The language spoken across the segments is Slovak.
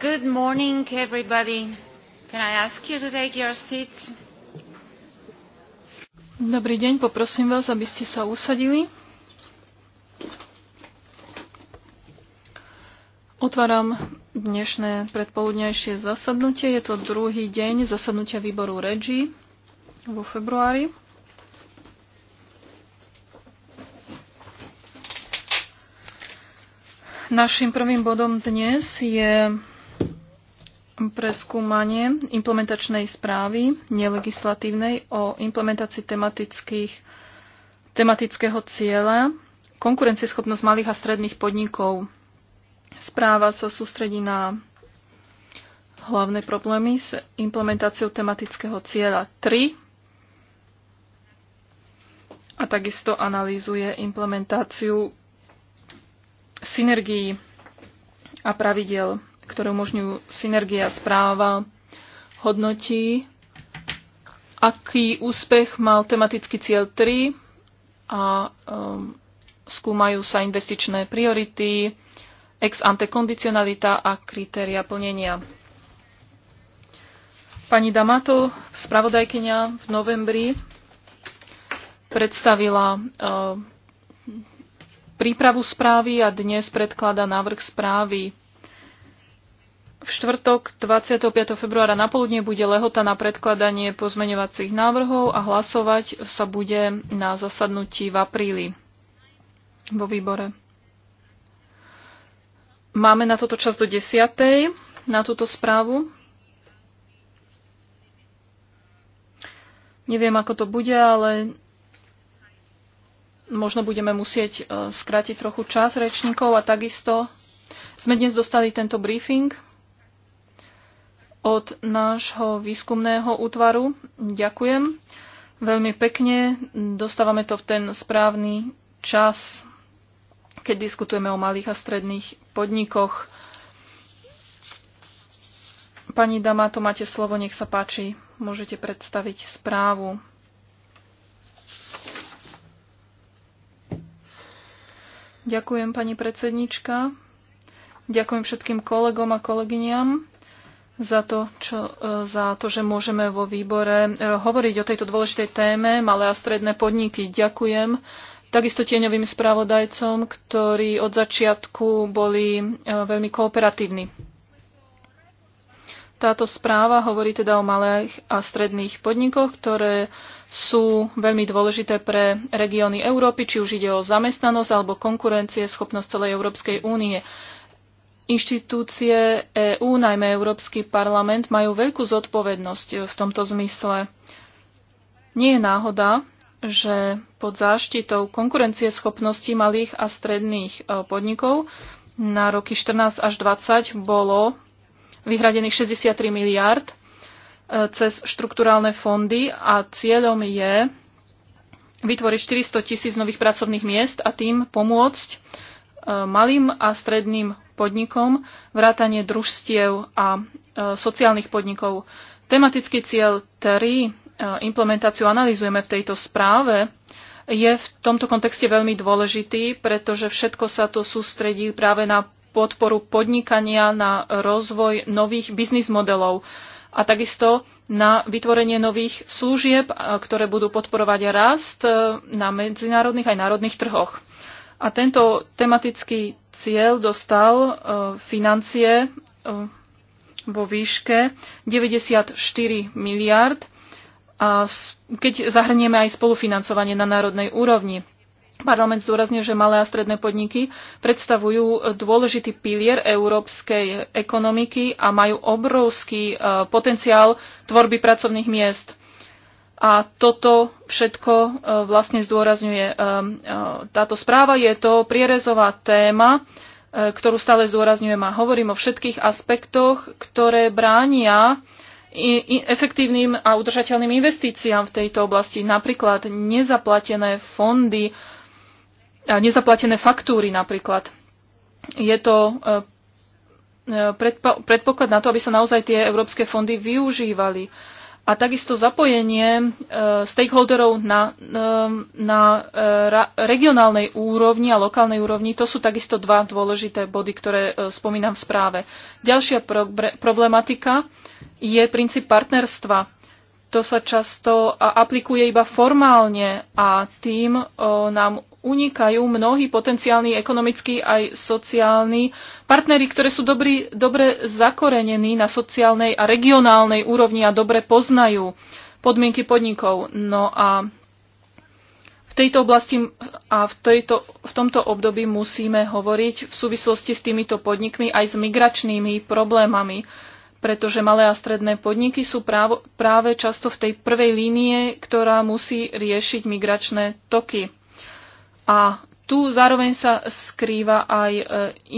Good morning, everybody. Can I ask you to take your seats? Dobrý deň, poprosím vás, aby ste sa usadili. Otváram dnešné predpoludnejšie zasadnutie. Je to druhý deň zasadnutia výboru REGI vo februári. Našim prvým bodom dnes je preskúmanie implementačnej správy nelegislatívnej o implementácii tematických, tematického cieľa konkurencieschopnosť malých a stredných podnikov. Správa sa sústredí na hlavné problémy s implementáciou tematického cieľa 3 a takisto analýzuje implementáciu synergií a pravidel ktoré umožňujú synergia správa, hodnotí, aký úspech mal tematický cieľ 3 a um, skúmajú sa investičné priority, ex ante kondicionalita a kritéria plnenia. Pani Damato, spravodajkenia v novembri, predstavila uh, prípravu správy a dnes predklada návrh správy v štvrtok 25. februára napoludne bude lehota na predkladanie pozmeňovacích návrhov a hlasovať sa bude na zasadnutí v apríli vo výbore. Máme na toto čas do 10. na túto správu. Neviem, ako to bude, ale možno budeme musieť eh, skrátiť trochu čas rečníkov a takisto sme dnes dostali tento briefing od nášho výskumného útvaru. Ďakujem veľmi pekne. Dostávame to v ten správny čas, keď diskutujeme o malých a stredných podnikoch. Pani Damato, máte slovo, nech sa páči. Môžete predstaviť správu. Ďakujem, pani predsednička. Ďakujem všetkým kolegom a kolegyňam za to, čo, e, za to, že môžeme vo výbore e, hovoriť o tejto dôležitej téme malé a stredné podniky. Ďakujem takisto tieňovým spravodajcom, ktorí od začiatku boli e, veľmi kooperatívni. Táto správa hovorí teda o malých a stredných podnikoch, ktoré sú veľmi dôležité pre regióny Európy, či už ide o zamestnanosť alebo konkurencie, schopnosť celej Európskej únie. Inštitúcie EÚ, najmä Európsky parlament, majú veľkú zodpovednosť v tomto zmysle. Nie je náhoda, že pod záštitou schopností malých a stredných e, podnikov na roky 14 až 20 bolo vyhradených 63 miliard e, cez štrukturálne fondy a cieľom je vytvoriť 400 tisíc nových pracovných miest a tým pomôcť E, malým a stredným podnikom, vrátanie družstiev a e, sociálnych podnikov. Tematický cieľ 3, e, implementáciu analýzujeme v tejto správe, je v tomto kontexte veľmi dôležitý, pretože všetko sa to sústredí práve na podporu podnikania, na rozvoj nových biznis modelov a takisto na vytvorenie nových služieb, ktoré budú podporovať rast na medzinárodných aj národných trhoch. A tento tematický cieľ dostal e, financie e, vo výške 94 miliard, a keď zahrnieme aj spolufinancovanie na národnej úrovni. Parlament zdôrazňuje, že malé a stredné podniky predstavujú dôležitý pilier európskej ekonomiky a majú obrovský e, potenciál tvorby pracovných miest. A toto všetko e, vlastne zdôrazňuje e, e, táto správa. Je to prierezová téma, ktorú stále zdôrazňujem a hovorím o všetkých aspektoch, ktoré bránia efektívnym a udržateľným investíciám v tejto oblasti, napríklad nezaplatené fondy, a nezaplatené faktúry napríklad. Je to predpoklad na to, aby sa naozaj tie európske fondy využívali a takisto zapojenie e, stakeholderov na, e, na e, regionálnej úrovni a lokálnej úrovni, to sú takisto dva dôležité body, ktoré spomínam v správe. Ďalšia problematika je princíp partnerstva. To sa často aplikuje iba formálne a tým nám unikajú mnohí potenciálni ekonomickí aj sociálni partnery, ktoré sú dobrý, dobre zakorenení na sociálnej a regionálnej úrovni a dobre poznajú podmienky podnikov. No a v tejto oblasti a v, tejto, v tomto období musíme hovoriť v súvislosti s týmito podnikmi aj s migračnými problémami, pretože malé a stredné podniky sú právo, práve často v tej prvej línie, ktorá musí riešiť migračné toky. A tu zároveň sa skrýva aj e,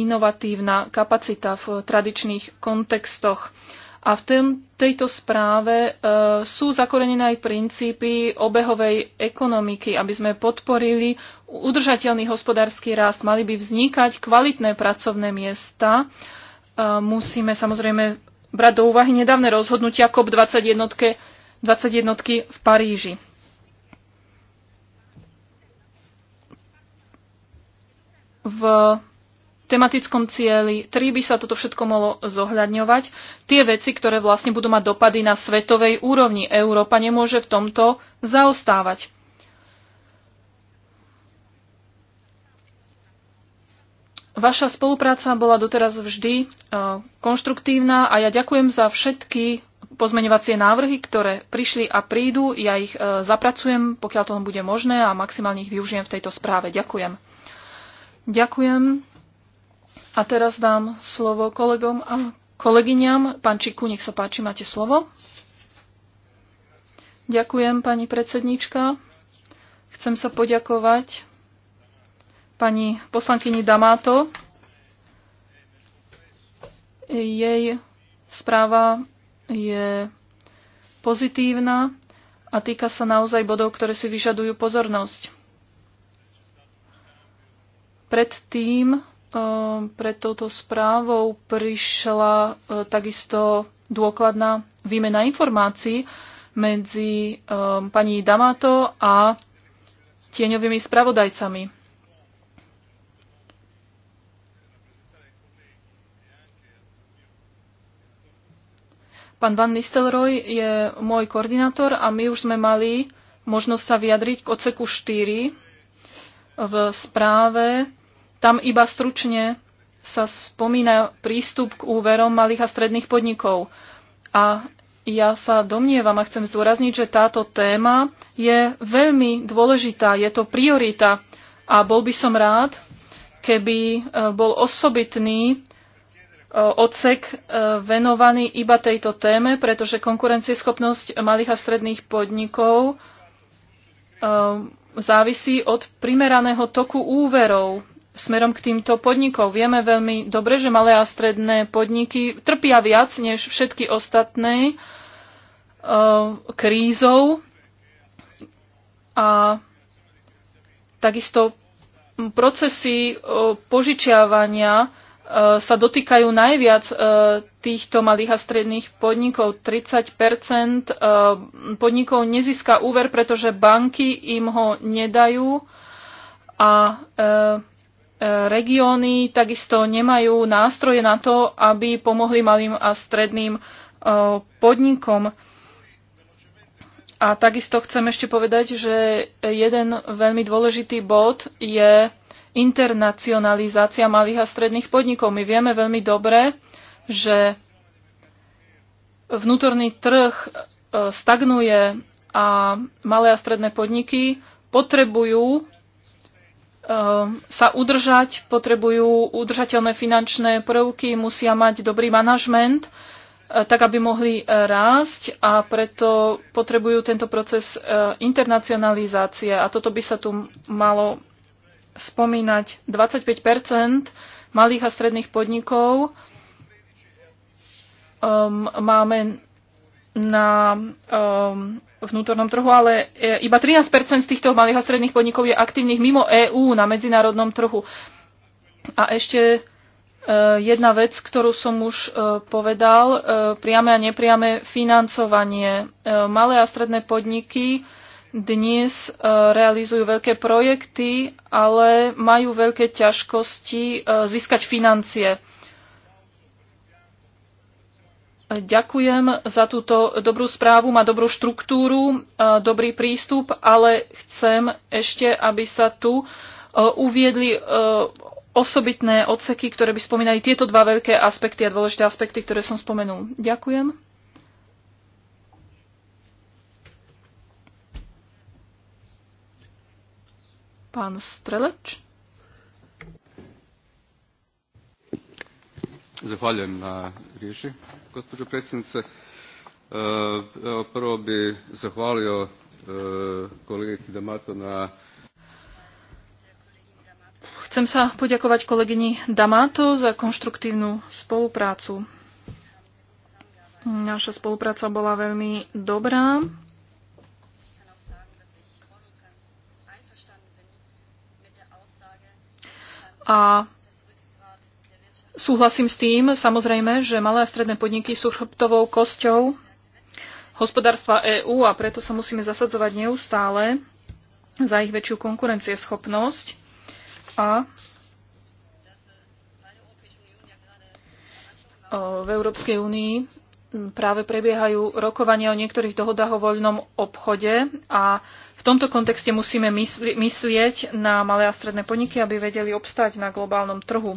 inovatívna kapacita v tradičných kontextoch. A v tejto správe e, sú zakorenené aj princípy obehovej ekonomiky, aby sme podporili udržateľný hospodársky rast. Mali by vznikať kvalitné pracovné miesta. E, musíme samozrejme brať do úvahy nedávne rozhodnutia cop 21 v Paríži. v tematickom cieli 3 by sa toto všetko mohlo zohľadňovať. Tie veci, ktoré vlastne budú mať dopady na svetovej úrovni. Európa nemôže v tomto zaostávať. Vaša spolupráca bola doteraz vždy e, konštruktívna a ja ďakujem za všetky pozmeňovacie návrhy, ktoré prišli a prídu. Ja ich e, zapracujem, pokiaľ to bude možné a maximálne ich využijem v tejto správe. Ďakujem. Ďakujem. A teraz dám slovo kolegom a kolegyňam. Pán Čiku, nech sa páči, máte slovo. Ďakujem, pani predsednička. Chcem sa poďakovať pani poslankyni Damáto. Jej správa je pozitívna a týka sa naozaj bodov, ktoré si vyžadujú pozornosť. Predtým eh, pred touto správou prišla eh, takisto dôkladná výmena informácií medzi eh, pani Damato a tieňovými spravodajcami. Pán Van Nistelrooy je môj koordinátor a my už sme mali možnosť sa vyjadriť k oceku 4 v správe tam iba stručne sa spomína prístup k úverom malých a stredných podnikov. A ja sa domnievam a chcem zdôrazniť, že táto téma je veľmi dôležitá, je to priorita a bol by som rád, keby e, bol osobitný e, odsek e, venovaný iba tejto téme, pretože konkurencieschopnosť malých a stredných podnikov závisí od primeraného toku úverov smerom k týmto podnikom. Vieme veľmi dobre, že malé a stredné podniky trpia viac než všetky ostatné eh, krízou a takisto procesy eh, požičiavania eh, sa dotýkajú najviac týchto malých a stredných podnikov. 30 podnikov nezíska úver, pretože banky im ho nedajú a E, regióny takisto nemajú nástroje na to, aby pomohli malým a stredným e, podnikom. A takisto chcem ešte povedať, že jeden veľmi dôležitý bod je internacionalizácia malých a stredných podnikov. My vieme veľmi dobre, že vnútorný trh e, stagnuje a malé a stredné podniky potrebujú Ehm, sa udržať, potrebujú udržateľné finančné prvky, musia mať dobrý manažment, e, tak aby mohli e, rásť a preto potrebujú tento proces e, internacionalizácie. A toto by sa tu malo spomínať. 25 malých a stredných podnikov ehm, máme na um, vnútornom trhu, ale e, iba 13 z týchto malých a stredných podnikov je aktívnych mimo EÚ na medzinárodnom trhu. A ešte uh, jedna vec, ktorú som už uh, povedal, uh, priame a nepriame financovanie. Uh, malé a stredné podniky dnes uh, realizujú veľké projekty, ale majú veľké ťažkosti uh, získať financie. Ďakujem za túto dobrú správu, má dobrú štruktúru, dobrý prístup, ale chcem ešte, aby sa tu e, uviedli e, osobitné odseky, ktoré by spomínali tieto dva veľké aspekty a dôležité aspekty, ktoré som spomenul. Ďakujem. Pán Streleč? Zahvaljujem na riječi, gospođo predsjednice. E, evo, prvo zahvalio e, kolegici Damato na Chcem sa poďakovať kolegyni Damato za konštruktívnu spoluprácu. Naša spolupráca bola veľmi dobrá. A Súhlasím s tým, samozrejme, že malé a stredné podniky sú chrbtovou kosťou hospodárstva EÚ a preto sa musíme zasadzovať neustále za ich väčšiu konkurencieschopnosť a v Európskej únii práve prebiehajú rokovania o niektorých dohodách o voľnom obchode a v tomto kontexte musíme myslieť na malé a stredné podniky, aby vedeli obstať na globálnom trhu.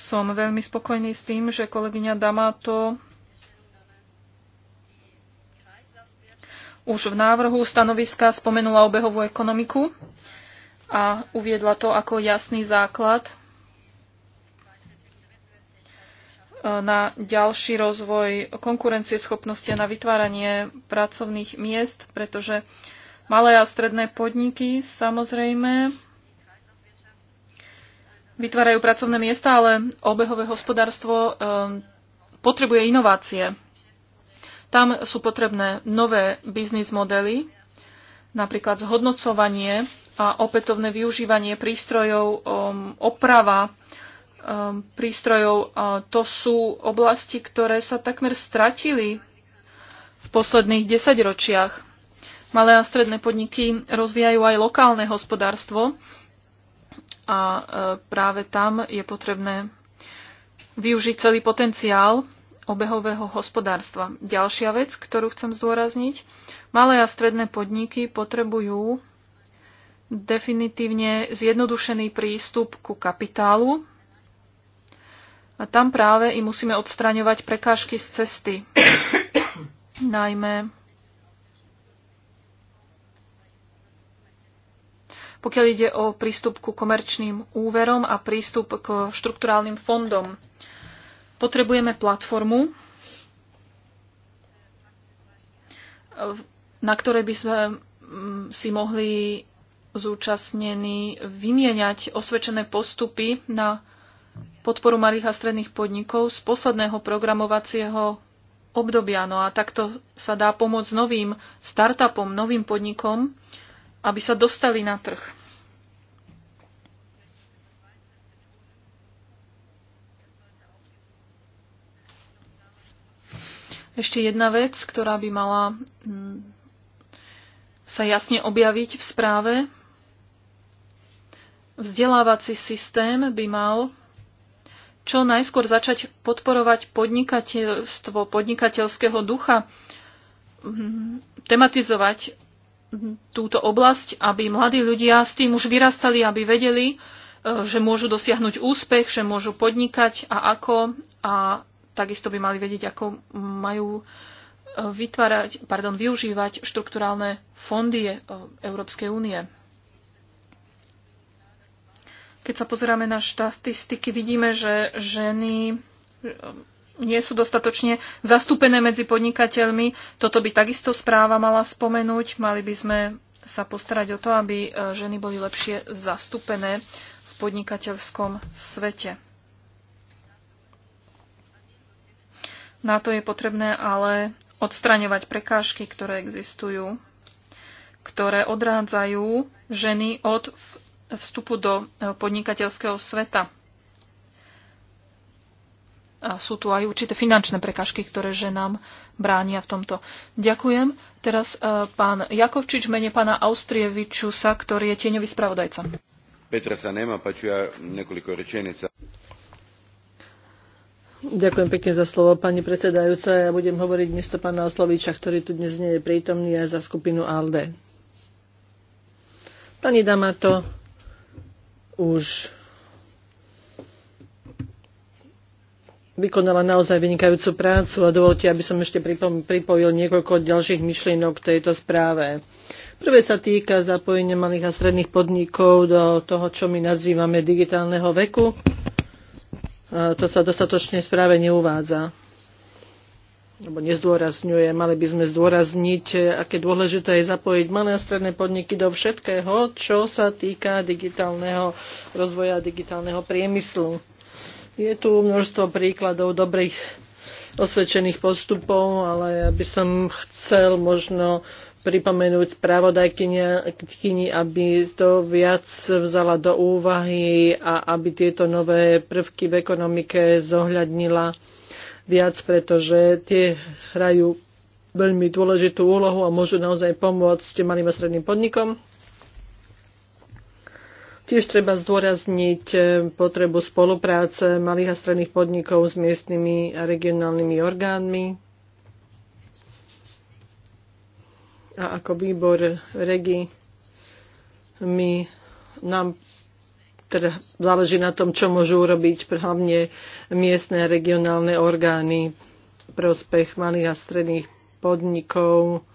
Som veľmi spokojný s tým, že kolegyňa Damato už v návrhu stanoviska spomenula obehovú ekonomiku a uviedla to ako jasný základ e, na ďalší rozvoj konkurencieschopnosti a na vytváranie pracovných miest, pretože malé a stredné podniky samozrejme vytvárajú pracovné miesta, ale obehové hospodárstvo eh, potrebuje inovácie. Tam sú potrebné nové biznis modely, napríklad zhodnocovanie a opätovné využívanie prístrojov, eh, oprava eh, prístrojov. To sú oblasti, ktoré sa takmer stratili v posledných desaťročiach. Malé a stredné podniky rozvíjajú aj lokálne hospodárstvo a e, práve tam je potrebné využiť celý potenciál obehového hospodárstva. Ďalšia vec, ktorú chcem zdôrazniť, malé a stredné podniky potrebujú definitívne zjednodušený prístup ku kapitálu a tam práve i musíme odstraňovať prekážky z cesty. Najmä pokiaľ ide o prístup ku komerčným úverom a prístup k štrukturálnym fondom. Potrebujeme platformu, na ktorej by sme mm, si mohli zúčastnení vymieňať osvedčené postupy na podporu malých a stredných podnikov z posledného programovacieho obdobia. No a takto sa dá pomôcť novým startupom, novým podnikom, aby sa dostali na trh. Ešte jedna vec, ktorá by mala mm, sa jasne objaviť v správe. Vzdelávací systém by mal čo najskôr začať podporovať podnikateľstvo, podnikateľského ducha, mm, tematizovať túto oblasť, aby mladí ľudia s tým už vyrastali, aby vedeli, e, že môžu dosiahnuť úspech, že môžu podnikať a ako. A takisto by mali vedieť, ako majú e, vytvárať, pardon, využívať štrukturálne fondy e, Európskej únie. Keď sa pozeráme na štatistiky, vidíme, že ženy nie sú dostatočne zastúpené medzi podnikateľmi. Toto by takisto správa mala spomenúť. Mali by sme sa postarať o to, aby e, ženy boli lepšie zastúpené v podnikateľskom svete. Na to je potrebné ale odstraňovať prekážky, ktoré existujú, ktoré odrádzajú ženy od vstupu do e, podnikateľského sveta a sú tu aj určité finančné prekažky, ktoré ženám bránia v tomto. Ďakujem. Teraz e, pán Jakovčič mene pána Austrievičusa, ktorý je tieňový spravodajca. Petra sa nemá, pa ću ja nekoliko rečenica. Ďakujem pekne za slovo, pani predsedajúca. Ja budem hovoriť miesto pána Osloviča, ktorý tu dnes nie je prítomný aj za skupinu ALDE. Pani Damato už vykonala naozaj vynikajúcu prácu a dovolte, aby som ešte pripojil niekoľko ďalších myšlienok k tejto správe. Prvé sa týka zapojenia malých a stredných podnikov do toho, čo my nazývame digitálneho veku. To sa dostatočne správe neuvádza alebo nezdôrazňuje, mali by sme zdôrazniť, aké dôležité je zapojiť malé a stredné podniky do všetkého, čo sa týka digitálneho rozvoja digitálneho priemyslu. Je tu množstvo príkladov dobrých osvedčených postupov, ale ja by som chcel možno pripomenúť spravodajkyni, aby to viac vzala do úvahy a aby tieto nové prvky v ekonomike zohľadnila viac, pretože tie hrajú veľmi dôležitú úlohu a môžu naozaj pomôcť malým a stredným podnikom. Tiež treba zdôrazniť eh, potrebu spolupráce malých a stredných podnikov s miestnymi a regionálnymi orgánmi. A ako výbor REGI my nám teda záleží na tom, čo môžu urobiť hlavne miestne a regionálne orgány prospech malých a stredných podnikov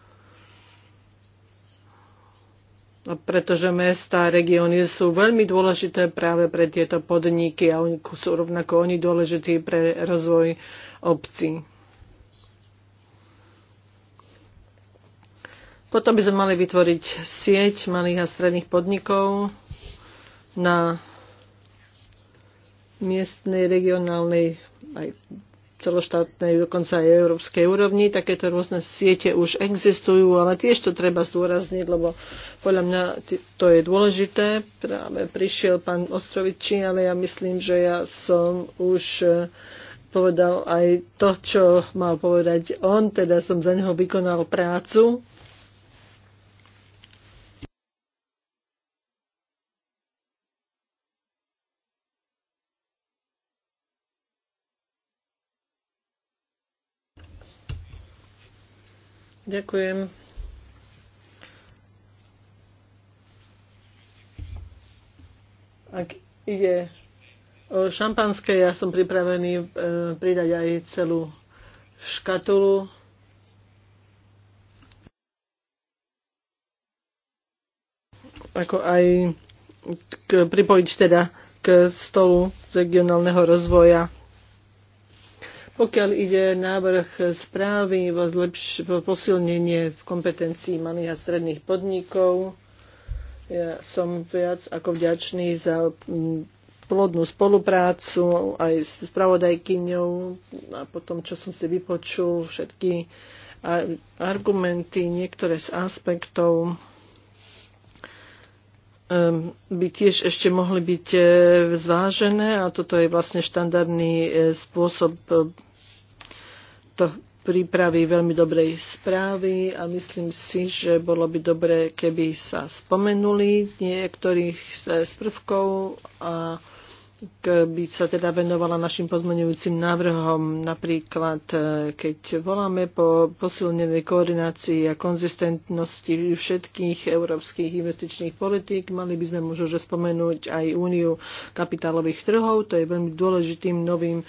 pretože mesta a regióny sú veľmi dôležité práve pre tieto podniky a oni sú rovnako oni dôležití pre rozvoj obcí. Potom by sme mali vytvoriť sieť malých a stredných podnikov na miestnej, regionálnej aj celoštátnej, dokonca aj európskej úrovni. Takéto rôzne siete už existujú, ale tiež to treba zdôrazniť, lebo podľa mňa to je dôležité. Práve prišiel pán Ostrovičí, ale ja myslím, že ja som už e, povedal aj to, čo mal povedať on, teda som za neho vykonal prácu. Ďakujem. Ak ide o šampanské, ja som pripravený e, pridať aj celú škatulu. Ako aj k, pripojiť teda k stolu regionálneho rozvoja. Pokiaľ ide návrh správy vo, zlepš- vo posilnenie v kompetencií malých a stredných podnikov, ja som viac ako vďačný za mm, plodnú spoluprácu aj s spravodajkyňou a potom, čo som si vypočul, všetky argumenty, niektoré z aspektov Ehm, by tiež ešte mohli byť e, zvážené a toto je vlastne štandardný e, spôsob e, to prípravy veľmi dobrej správy a myslím si, že bolo by dobre, keby sa spomenuli niektorých z prvkov a by sa teda venovala našim pozmeňujúcim návrhom, napríklad e, keď voláme po posilnenej koordinácii a konzistentnosti všetkých európskych investičných politík, mali by sme možno že spomenúť aj úniu kapitálových trhov, to je veľmi dôležitým novým e,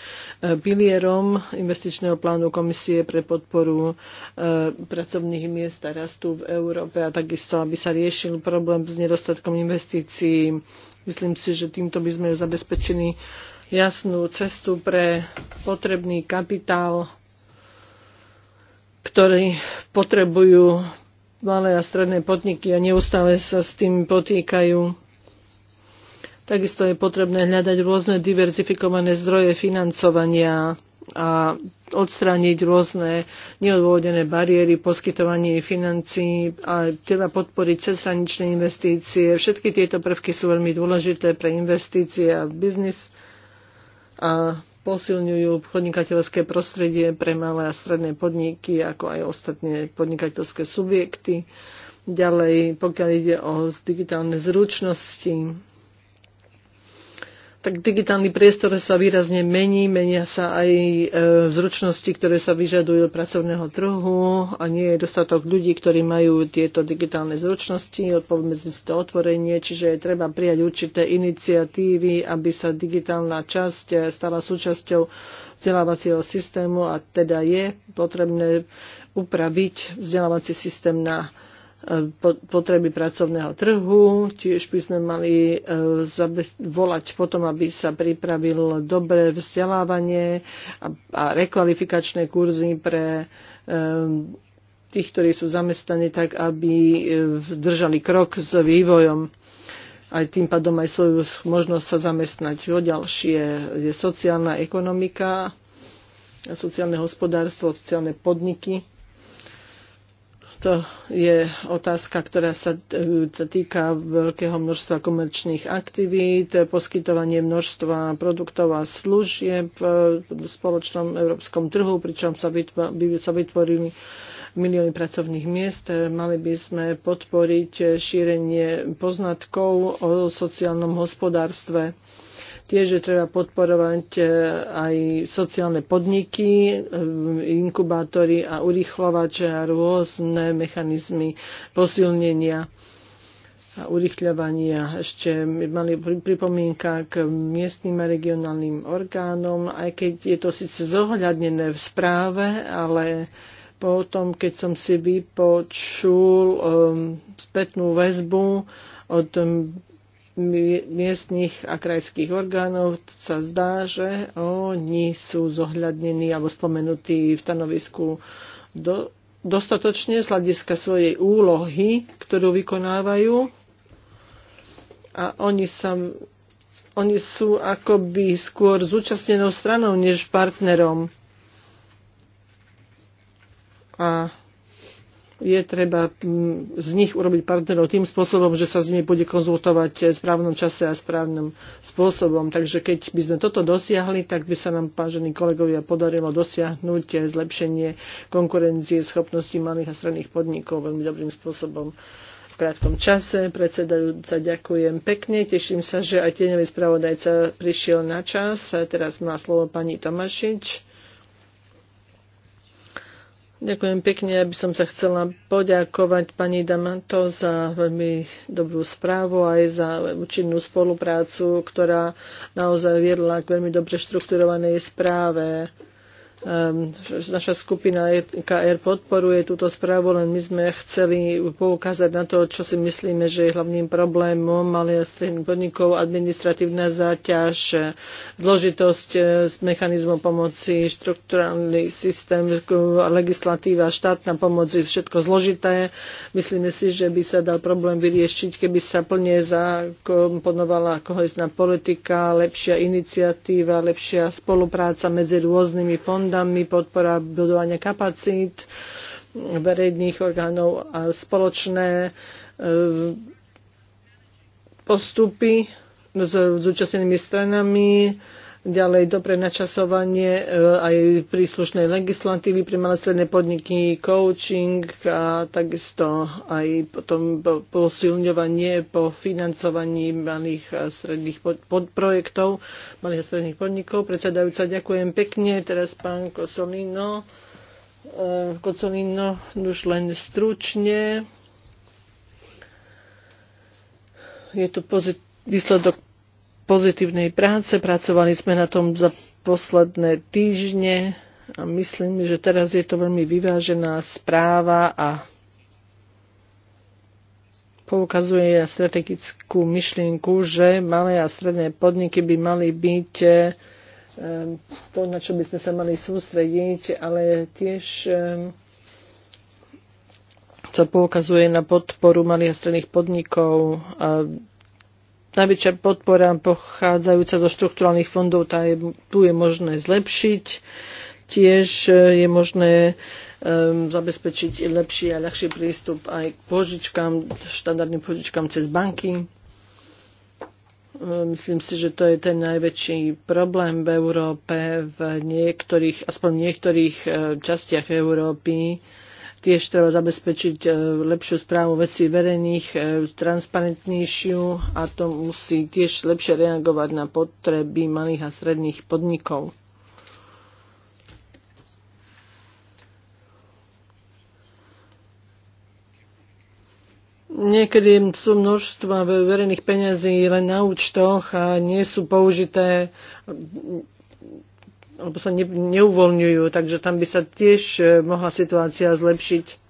pilierom investičného plánu komisie pre podporu e, pracovných miest a rastu v Európe a takisto, aby sa riešil problém s nedostatkom investícií Myslím si, že týmto by sme zabezpečili jasnú cestu pre potrebný kapitál, ktorý potrebujú malé a stredné podniky a neustále sa s tým potýkajú. Takisto je potrebné hľadať rôzne diverzifikované zdroje financovania a odstrániť rôzne neodôvodené bariéry, poskytovanie financií a treba podporiť cezhraničné investície. Všetky tieto prvky sú veľmi dôležité pre investície a biznis a posilňujú podnikateľské prostredie pre malé a stredné podniky, ako aj ostatné podnikateľské subjekty. Ďalej, pokiaľ ide o digitálne zručnosti, tak digitálny priestor sa výrazne mení, menia sa aj e, zručnosti, ktoré sa vyžadujú od pracovného trhu a nie je dostatok ľudí, ktorí majú tieto digitálne zručnosti, odpovedme si to otvorenie, čiže je treba prijať určité iniciatívy, aby sa digitálna časť e, stala súčasťou vzdelávacieho systému a teda je potrebné upraviť vzdelávací systém na potreby pracovného trhu. Tiež by sme mali e, volať potom, aby sa pripravil dobré vzdelávanie a rekvalifikačné kurzy pre e, tých, ktorí sú zamestnaní, tak aby e, držali krok s vývojom aj tým pádom aj svoju možnosť sa zamestnať. O ďalšie je sociálna ekonomika, sociálne hospodárstvo, sociálne podniky to je otázka, ktorá e, sa týka veľkého množstva komerčných aktivít, poskytovanie množstva produktov a služieb e, v spoločnom európskom trhu, pričom sa, vytvo- sa vytvorili milióny pracovných miest. Mali by sme podporiť šírenie poznatkov o sociálnom hospodárstve. Tiež je treba podporovať e, aj sociálne podniky, e, inkubátory a urychlovače a rôzne mechanizmy posilnenia a urychľovania. Ešte mali pripomienka k miestnym a regionálnym orgánom, aj keď je to síce zohľadnené v správe, ale potom, keď som si vypočul um, spätnú väzbu od um, miestnych a krajských orgánov sa zdá, že oni sú zohľadnení alebo spomenutí v stanovisku do, dostatočne z hľadiska svojej úlohy, ktorú vykonávajú. A oni, sa, oni sú akoby skôr zúčastnenou stranou než partnerom. A je treba mm, z nich urobiť partnerov tým spôsobom, že sa s nimi bude konzultovať v správnom čase a správnym spôsobom. Takže keď by sme toto dosiahli, tak by sa nám, vážení kolegovia, podarilo dosiahnuť zlepšenie konkurencie schopnosti malých a stredných podnikov veľmi dobrým spôsobom v krátkom čase. Predsedajúca ďakujem pekne. Teším sa, že aj tieňový spravodajca prišiel na čas. Teraz má slovo pani Tomašič. Ďakujem pekne. Ja by som sa chcela poďakovať pani Damanto za veľmi dobrú správu aj za účinnú spoluprácu, ktorá naozaj viedla k veľmi dobre štrukturovanej správe. Ehm, naša skupina e KR podporuje túto správu, len my sme chceli poukázať na to, čo si myslíme, že je hlavným problémom malých a stredných podnikov, administratívna záťaž, zložitosť e, s mechanizmom pomoci, štruktúrálny systém, legislatíva, štátna pomoc je všetko zložité. Myslíme si, že by sa dal problém vyriešiť, keby sa plne zakomponovala kohezná politika, lepšia iniciatíva, lepšia spolupráca medzi rôznymi fondami programy, podpora budovania kapacít verejných orgánov a spoločné eh, postupy s zúčastnenými stranami, ďalej dobre načasovanie e, aj príslušnej legislatívy pre malé stredné podniky, coaching a takisto aj potom posilňovanie po financovaní malých a stredných pod, podprojektov, malých a stredných podnikov. Predsedajúca, ďakujem pekne. Teraz pán Kosolino. E, Kocolino, už len stručne. Je tu pozit- výsledok pozitívnej práce. Pracovali sme na tom za posledné týždne a myslím, že teraz je to veľmi vyvážená správa a poukazuje strategickú myšlienku, že malé a stredné podniky by mali byť e, to, na čo by sme sa mali sústrediť, ale tiež sa e, poukazuje na podporu malých a stredných podnikov a najväčšia podpora pochádzajúca zo štrukturálnych fondov, tá je, tu je možné zlepšiť. Tiež e, je možné um, zabezpečiť lepší a ľahší prístup aj k požičkám, štandardným požičkám cez banky. E, myslím si, že to je ten najväčší problém v Európe, v niektorých, aspoň v niektorých e, častiach Európy Tiež treba zabezpečiť e, lepšiu správu vecí verejných, e, transparentnejšiu a to musí tiež lepšie reagovať na potreby malých a stredných podnikov. niekedy sú množstva verejných peňazí len na účtoch a nie sú použité alebo sa ne, neuvoľňujú, takže tam by sa tiež e, mohla situácia zlepšiť.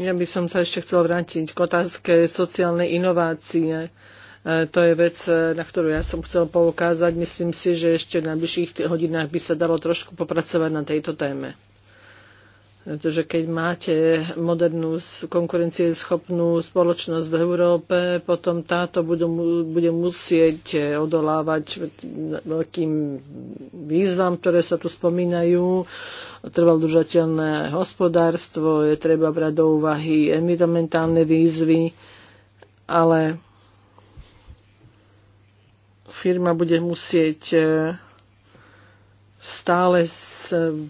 Ja by som sa ešte chcela vrátiť k otázke sociálnej inovácie. E, to je vec, e, na ktorú ja som chcel poukázať. Myslím si, že ešte v najbližších hodinách by sa dalo trošku popracovať na tejto téme pretože keď máte modernú konkurencieschopnú spoločnosť v Európe, potom táto budú, bude musieť odolávať veľkým výzvam, ktoré sa tu spomínajú. Trvalodržateľné hospodárstvo, je treba brať do úvahy environmentálne výzvy, ale firma bude musieť stále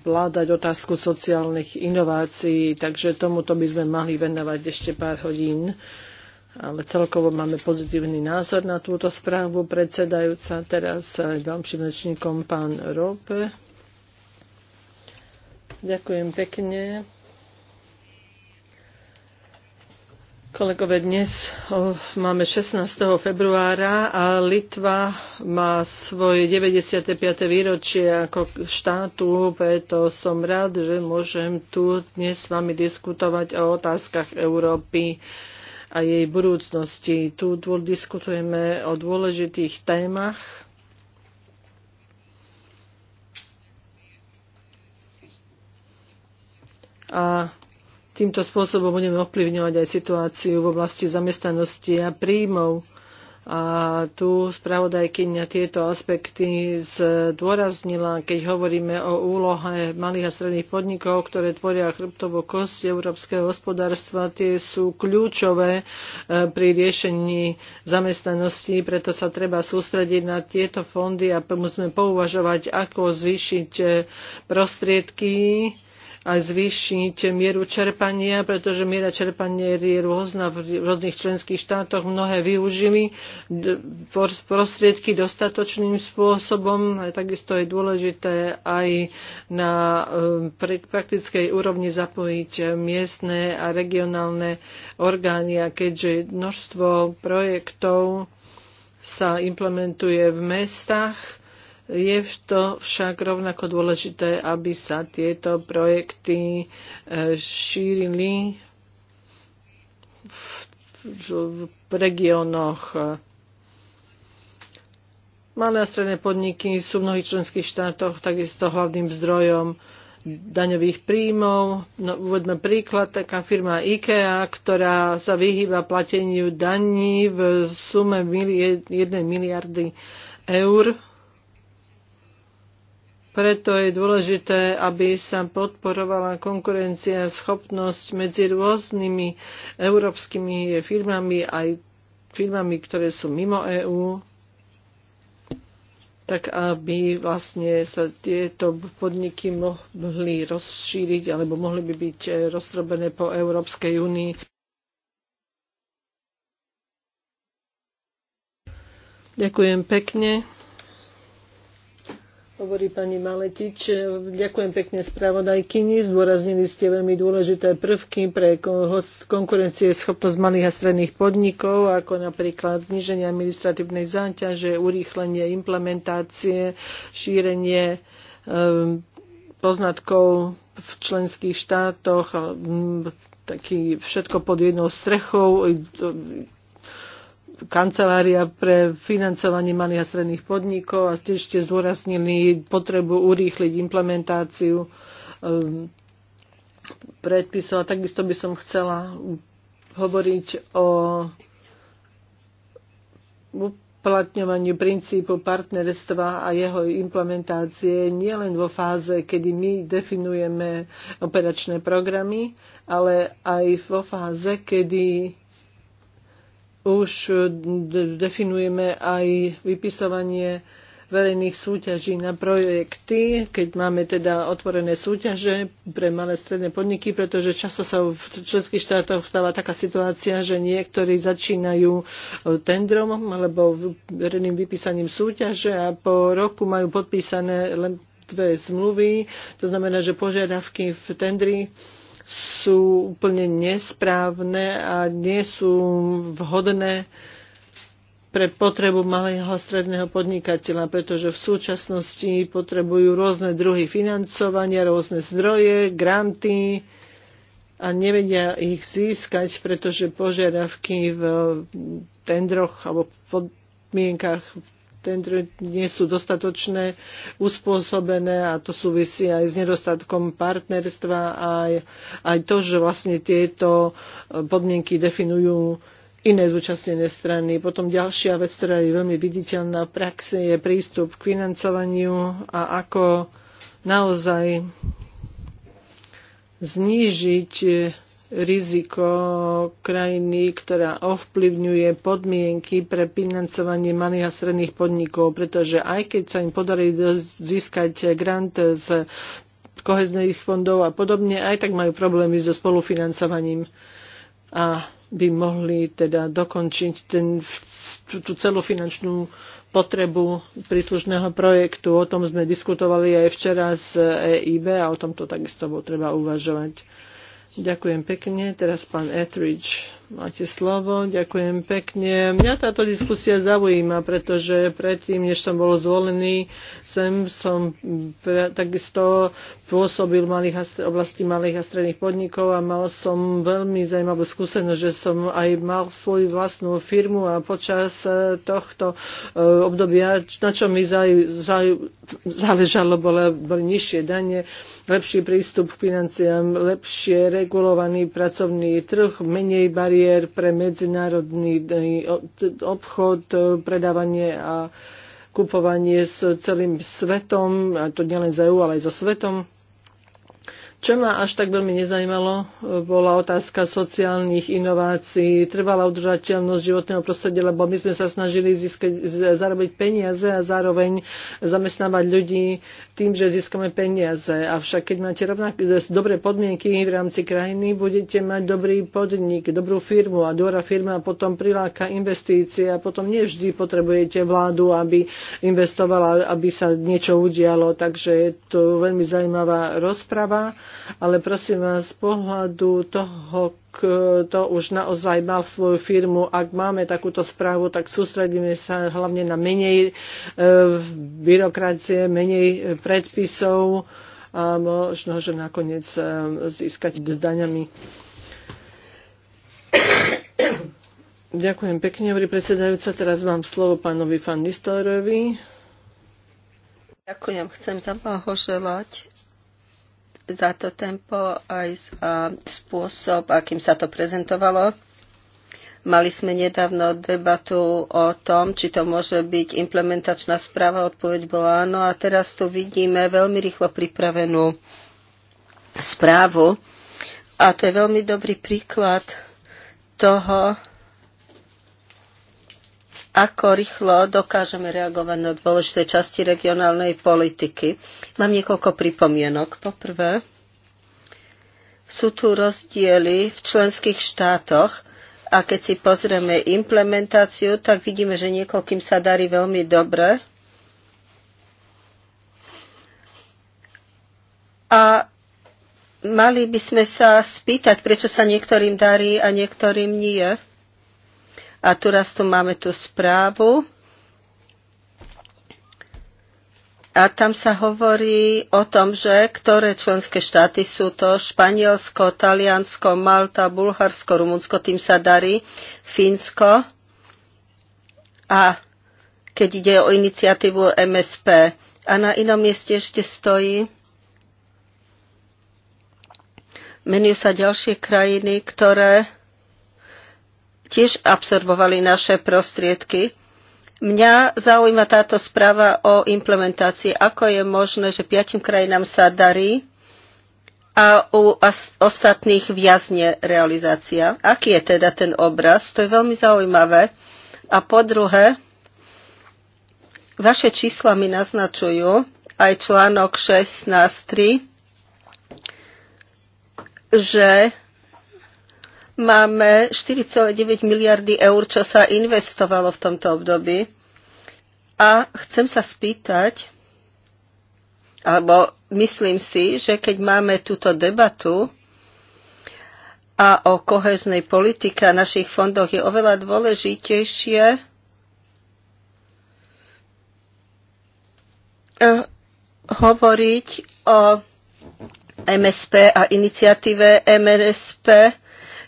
vládať otázku sociálnych inovácií, takže tomuto by sme mali venovať ešte pár hodín. Ale celkovo máme pozitívny názor na túto správu. Predsedajúca teraz ďalším rečníkom pán Rope. Ďakujem pekne. Kolegové, dnes máme 16. februára a Litva má svoje 95. výročie ako štátu, preto som rád, že môžem tu dnes s vami diskutovať o otázkach Európy a jej budúcnosti. Tu diskutujeme o dôležitých témach. A Týmto spôsobom budeme ovplyvňovať aj situáciu v oblasti zamestnanosti a príjmov. A tu spravodajkyňa tieto aspekty zdôraznila, keď hovoríme o úlohe malých a stredných podnikov, ktoré tvoria chrbtovú kosť európskeho hospodárstva. Tie sú kľúčové e, pri riešení zamestnanosti, preto sa treba sústrediť na tieto fondy a musíme pouvažovať, ako zvýšiť e, prostriedky zvýšiť mieru čerpania, pretože miera čerpania je rôzna v rôznych členských štátoch. Mnohé využili prostriedky dostatočným spôsobom. Takisto je dôležité aj na e, praktickej úrovni zapojiť miestne a regionálne orgány. A keďže množstvo projektov sa implementuje v mestách, je to však rovnako dôležité, aby sa tieto projekty e, šírili v, regiónoch. Malé a stredné podniky sú v mnohých členských štátoch takisto hlavným zdrojom daňových príjmov. No, uvedme príklad, taká firma IKEA, ktorá sa vyhýba plateniu daní v sume 1 miliardy eur preto je dôležité, aby sa podporovala konkurencia schopnosť medzi rôznymi európskymi firmami aj firmami, ktoré sú mimo EÚ, tak aby vlastne sa tieto podniky mohli rozšíriť alebo mohli by byť eh, rozrobené po Európskej únii. Ďakujem pekne. Hovorí pani Maletič, ďakujem pekne spravodajkyni, zdôraznili ste veľmi dôležité prvky pre konkurencie schopnosť malých a stredných podnikov, ako napríklad zníženie administratívnej záťaže, urýchlenie implementácie, šírenie ehm, poznatkov v členských štátoch, taký všetko pod jednou strechou, kancelária pre financovanie malých a stredných podnikov a tiež ste zdôraznili potrebu urýchliť implementáciu ehm, predpisov. A takisto by som chcela hovoriť o uplatňovaniu princípu partnerstva a jeho implementácie nielen vo fáze, kedy my definujeme operačné programy, ale aj vo fáze, kedy už e, definujeme aj vypisovanie verejných súťaží na projekty, keď máme teda otvorené súťaže pre malé stredné podniky, pretože často sa v členských štátoch stáva taká situácia, že niektorí začínajú e, tendrom alebo verejným vypísaním súťaže a po roku majú podpísané len dve zmluvy, to znamená, že požiadavky v tendri sú úplne nesprávne a nie sú vhodné pre potrebu malého a stredného podnikateľa, pretože v súčasnosti potrebujú rôzne druhy financovania, rôzne zdroje, granty a nevedia ich získať, pretože požiadavky v tendroch alebo podmienkach tendre nie sú dostatočne uspôsobené a to súvisí aj s nedostatkom partnerstva a aj, aj to, že vlastne tieto e, podmienky definujú iné zúčastnené strany. Potom ďalšia vec, ktorá je veľmi viditeľná v praxi, je prístup k financovaniu a ako naozaj znížiť riziko krajiny, ktorá ovplyvňuje podmienky pre financovanie malých a stredných podnikov, pretože aj keď sa im podarí získať grant z kohezných fondov a podobne, aj tak majú problémy so spolufinancovaním a by mohli teda dokončiť ten, tú, tú celú finančnú potrebu príslušného projektu. O tom sme diskutovali aj včera z EIB a o tomto takisto bolo treba uvažovať. Ďakujem pekne. Teraz pán Etheridge. Máte slovo, ďakujem pekne. Mňa táto diskusia zaujíma, pretože predtým, než som bol zvolený, sem som pre, takisto pôsobil malých, oblasti malých a stredných podnikov a mal som veľmi zaujímavú skúsenosť, že som aj mal svoju vlastnú firmu a počas e, tohto e, obdobia, na čo mi zaj, zaj, záležalo, boli, boli nižšie dane, lepší prístup k financiám, lepšie regulovaný pracovný trh, menej bariér bariér pre medzinárodný eh, obchod, eh, predávanie a kupovanie s celým svetom, a to nielen za EU, ale aj so svetom. Čo ma až tak veľmi nezajímalo, e, bola otázka sociálnych inovácií, trvalá udržateľnosť životného prostredia, lebo my sme sa snažili získať, zarobiť peniaze a zároveň zamestnávať ľudí tým, že získame peniaze. Avšak keď máte rovnaké dobré podmienky v rámci krajiny, budete mať dobrý podnik, dobrú firmu a dobrá firma potom priláka investície a potom nevždy potrebujete vládu, aby investovala, aby sa niečo udialo. Takže je to veľmi zaujímavá rozprava ale prosím vás, z pohľadu toho, kto už naozaj mal svoju firmu, ak máme takúto správu, tak sústredíme sa hlavne na menej e, byrokracie, menej predpisov a možno, že nakoniec e, získať daňami. Ďakujem pekne, hovorí predsedajúca. Teraz mám slovo pánovi Fan Ďakujem, chcem zablahoželať za to tempo, aj za spôsob, akým sa to prezentovalo. Mali sme nedávno debatu o tom, či to môže byť implementačná správa, odpoveď bola áno a teraz tu vidíme veľmi rýchlo pripravenú správu a to je veľmi dobrý príklad toho, ako rýchlo dokážeme reagovať na dôležité časti regionálnej politiky. Mám niekoľko pripomienok. Poprvé, sú tu rozdiely v členských štátoch a keď si pozrieme implementáciu, tak vidíme, že niekoľkým sa darí veľmi dobre. A mali by sme sa spýtať, prečo sa niektorým darí a niektorým nie. A teraz tu máme tú správu. A tam sa hovorí o tom, že ktoré členské štáty sú to Španielsko, Taliansko, Malta, Bulharsko, Rumunsko, tým sa darí, Fínsko. A keď ide o iniciatívu MSP. A na inom mieste ešte stojí. Menujú sa ďalšie krajiny, ktoré tiež absorbovali naše prostriedky. Mňa zaujíma táto správa o implementácii. Ako je možné, že piatim krajinám sa darí a u ostatných viazne realizácia? Aký je teda ten obraz? To je veľmi zaujímavé. A po druhé, vaše čísla mi naznačujú aj článok 16.3, že máme 4,9 miliardy eur, čo sa investovalo v tomto období. A chcem sa spýtať, alebo myslím si, že keď máme túto debatu a o koheznej politike a našich fondoch je oveľa dôležitejšie, eh, hovoriť o MSP a iniciatíve MSP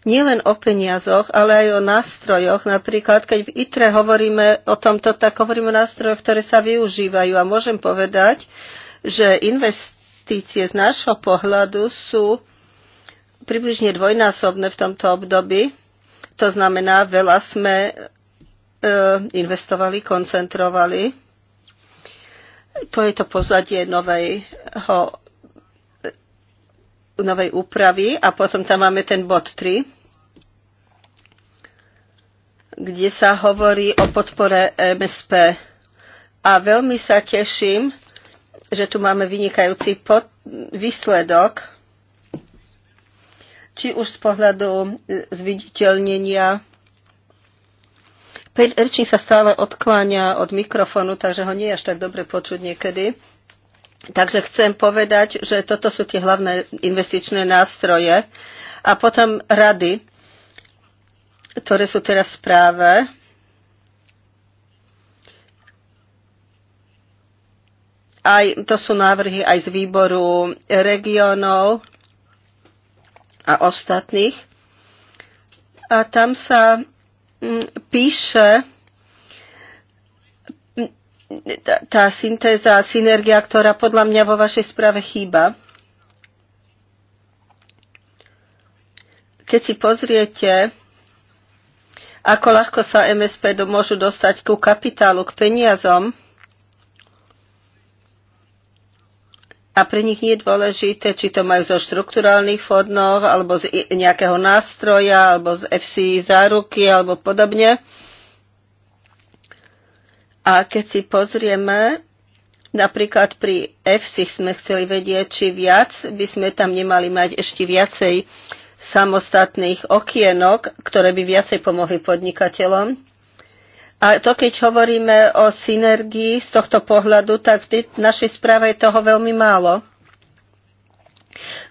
nielen o peniazoch, ale aj o nástrojoch. Napríklad, keď v ITRE hovoríme o tomto, tak hovoríme o nástrojoch, ktoré sa využívajú. A môžem povedať, že investície z nášho pohľadu sú približne dvojnásobné v tomto období. To znamená, veľa sme e, investovali, koncentrovali. To je to pozadie nového novej úpravy a potom tam máme ten bod 3, kde sa hovorí o podpore MSP. A veľmi sa teším, že tu máme vynikajúci pod, výsledok, či už z pohľadu zviditeľnenia. Rečník sa stále odkláňa od mikrofónu, takže ho nie je až tak dobre počuť niekedy. Takže chcem povedať, že toto sú tie hlavné investičné nástroje. A potom rady, ktoré sú teraz správe. Aj, to sú návrhy aj z výboru regionov a ostatných. A tam sa mm, píše, tá, tá syntéza a synergia, ktorá podľa mňa vo vašej správe chýba. Keď si pozriete, ako ľahko sa MSP do, môžu dostať ku kapitálu, k peniazom, a pre nich nie je dôležité, či to majú zo štrukturálnych fondov, alebo z nejakého nástroja, alebo z FC záruky, alebo podobne, a keď si pozrieme, napríklad pri EFSI sme chceli vedieť, či viac by sme tam nemali mať ešte viacej samostatných okienok, ktoré by viacej pomohli podnikateľom. A to, keď hovoríme o synergii z tohto pohľadu, tak v našej správe je toho veľmi málo.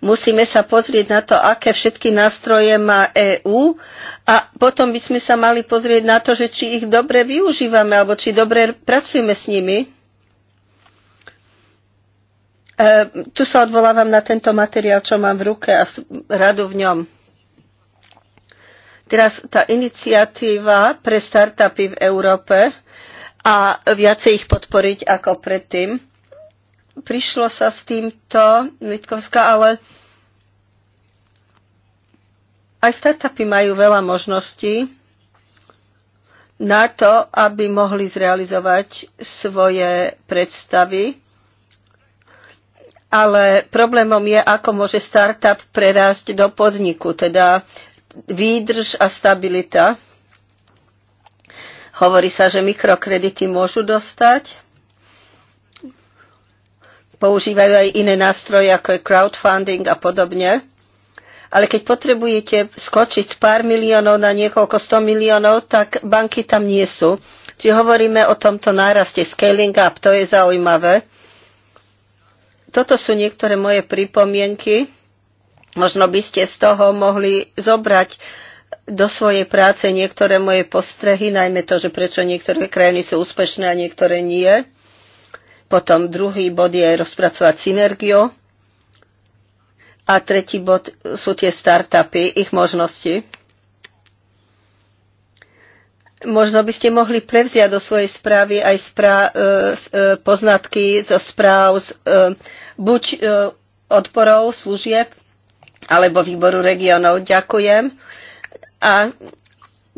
Musíme sa pozrieť na to, aké všetky nástroje má EÚ a potom by sme sa mali pozrieť na to, že či ich dobre využívame alebo či dobre pracujeme s nimi. E, tu sa odvolávam na tento materiál, čo mám v ruke a radu v ňom. Teraz tá iniciatíva pre startupy v Európe a viacej ich podporiť ako predtým prišlo sa s týmto Vitkovská, ale aj startupy majú veľa možností na to, aby mohli zrealizovať svoje predstavy. Ale problémom je, ako môže startup prerásť do podniku, teda výdrž a stabilita. Hovorí sa, že mikrokredity môžu dostať, používajú aj iné nástroje, ako je crowdfunding a podobne. Ale keď potrebujete skočiť z pár miliónov na niekoľko sto miliónov, tak banky tam nie sú. Čiže hovoríme o tomto náraste scaling up, to je zaujímavé. Toto sú niektoré moje pripomienky. Možno by ste z toho mohli zobrať do svojej práce niektoré moje postrehy, najmä to, že prečo niektoré krajiny sú úspešné a niektoré nie. Potom druhý bod je rozpracovať synergiu. A tretí bod sú tie startupy, ich možnosti. Možno by ste mohli prevziať do svojej správy aj správ, e, e, poznatky zo správ z, e, buď odporov služieb alebo výboru regionov. Ďakujem. A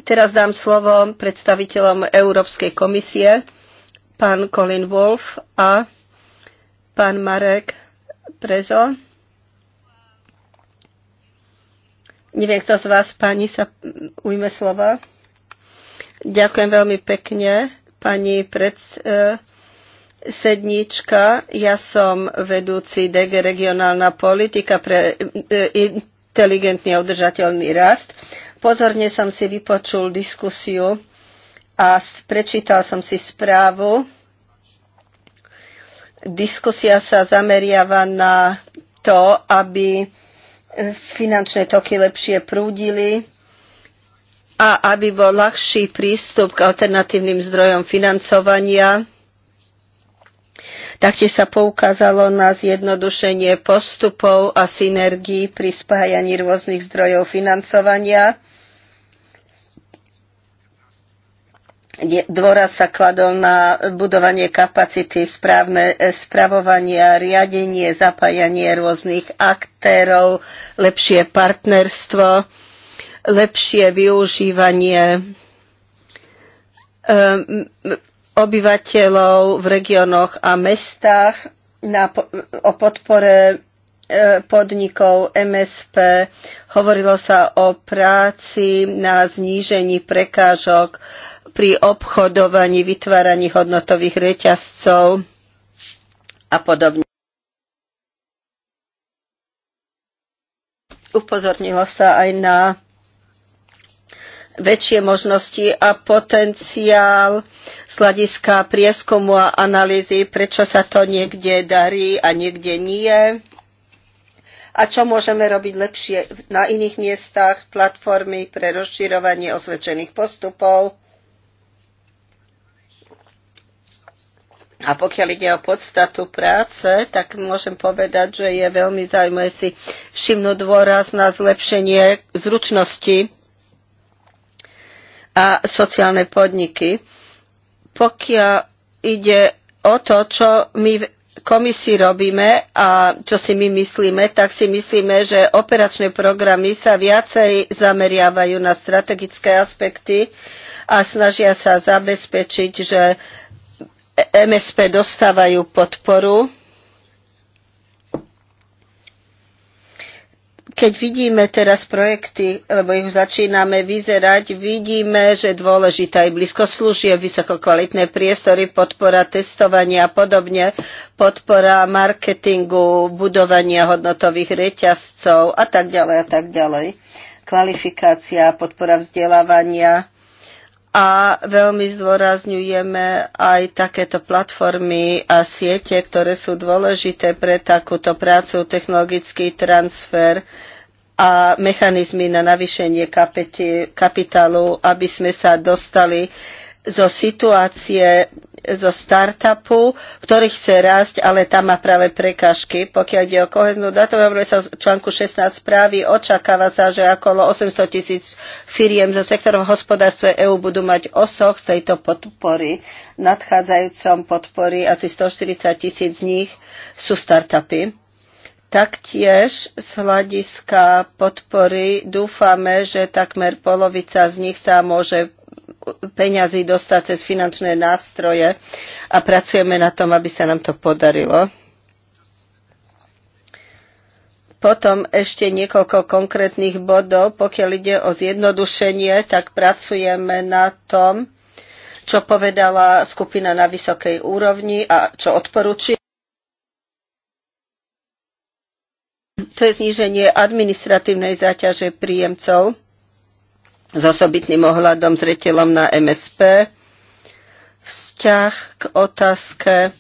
teraz dám slovo predstaviteľom Európskej komisie pán Colin Wolf a pán Marek Prezo. Neviem, kto z vás, pani, sa ujme slova. Ďakujem veľmi pekne, pani predsednička. E, ja som vedúci DG regionálna politika pre e, inteligentný a udržateľný rast. Pozorne som si vypočul diskusiu a prečítal som si správu. Diskusia sa zameriava na to, aby finančné toky lepšie prúdili a aby bol ľahší prístup k alternatívnym zdrojom financovania. Taktiež sa poukázalo na zjednodušenie postupov a synergií pri spájaní rôznych zdrojov financovania dôraz sa kladol na budovanie kapacity, správne e, spravovania, riadenie, zapájanie rôznych aktérov, lepšie partnerstvo, lepšie využívanie e, obyvateľov v regiónoch a mestách na, o podpore e, podnikov MSP. Hovorilo sa o práci na znížení prekážok pri obchodovaní, vytváraní hodnotových reťazcov a podobne. Upozornilo sa aj na väčšie možnosti a potenciál z hľadiska prieskumu a analýzy, prečo sa to niekde darí a niekde nie a čo môžeme robiť lepšie na iných miestach, platformy pre rozširovanie osvedčených postupov A pokiaľ ide o podstatu práce, tak môžem povedať, že je veľmi zaujímavé si všimnúť dôraz na zlepšenie zručnosti a sociálne podniky. Pokiaľ ide o to, čo my v komisii robíme a čo si my myslíme, tak si myslíme, že operačné programy sa viacej zameriavajú na strategické aspekty a snažia sa zabezpečiť, že MSP dostávajú podporu. Keď vidíme teraz projekty, lebo ich začíname vyzerať, vidíme, že dôležitá je blízko služieb, vysokokvalitné priestory, podpora testovania a podobne, podpora marketingu, budovania hodnotových reťazcov a tak ďalej a tak ďalej. Kvalifikácia, podpora vzdelávania, a veľmi zdôrazňujeme aj takéto platformy a siete, ktoré sú dôležité pre takúto prácu, technologický transfer a mechanizmy na navýšenie kapitálu, aby sme sa dostali zo situácie zo startupu, ktorý chce rásť, ale tam má práve prekažky. Pokiaľ ide o koheznú datovú, hovorí sa v článku 16 správy, očakáva sa, že okolo 800 tisíc firiem zo sektorov hospodárstva hospodárstve EÚ budú mať osoch z tejto podpory. Nadchádzajúcom podpory asi 140 tisíc z nich sú startupy. Taktiež z hľadiska podpory dúfame, že takmer polovica z nich sa môže peňazí dostať cez finančné nástroje a pracujeme na tom, aby sa nám to podarilo. Potom ešte niekoľko konkrétnych bodov. Pokiaľ ide o zjednodušenie, tak pracujeme na tom, čo povedala skupina na vysokej úrovni a čo odporúči. To je zníženie administratívnej záťaže príjemcov s osobitným ohľadom zretelom na MSP, vzťah k otázke e,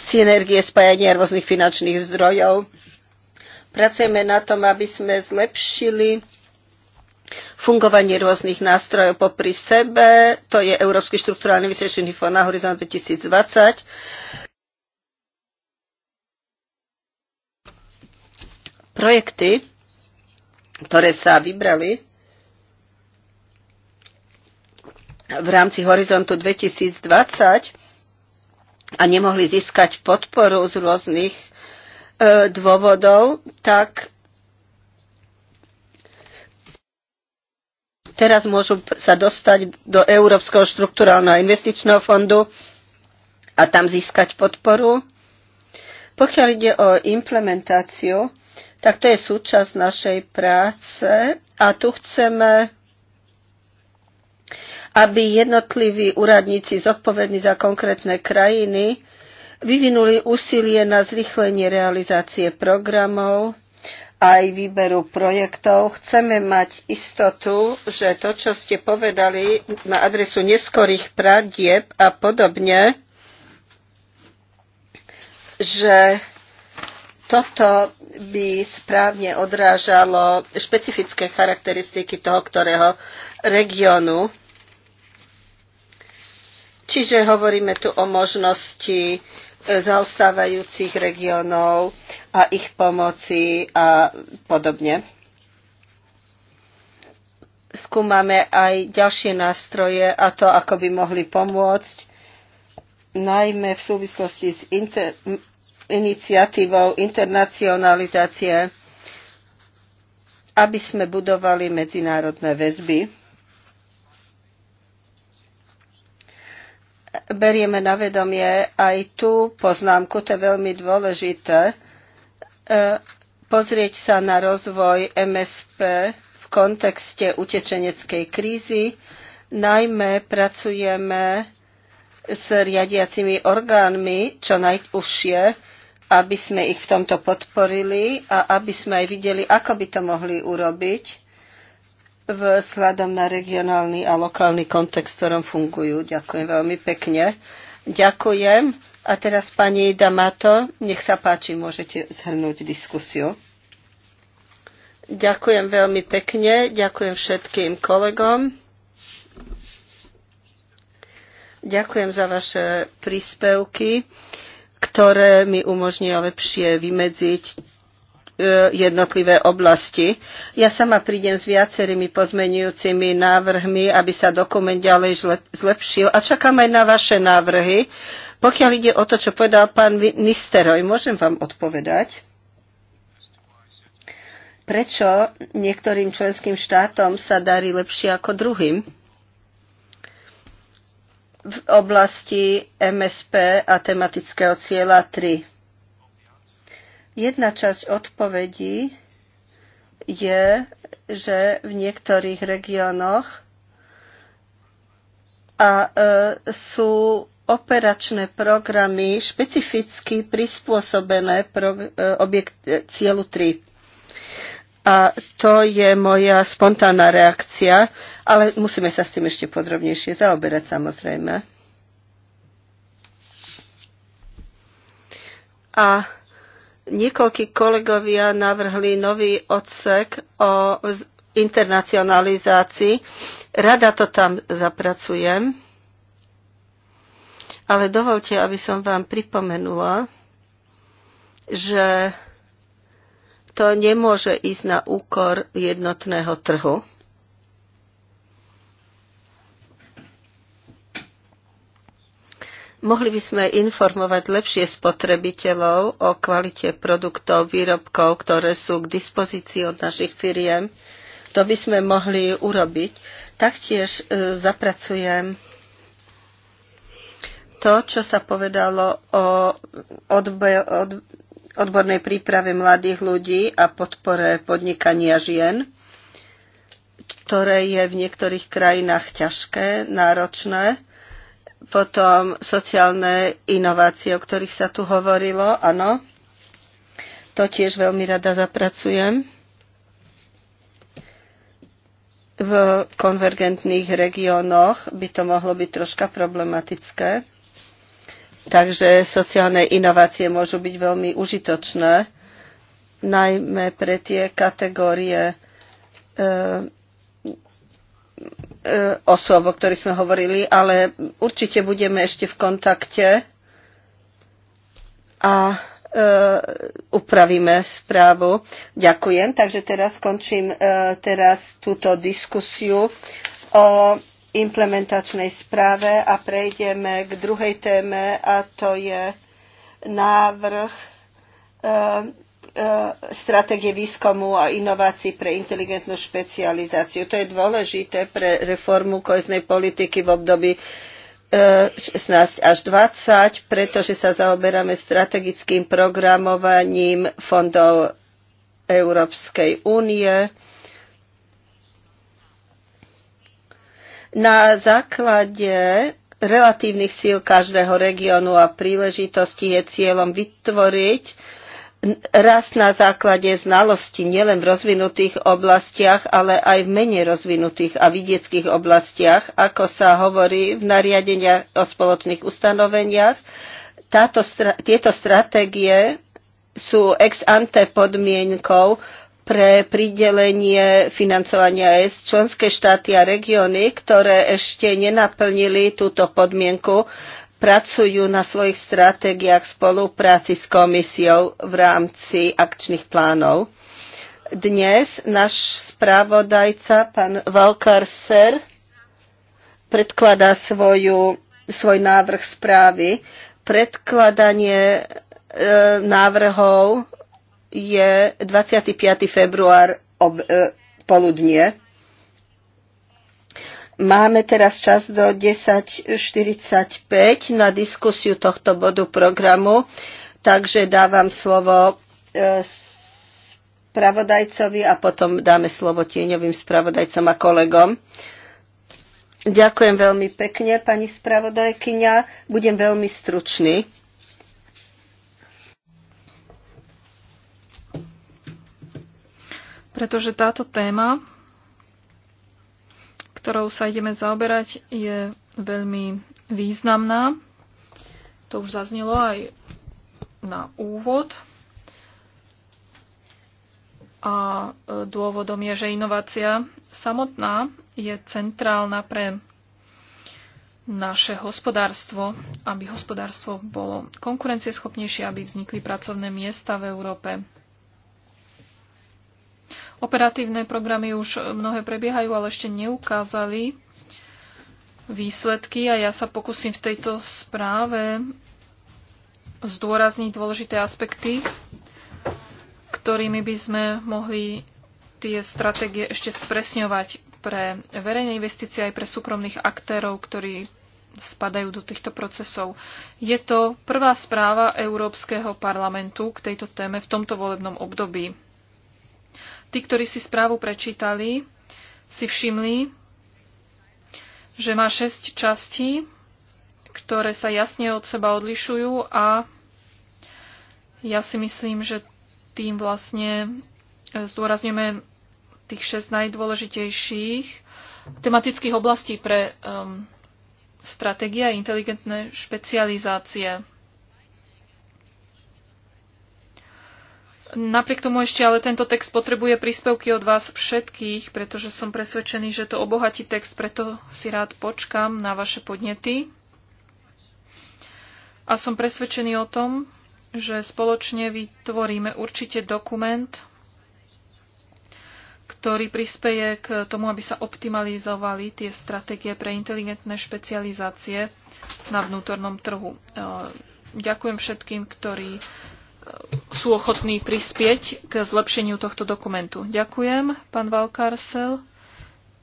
synergie spájania rôznych finančných zdrojov. Pracujeme na tom, aby sme zlepšili fungovanie rôznych nástrojov popri sebe. To je Európsky štruktúrálny vysvedčený fond na horizont 2020. Projekty, ktoré sa vybrali v rámci Horizontu 2020 a nemohli získať podporu z rôznych e, dôvodov, tak teraz môžu sa dostať do Európskeho štruktúrálneho investičného fondu a tam získať podporu. Pokiaľ ide o implementáciu, tak to je súčasť našej práce a tu chceme aby jednotliví úradníci zodpovední za konkrétne krajiny vyvinuli úsilie na zrychlenie realizácie programov aj výberu projektov. Chceme mať istotu, že to, čo ste povedali na adresu neskorých pradieb a podobne, že toto by správne odrážalo špecifické charakteristiky toho, ktorého regiónu. Čiže hovoríme tu o možnosti e, zaostávajúcich regiónov a ich pomoci a podobne. Skúmame aj ďalšie nástroje a to, ako by mohli pomôcť, najmä v súvislosti s inter- iniciatívou internacionalizácie, aby sme budovali medzinárodné väzby. Berieme na vedomie aj tú poznámku, to je veľmi dôležité, e, pozrieť sa na rozvoj MSP v kontekste utečeneckej krízy. Najmä pracujeme s riadiacimi orgánmi čo najúžšie, aby sme ich v tomto podporili a aby sme aj videli, ako by to mohli urobiť sladom na regionálny a lokálny kontext, v ktorom fungujú. Ďakujem veľmi pekne. Ďakujem. A teraz pani Damato, nech sa páči, môžete zhrnúť diskusiu. Ďakujem veľmi pekne, ďakujem všetkým kolegom. Ďakujem za vaše príspevky ktoré mi umožnia lepšie vymedziť e, jednotlivé oblasti. Ja sama prídem s viacerými pozmenujúcimi návrhmi, aby sa dokument ďalej zlepšil a čakám aj na vaše návrhy. Pokiaľ ide o to, čo povedal pán Nisteroj, môžem vám odpovedať? Prečo niektorým členským štátom sa darí lepšie ako druhým? v oblasti MSP a tematického cieľa 3. Jedna časť odpovedí je, že v niektorých regiónoch a e, sú operačné programy špecificky prispôsobené pro, e, objekt, e, cieľu 3. A to je moja spontánna reakcia ale musíme sa s tým ešte podrobnejšie zaoberať samozrejme. A niekoľkí kolegovia navrhli nový odsek o internacionalizácii. Rada to tam zapracujem. Ale dovolte, aby som vám pripomenula, že to nemôže ísť na úkor jednotného trhu. Mohli by sme informovať lepšie spotrebiteľov o kvalite produktov, výrobkov, ktoré sú k dispozícii od našich firiem. To by sme mohli urobiť. Taktiež e, zapracujem to, čo sa povedalo o odbe, od, odbornej príprave mladých ľudí a podpore podnikania žien, ktoré je v niektorých krajinách ťažké, náročné potom sociálne inovácie, o ktorých sa tu hovorilo, áno. To tiež veľmi rada zapracujem v konvergentných regiónoch by to mohlo byť troška problematické. Takže sociálne inovácie môžu byť veľmi užitočné, najmä pre tie kategórie e, E, osôb, o ktorých sme hovorili, ale určite budeme ešte v kontakte a e, upravíme správu. Ďakujem. Takže teraz skončím e, teraz túto diskusiu o implementačnej správe a prejdeme k druhej téme a to je návrh E, stratégie výskumu a inovácií pre inteligentnú špecializáciu. To je dôležité pre reformu koheznej politiky v období 16 e, až 20, pretože sa zaoberáme strategickým programovaním fondov Európskej únie. Na základe relatívnych síl každého regiónu a príležitosti je cieľom vytvoriť rast na základe znalosti nielen v rozvinutých oblastiach, ale aj v menej rozvinutých a vidieckých oblastiach, ako sa hovorí v nariadeniach o spoločných ustanoveniach. Táto, tieto stratégie sú ex ante podmienkou pre pridelenie financovania S členské štáty a regióny, ktoré ešte nenaplnili túto podmienku, pracujú na svojich stratégiách v spolupráci s komisiou v rámci akčných plánov. Dnes náš správodajca, pán Ser, predkladá svoju, svoj návrh správy. Predkladanie e, návrhov je 25. február ob, e, poludnie. Máme teraz čas do 10.45 na diskusiu tohto bodu programu, takže dávam slovo e, spravodajcovi a potom dáme slovo tieňovým spravodajcom a kolegom. Ďakujem veľmi pekne, pani spravodajkyňa. Budem veľmi stručný. Pretože táto téma ktorou sa ideme zaoberať, je veľmi významná. To už zaznelo aj na úvod. A e, dôvodom je, že inovácia samotná je centrálna pre naše hospodárstvo, aby hospodárstvo bolo konkurencieschopnejšie, aby vznikli pracovné miesta v Európe. Operatívne programy už mnohé prebiehajú, ale ešte neukázali výsledky a ja sa pokúsim v tejto správe zdôrazniť dôležité aspekty, ktorými by sme mohli tie stratégie ešte spresňovať pre verejné investície aj pre súkromných aktérov, ktorí spadajú do týchto procesov. Je to prvá správa Európskeho parlamentu k tejto téme v tomto volebnom období. Tí, ktorí si správu prečítali, si všimli, že má šesť častí, ktoré sa jasne od seba odlišujú a ja si myslím, že tým vlastne e, zdôrazňujeme tých šesť najdôležitejších tematických oblastí pre um, stratégia inteligentné špecializácie. Napriek tomu ešte ale tento text potrebuje príspevky od vás všetkých, pretože som presvedčený, že to obohatí text, preto si rád počkam na vaše podnety. A som presvedčený o tom, že spoločne vytvoríme určite dokument, ktorý prispeje k tomu, aby sa optimalizovali tie stratégie pre inteligentné špecializácie na vnútornom trhu. Ďakujem všetkým, ktorí sú ochotní prispieť k zlepšeniu tohto dokumentu. Ďakujem, pán Valkarsel.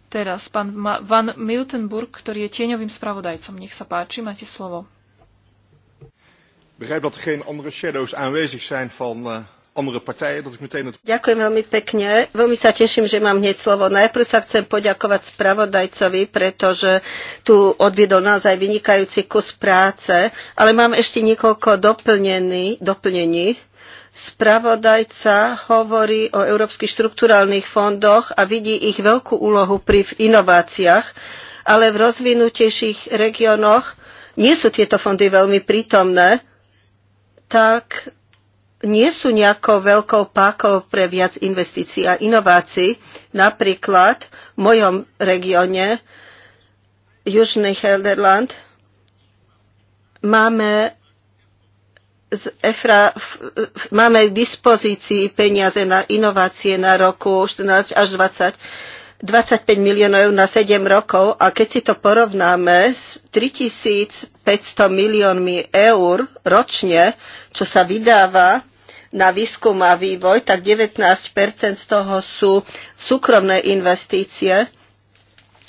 Teraz pán Van Miltenburg, ktorý je tieňovým spravodajcom. Nech sa páči, máte slovo. Begrijp dat er geen andere shadows aanwezig zijn van uh, Ďakujem veľmi pekne. Veľmi sa teším, že mám hneď slovo. Najprv sa chcem poďakovať spravodajcovi, pretože tu odviedol naozaj vynikajúci kus práce, ale mám ešte niekoľko doplnení. Spravodajca hovorí o európskych štruktúralných fondoch a vidí ich veľkú úlohu pri inováciách, ale v rozvinutejších regiónoch nie sú tieto fondy veľmi prítomné, tak nie sú nejakou veľkou pákou pre viac investícií a inovácií. Napríklad v mojom regióne Južný Helderland máme z EFRA máme k dispozícii peniaze na inovácie na roku 14 až 20, 25 miliónov na 7 rokov a keď si to porovnáme s 3500 miliónmi eur ročne, čo sa vydáva na výskum a vývoj, tak 19 z toho sú súkromné investície.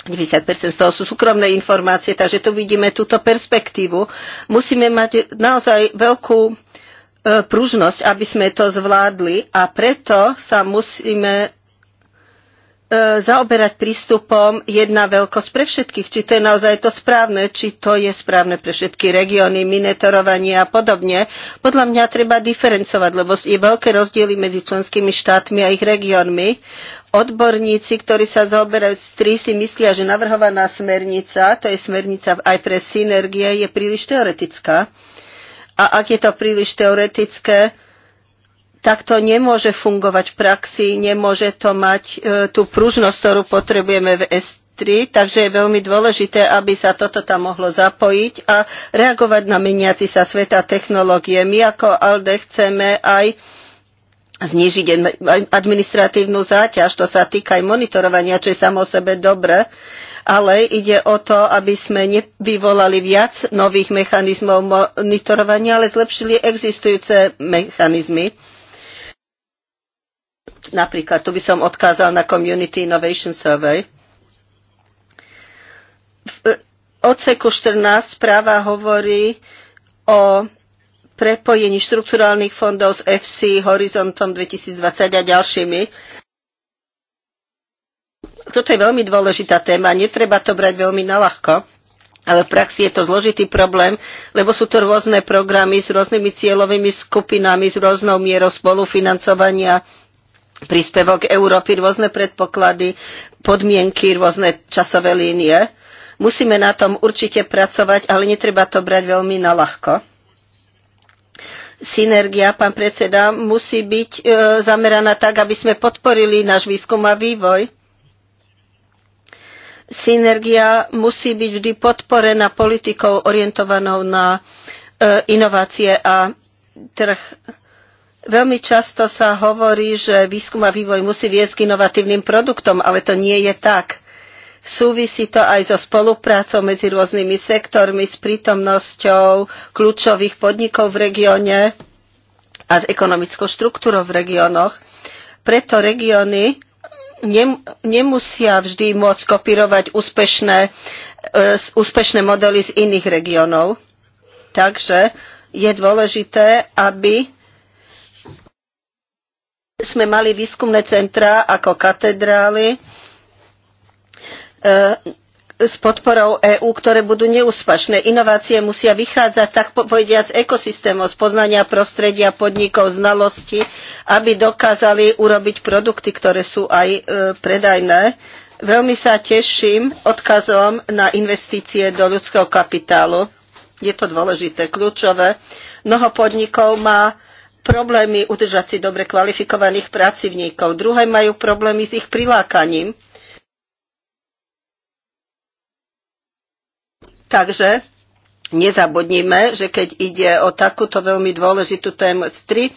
90% z toho sú súkromné informácie, takže tu vidíme túto perspektívu. Musíme mať naozaj veľkú e, pružnosť, aby sme to zvládli a preto sa musíme E, zaoberať prístupom jedna veľkosť pre všetkých, či to je naozaj to správne, či to je správne pre všetky regióny, minetorovanie a podobne. Podľa mňa treba diferencovať, lebo je veľké rozdiely medzi členskými štátmi a ich regiónmi. Odborníci, ktorí sa zaoberajú z tri, si myslia, že navrhovaná smernica, to je smernica aj pre synergie, je príliš teoretická. A ak je to príliš teoretické, tak to nemôže fungovať v praxi, nemôže to mať e, tú pružnosť, ktorú potrebujeme v S3, takže je veľmi dôležité, aby sa toto tam mohlo zapojiť a reagovať na meniaci sa sveta technológie. My ako ALDE chceme aj znižiť administratívnu záťaž, to sa týka aj monitorovania, čo je samo o sebe dobre, ale ide o to, aby sme nevyvolali viac nových mechanizmov monitorovania, ale zlepšili existujúce mechanizmy. Napríklad, tu by som odkázal na Community Innovation Survey. V e, odseku 14 správa hovorí o prepojení štrukturálnych fondov s FC Horizontom 2020 a ďalšími. Toto je veľmi dôležitá téma, netreba to brať veľmi naľahko. Ale v praxi je to zložitý problém, lebo sú to rôzne programy s rôznymi cieľovými skupinami, s rôznou mierou spolufinancovania príspevok Európy, rôzne predpoklady, podmienky, rôzne časové línie. Musíme na tom určite pracovať, ale netreba to brať veľmi na ľahko. Synergia, pán predseda, musí byť e, zameraná tak, aby sme podporili náš výskum a vývoj. Synergia musí byť vždy podporená politikou orientovanou na e, inovácie a trh Veľmi často sa hovorí, že výskum a vývoj musí viesť k inovatívnym produktom, ale to nie je tak. Súvisí to aj so spoluprácou medzi rôznymi sektormi, s prítomnosťou kľúčových podnikov v regióne a s ekonomickou štruktúrou v regiónoch. Preto regióny nemusia vždy môcť kopírovať úspešné, e, úspešné modely z iných regiónov. Takže je dôležité, aby sme mali výskumné centra ako katedrály e, s podporou EÚ, ktoré budú neúspašné. Inovácie musia vychádzať, tak povediať, z ekosystémov, z poznania prostredia, podnikov, znalosti, aby dokázali urobiť produkty, ktoré sú aj e, predajné. Veľmi sa teším odkazom na investície do ľudského kapitálu. Je to dôležité, kľúčové. Mnoho podnikov má problémy udržať si dobre kvalifikovaných pracovníkov, druhé majú problémy s ich prilákaním. Takže nezabudnime, že keď ide o takúto veľmi dôležitú tému 3,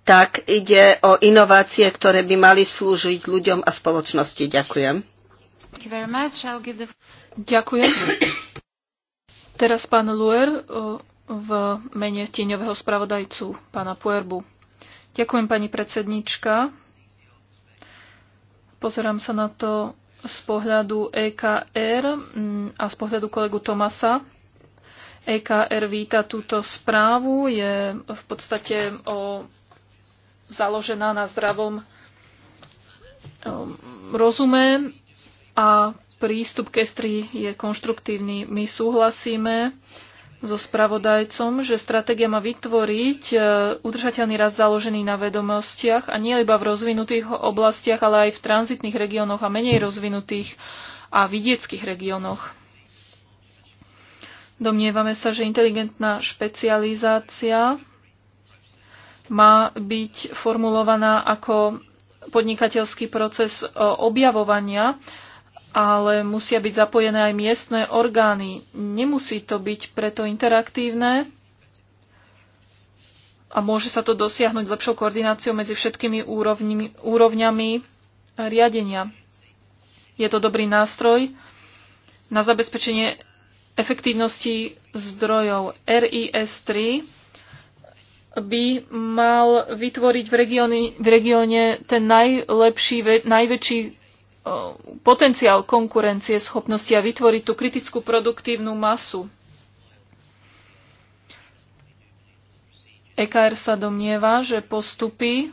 tak ide o inovácie, ktoré by mali slúžiť ľuďom a spoločnosti. Ďakujem. Ďakujem. Teraz pán Luer, v mene tieňového spravodajcu, pána Puerbu. Ďakujem, pani predsednička. Pozerám sa na to z pohľadu EKR mm, a z pohľadu kolegu Tomasa. EKR víta túto správu, je v podstate o, založená na zdravom rozume a prístup k estri je konštruktívny. My súhlasíme so spravodajcom, že stratégia má vytvoriť e, udržateľný rast založený na vedomostiach a nie iba v rozvinutých oblastiach, ale aj v tranzitných regiónoch a menej rozvinutých a vidieckých regiónoch. Domnievame sa, že inteligentná špecializácia má byť formulovaná ako podnikateľský proces e, objavovania ale musia byť zapojené aj miestne orgány. Nemusí to byť preto interaktívne a môže sa to dosiahnuť lepšou koordináciou medzi všetkými úrovni, úrovňami riadenia. Je to dobrý nástroj na zabezpečenie efektívnosti zdrojov. RIS-3 by mal vytvoriť v, regióne, v regióne ten najlepší, najväčší Eh, potenciál konkurencie schopnosti a vytvoriť tú kritickú produktívnu masu. EKR sa domnieva, že postupy eh,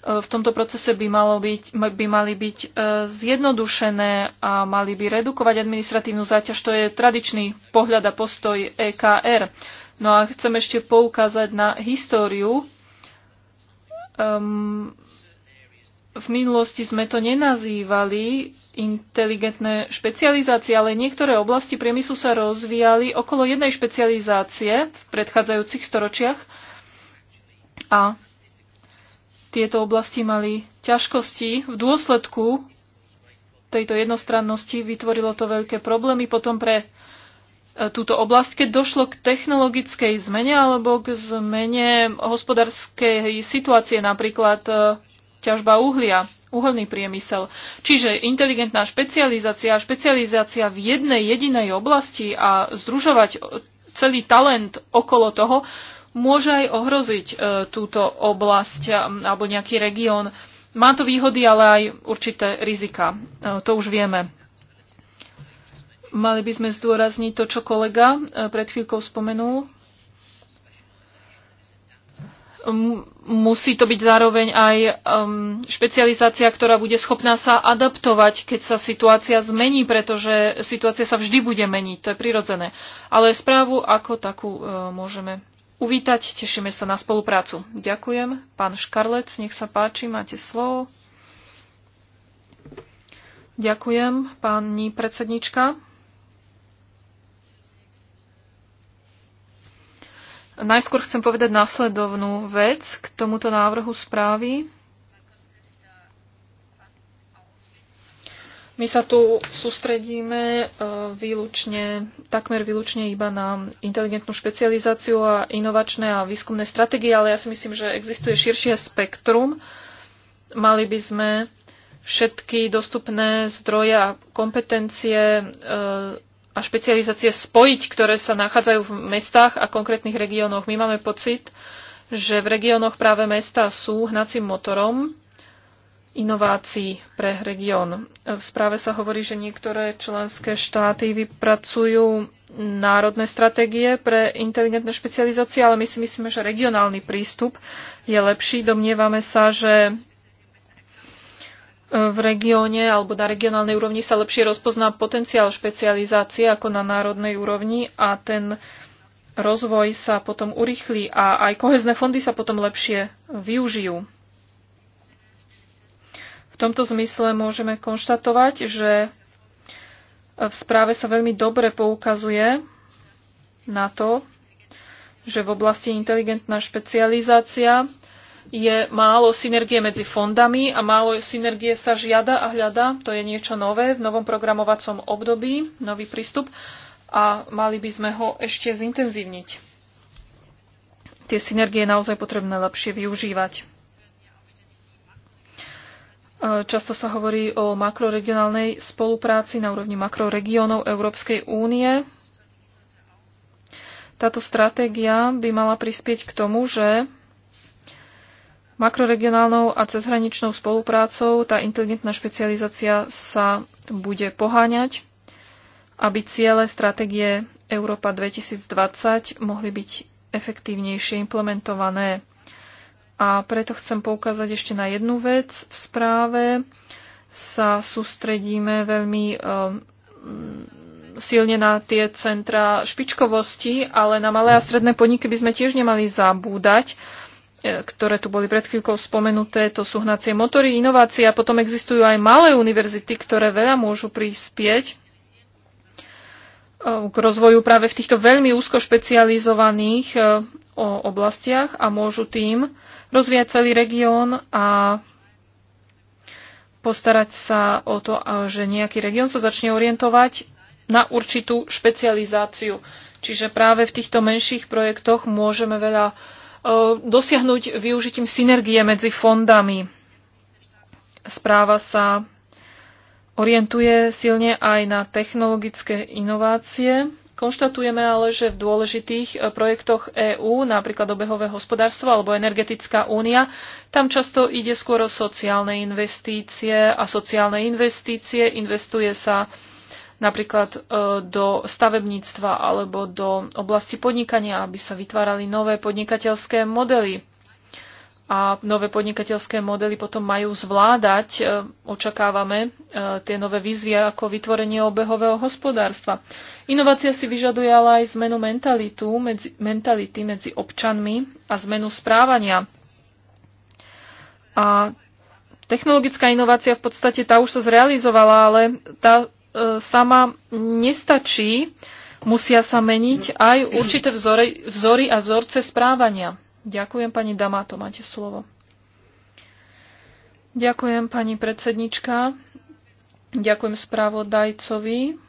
v tomto procese by, malo byť, by mali byť eh, zjednodušené a mali by redukovať administratívnu záťaž. To je tradičný pohľad a postoj EKR. No a chcem ešte poukázať na históriu um, v minulosti sme to nenazývali inteligentné špecializácie, ale niektoré oblasti priemyslu sa rozvíjali okolo jednej špecializácie v predchádzajúcich storočiach a tieto oblasti mali ťažkosti. V dôsledku tejto jednostrannosti vytvorilo to veľké problémy potom pre e, túto oblasť, keď došlo k technologickej zmene alebo k zmene hospodárskej situácie napríklad e, ťažba uhlia, uholný priemysel. Čiže inteligentná špecializácia, špecializácia v jednej jedinej oblasti a združovať e, celý talent okolo toho môže aj ohroziť e, túto oblasť e, alebo nejaký región. Má to výhody, ale aj určité rizika. E, to už vieme. Mali by sme zdôrazniť to, čo kolega e, pred chvíľkou spomenul. Hm, musí to byť zároveň aj um, špecializácia, ktorá bude schopná sa adaptovať, keď sa situácia zmení, pretože situácia sa vždy bude meniť, to je prirodzené. Ale správu ako takú uh, môžeme uvítať, tešíme sa na spoluprácu. Ďakujem. Pán Škarlec, nech sa páči, máte slovo. Ďakujem, pani predsednička. Najskôr chcem povedať následovnú vec k tomuto návrhu správy. My sa tu sústredíme e, výlučne, takmer výlučne iba na inteligentnú špecializáciu a inovačné a výskumné stratégie, ale ja si myslím, že existuje širšie spektrum. Mali by sme všetky dostupné zdroje a kompetencie e, a špecializácie spojiť, ktoré sa nachádzajú v mestách a konkrétnych regiónoch. My máme pocit, že v regiónoch práve mesta sú hnacím motorom inovácií pre región. V správe sa hovorí, že niektoré členské štáty vypracujú národné stratégie pre inteligentné špecializácie, ale my si myslíme, že regionálny prístup je lepší. Domnievame sa, že v regióne alebo na regionálnej úrovni sa lepšie rozpozná potenciál špecializácie ako na národnej úrovni a ten rozvoj sa potom urýchli a aj kohezné fondy sa potom lepšie využijú. V tomto zmysle môžeme konštatovať, že v správe sa veľmi dobre poukazuje na to, že v oblasti inteligentná špecializácia je málo synergie medzi fondami a málo synergie sa žiada a hľada. To je niečo nové v novom programovacom období, nový prístup a mali by sme ho ešte zintenzívniť. Tie synergie je naozaj potrebné lepšie využívať. E, často sa hovorí o makroregionálnej spolupráci na úrovni makroregiónov Európskej únie. Táto stratégia by mala prispieť k tomu, že Makroregionálnou a cezhraničnou spoluprácou tá inteligentná špecializácia sa bude poháňať, aby ciele stratégie Európa 2020 mohli byť efektívnejšie implementované. A preto chcem poukázať ešte na jednu vec. V správe sa sústredíme veľmi um, silne na tie centra špičkovosti, ale na malé a stredné podniky by sme tiež nemali zabúdať, E, ktoré tu boli pred chvíľkou spomenuté, to sú hnacie motory, inovácie a potom existujú aj malé univerzity, ktoré veľa môžu prispieť e, k rozvoju práve v týchto veľmi úzko špecializovaných e, oblastiach a môžu tým rozvíjať celý región a postarať sa o to, že nejaký región sa začne orientovať na určitú špecializáciu. Čiže práve v týchto menších projektoch môžeme veľa uh, E, dosiahnuť využitím synergie medzi fondami. Správa sa orientuje silne aj na technologické inovácie. Konštatujeme ale, že v dôležitých e, projektoch EÚ, napríklad obehové hospodárstvo alebo energetická únia, tam často ide skôr o sociálne investície a sociálne investície investuje sa uh, napríklad e, do stavebníctva alebo do oblasti podnikania, aby sa vytvárali nové podnikateľské modely. A nové podnikateľské modely potom majú zvládať, e, očakávame, e, tie nové výzvy ako vytvorenie obehového hospodárstva. Inovácia si vyžaduje ale aj zmenu mentalitu, medzi, mentality medzi občanmi a zmenu správania. A technologická inovácia v podstate tá už sa zrealizovala, ale tá E, sama nestačí. Musia sa meniť aj určité vzory, vzory a vzorce správania. Ďakujem pani Damato, máte slovo. Ďakujem pani predsednička. Ďakujem správodajcovi.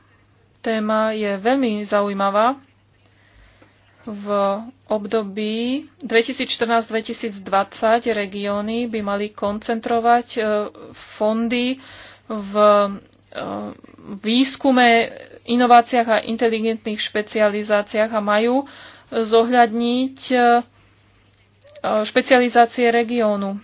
Téma je veľmi zaujímavá. V období 2014-2020 regióny by mali koncentrovať e, fondy v výskume, inováciách a inteligentných špecializáciách a majú zohľadniť e, špecializácie regiónu.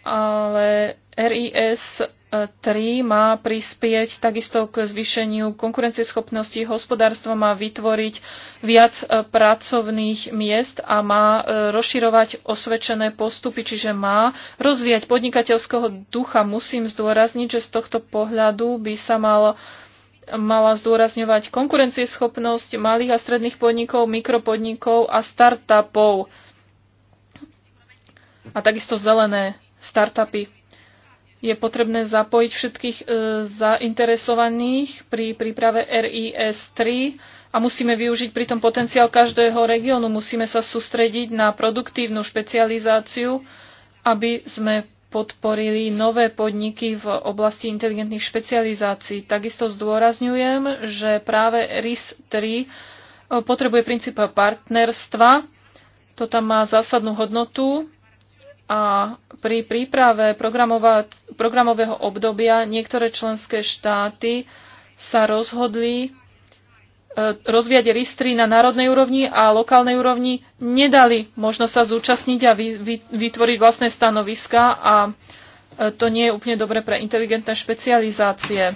Ale RIS 3 má prispieť takisto k zvýšeniu konkurencieschopnosti hospodárstva, má vytvoriť viac e, pracovných miest a má e, rozširovať osvedčené postupy, čiže má rozvíjať podnikateľského ducha. Musím zdôrazniť, že z tohto pohľadu by sa mal mala zdôrazňovať konkurencieschopnosť malých a stredných podnikov, mikropodnikov a startupov. A takisto zelené startupy je potrebné zapojiť všetkých e, zainteresovaných pri príprave RIS 3 a musíme využiť pritom potenciál každého regiónu. Musíme sa sústrediť na produktívnu špecializáciu, aby sme podporili nové podniky v oblasti inteligentných špecializácií. Takisto zdôrazňujem, že práve RIS 3 e, potrebuje princípa partnerstva. To tam má zásadnú hodnotu a pri príprave programového obdobia niektoré členské štáty sa rozhodli e, rozviať ristry na národnej úrovni a lokálnej úrovni nedali možno sa zúčastniť a vytvoriť vlastné stanoviska a e, to nie je úplne dobre pre inteligentné špecializácie.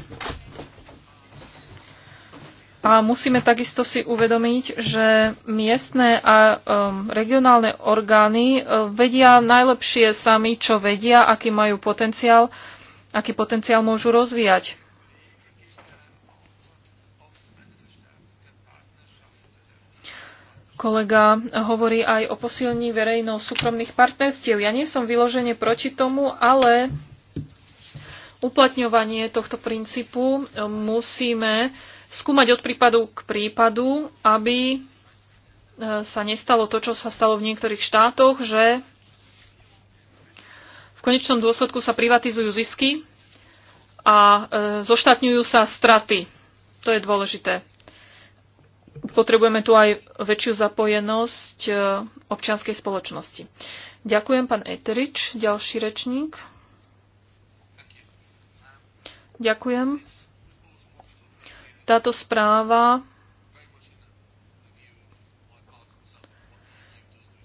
A musíme takisto si uvedomiť, že miestne a um, regionálne orgány uh, vedia najlepšie sami, čo vedia, aký majú potenciál, aký potenciál môžu rozvíjať. Kolega hovorí aj o posilní verejno-súkromných partnerstiev. Ja nie som vyložene proti tomu, ale uplatňovanie tohto princípu um, musíme uh, skúmať od prípadu k prípadu, aby e, sa nestalo to, čo sa stalo v niektorých štátoch, že v konečnom dôsledku sa privatizujú zisky a e, zoštátňujú sa straty. To je dôležité. Potrebujeme tu aj väčšiu zapojenosť e, občianskej spoločnosti. Ďakujem, pán Eterič. Ďalší rečník. Ďakujem. Táto správa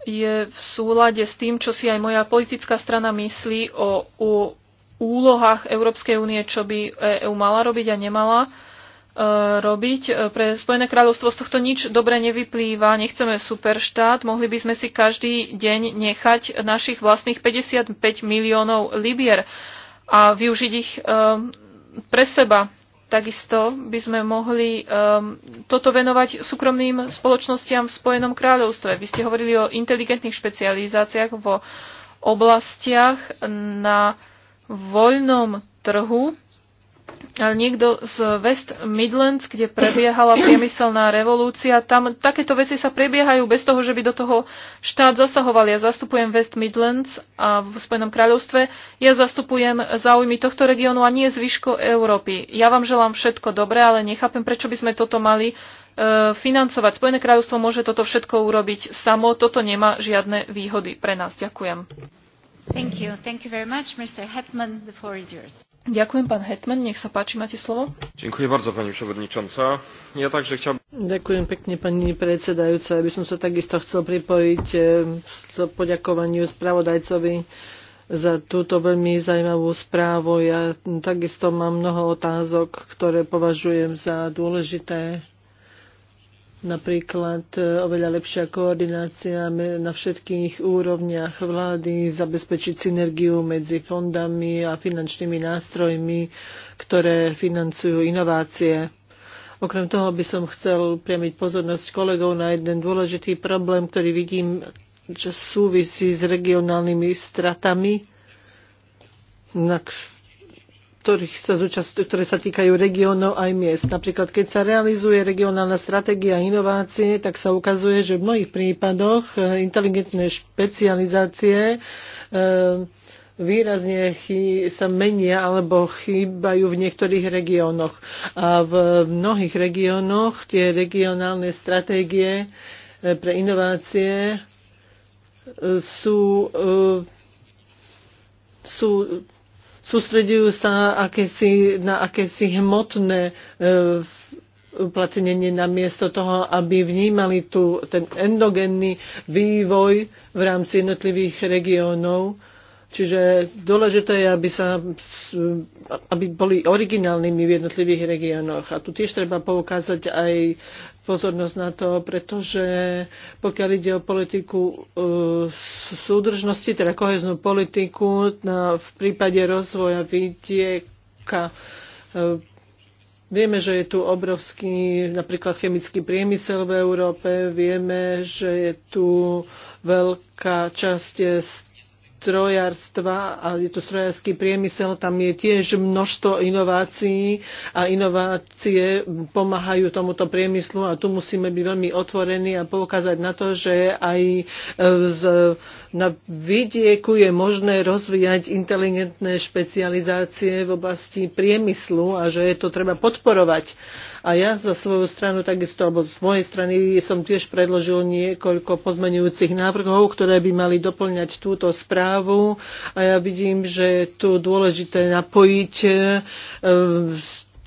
je v súlade s tým, čo si aj moja politická strana myslí o, o úlohách Európskej únie, čo by EÚ mala robiť a nemala e, robiť. E, pre Spojené kráľovstvo z tohto nič dobre nevyplýva, nechceme superštát, mohli by sme si každý deň nechať našich vlastných 55 miliónov libier a využiť ich e, pre seba. Takisto by sme mohli um, toto venovať súkromným spoločnostiam v Spojenom kráľovstve. Vy ste hovorili o inteligentných špecializáciách vo oblastiach na voľnom trhu, niekto z West Midlands, kde prebiehala priemyselná revolúcia. Tam takéto veci sa prebiehajú bez toho, že by do toho štát zasahoval. Ja zastupujem West Midlands a v Spojenom kráľovstve. Ja zastupujem záujmy tohto regiónu a nie zvyšku Európy. Ja vám želám všetko dobré, ale nechápem, prečo by sme toto mali e, financovať. Spojené kráľovstvo môže toto všetko urobiť samo. Toto nemá žiadne výhody pre nás. Ďakujem. Thank you. Thank you very much, Mr. Hetman. The floor is yours. Ďakujem, pán Hetman, nech sa páči, máte slovo. Ďakujem bardzo, pani przewodnicząca. Ja także chciałbym... Ďakujem pekne, pani predsedajúca. Ja by som sa takisto chcel pripojiť k e, poďakovaniu spravodajcovi za túto veľmi zaujímavú správu. Ja takisto mám mnoho otázok, ktoré považujem za dôležité napríklad e, oveľa lepšia koordinácia na všetkých úrovniach vlády, zabezpečiť synergiu medzi fondami a finančnými nástrojmi, ktoré financujú inovácie. Okrem toho by som chcel priamiť pozornosť kolegov na jeden dôležitý problém, ktorý vidím, že súvisí s regionálnymi stratami, na ktorých sa zúčast, ktoré sa týkajú regiónov aj miest. Napríklad, keď sa realizuje regionálna stratégia inovácie, tak sa ukazuje, že v mnohých prípadoch e, inteligentné špecializácie e, výrazne sa menia alebo chýbajú v niektorých regiónoch. A v mnohých regiónoch tie regionálne stratégie e, pre inovácie sú, sú sústredujú sa akési, na akési hmotné e, uplatnenie namiesto toho, aby vnímali tu ten endogenný vývoj v rámci jednotlivých regiónov. Čiže dôležité je, aby, sa, aby boli originálnymi v jednotlivých regiónoch. A tu tiež treba poukázať aj pozornosť na to, pretože pokiaľ ide o politiku e, súdržnosti, teda koheznú politiku, na, v prípade rozvoja vidieka e, Vieme, že je tu obrovský napríklad chemický priemysel v Európe, vieme, že je tu veľká časť strojárstva a je to strojársky priemysel, tam je tiež množstvo inovácií a inovácie pomáhajú tomuto priemyslu a tu musíme byť veľmi otvorení a poukázať na to, že aj e, z na vidieku je možné rozvíjať inteligentné špecializácie v oblasti priemyslu a že je to treba podporovať. A ja za svoju stranu takisto, alebo z mojej strany som tiež predložil niekoľko pozmenujúcich návrhov, ktoré by mali doplňať túto správu. A ja vidím, že je tu dôležité napojiť e,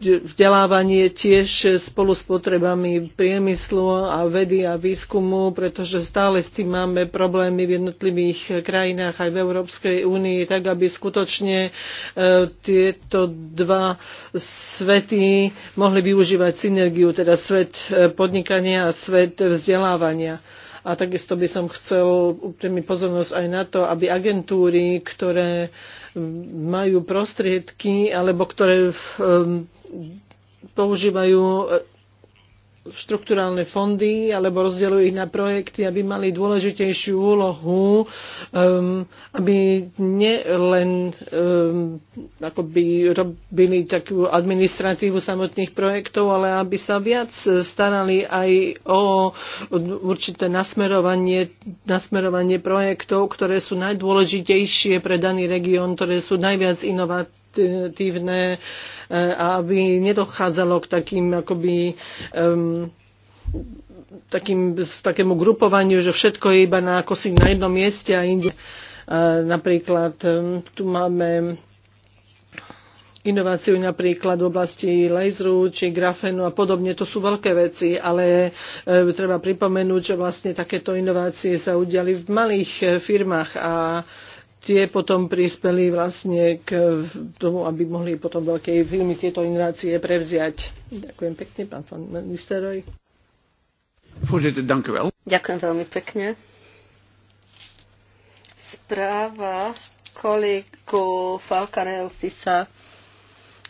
vzdelávanie tiež spolu s potrebami priemyslu a vedy a výskumu, pretože stále s tým máme problémy v jednotlivých krajinách aj v Európskej únii, tak aby skutočne e, tieto dva svety mohli využívať synergiu, teda svet e, podnikania a svet vzdelávania. A takisto by som chcel upriamiť pozornosť aj na to, aby agentúry, ktoré majú prostriedky alebo ktoré um, používajú štrukturálne fondy alebo rozdeľujú ich na projekty, aby mali dôležitejšiu úlohu, um, aby nielen um, akoby robili takú administratívu samotných projektov, ale aby sa viac starali aj o určité nasmerovanie, nasmerovanie projektov, ktoré sú najdôležitejšie pre daný región, ktoré sú najviac inovatívne efektívne e, a aby nedochádzalo k takým akoby um, takým, takému grupovaniu, že všetko je iba na, ako si na jednom mieste a inde. E, napríklad tu máme inováciu napríklad v oblasti laseru či grafenu a podobne. To sú veľké veci, ale e, treba pripomenúť, že vlastne takéto inovácie sa udiali v malých e, firmách a e, tie potom prispeli vlastne k tomu, aby mohli potom veľké filmy tieto inovácie prevziať. Ďakujem pekne, pán, pán ministeroj. Voorzitter, dank u wel. Ďakujem veľmi pekne. Správa kolegu Falkarelsi sa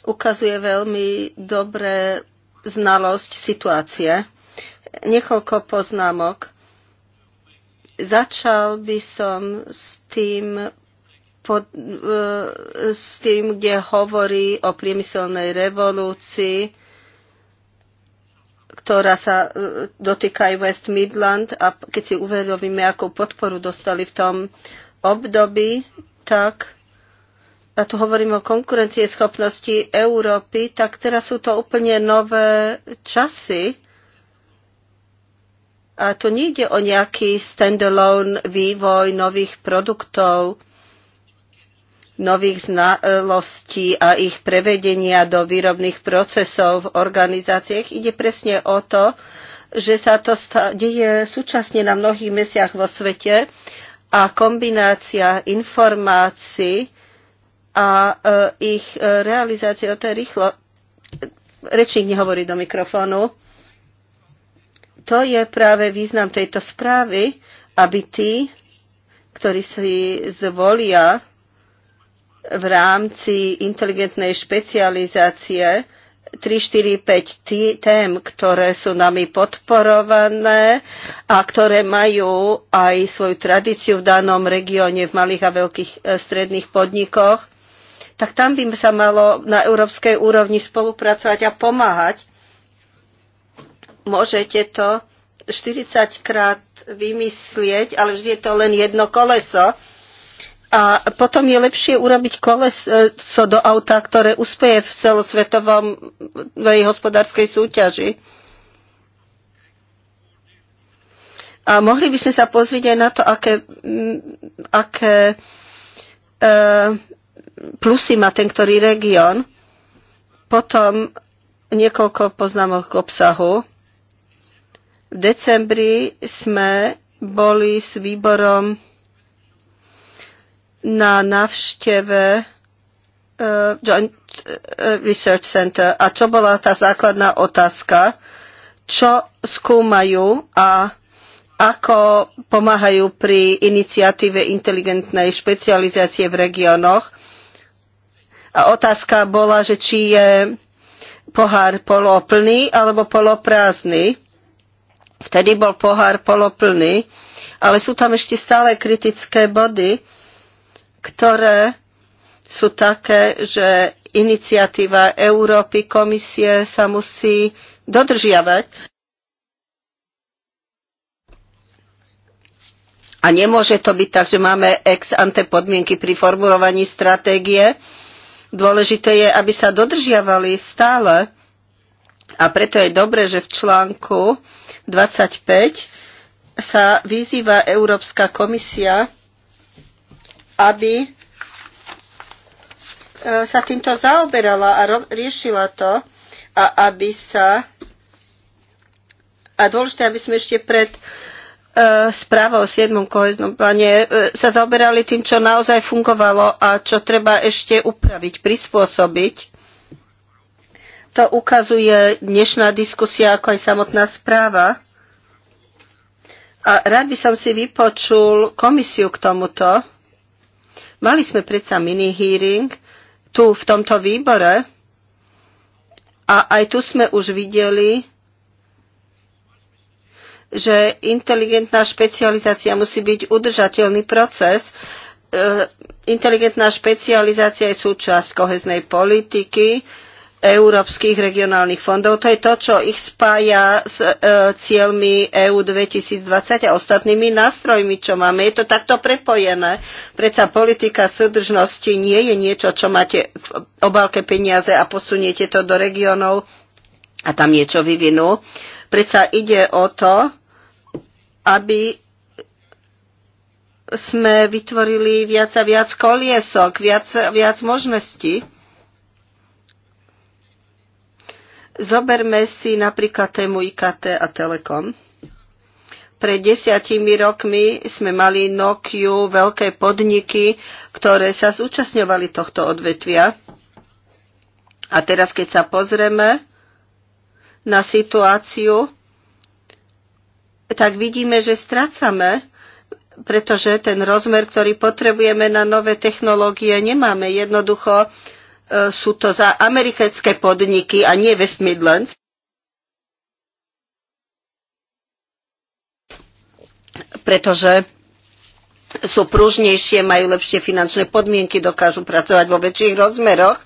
ukazuje veľmi dobré znalosť situácie. Niekoľko poznámok. Začal by som s tým pod, e, s tým, kde hovorí o priemyselnej revolúcii, ktorá sa e, dotýka aj West Midland a keď si uvedomíme, akú podporu dostali v tom období, tak a tu hovorím o konkurencieschopnosti Európy, tak teraz sú to úplne nové časy. A tu ide o nejaký standalone vývoj nových produktov, nových znalostí a ich prevedenia do výrobných procesov v organizáciách. Ide presne o to, že sa to deje súčasne na mnohých mesiach vo svete a kombinácia informácií a e, ich e, realizácie, to je rýchlo. Rečník nehovorí do mikrofónu. To je práve význam tejto správy, aby tí, ktorí si zvolia v rámci inteligentnej špecializácie 3, 4, 5 tém, ktoré sú nami podporované a ktoré majú aj svoju tradíciu v danom regióne, v malých a veľkých e, stredných podnikoch, tak tam by sa malo na európskej úrovni spolupracovať a pomáhať. Môžete to 40 krát vymyslieť, ale vždy je to len jedno koleso a potom je lepšie urobiť koleso e, do auta, ktoré uspeje v v hospodárskej súťaži. A mohli by sme sa pozrieť aj na to, aké, aké e, plusy má ten ktorý región. Potom niekoľko poznámok k obsahu. V decembri sme boli s výborom na návšteve uh, Joint eh, Research Center. A čo bola tá základná otázka? Čo skúmajú a ako pomáhajú pri iniciatíve inteligentnej špecializácie v regiónoch? A otázka bola, že či je pohár poloplný alebo poloprázdny. Vtedy bol pohár poloplný, ale sú tam ešte stále kritické body ktoré sú také, že iniciatíva Európy, komisie sa musí dodržiavať. A nemôže to byť tak, že máme ex ante podmienky pri formulovaní stratégie. Dôležité je, aby sa dodržiavali stále. A preto je dobre, že v článku 25 sa vyzýva Európska komisia, aby e, sa týmto zaoberala a riešila to a aby sa a dôležité, aby sme ešte pred uh, správou o 7. koheznom pláne uh, sa zaoberali tým, čo naozaj fungovalo a čo treba ešte upraviť, prispôsobiť. To ukazuje dnešná diskusia, ako aj samotná správa. A rád by som si vypočul komisiu k tomuto. Mali sme predsa mini-hearing tu v tomto výbore a aj tu sme už videli, že inteligentná špecializácia musí byť udržateľný proces. E, inteligentná špecializácia je súčasť koheznej politiky, európskych regionálnych fondov. To je to, čo ich spája s e, cieľmi EU 2020 a ostatnými nástrojmi, čo máme. Je to takto prepojené. Preca politika súdržnosti nie je niečo, čo máte v obálke peniaze a posuniete to do regionov a tam niečo vyvinú. Preca ide o to, aby sme vytvorili viac a viac koliesok, viac, viac možností Zoberme si napríklad tému IKT a Telekom. Pred desiatimi rokmi sme mali Nokiu, veľké podniky, ktoré sa zúčastňovali tohto odvetvia. A teraz, keď sa pozrieme na situáciu, tak vidíme, že strácame, pretože ten rozmer, ktorý potrebujeme na nové technológie, nemáme. Jednoducho E, sú to za americké podniky a nie West Midlands. pretože sú pružnejšie, majú lepšie finančné podmienky, dokážu pracovať vo väčších rozmeroch.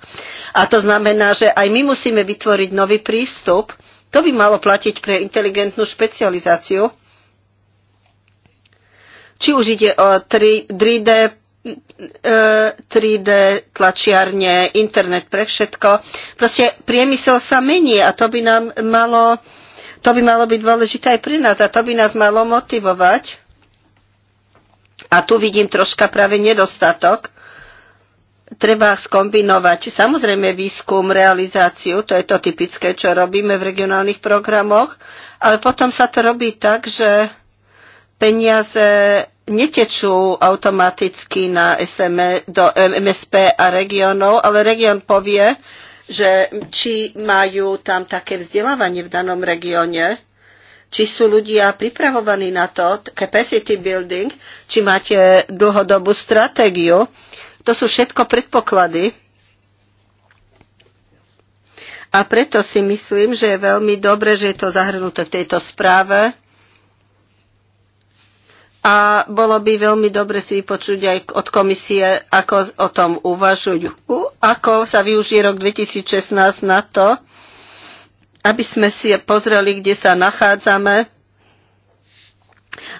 A to znamená, že aj my musíme vytvoriť nový prístup. To by malo platiť pre inteligentnú špecializáciu. Či už ide o 3D 3D tlačiarne, internet pre všetko. Proste priemysel sa mení a to by nám malo, to by malo byť dôležité aj pri nás a to by nás malo motivovať. A tu vidím troška práve nedostatok. Treba skombinovať samozrejme výskum, realizáciu, to je to typické, čo robíme v regionálnych programoch, ale potom sa to robí tak, že peniaze netečú automaticky na SME, do MSP a regionov, ale región povie, že či majú tam také vzdelávanie v danom regióne, či sú ľudia pripravovaní na to, capacity building, či máte dlhodobú stratégiu. To sú všetko predpoklady. A preto si myslím, že je veľmi dobre, že je to zahrnuté v tejto správe a bolo by veľmi dobre si počuť aj od komisie, ako o tom uvažujú, ako sa využije rok 2016 na to, aby sme si pozreli, kde sa nachádzame,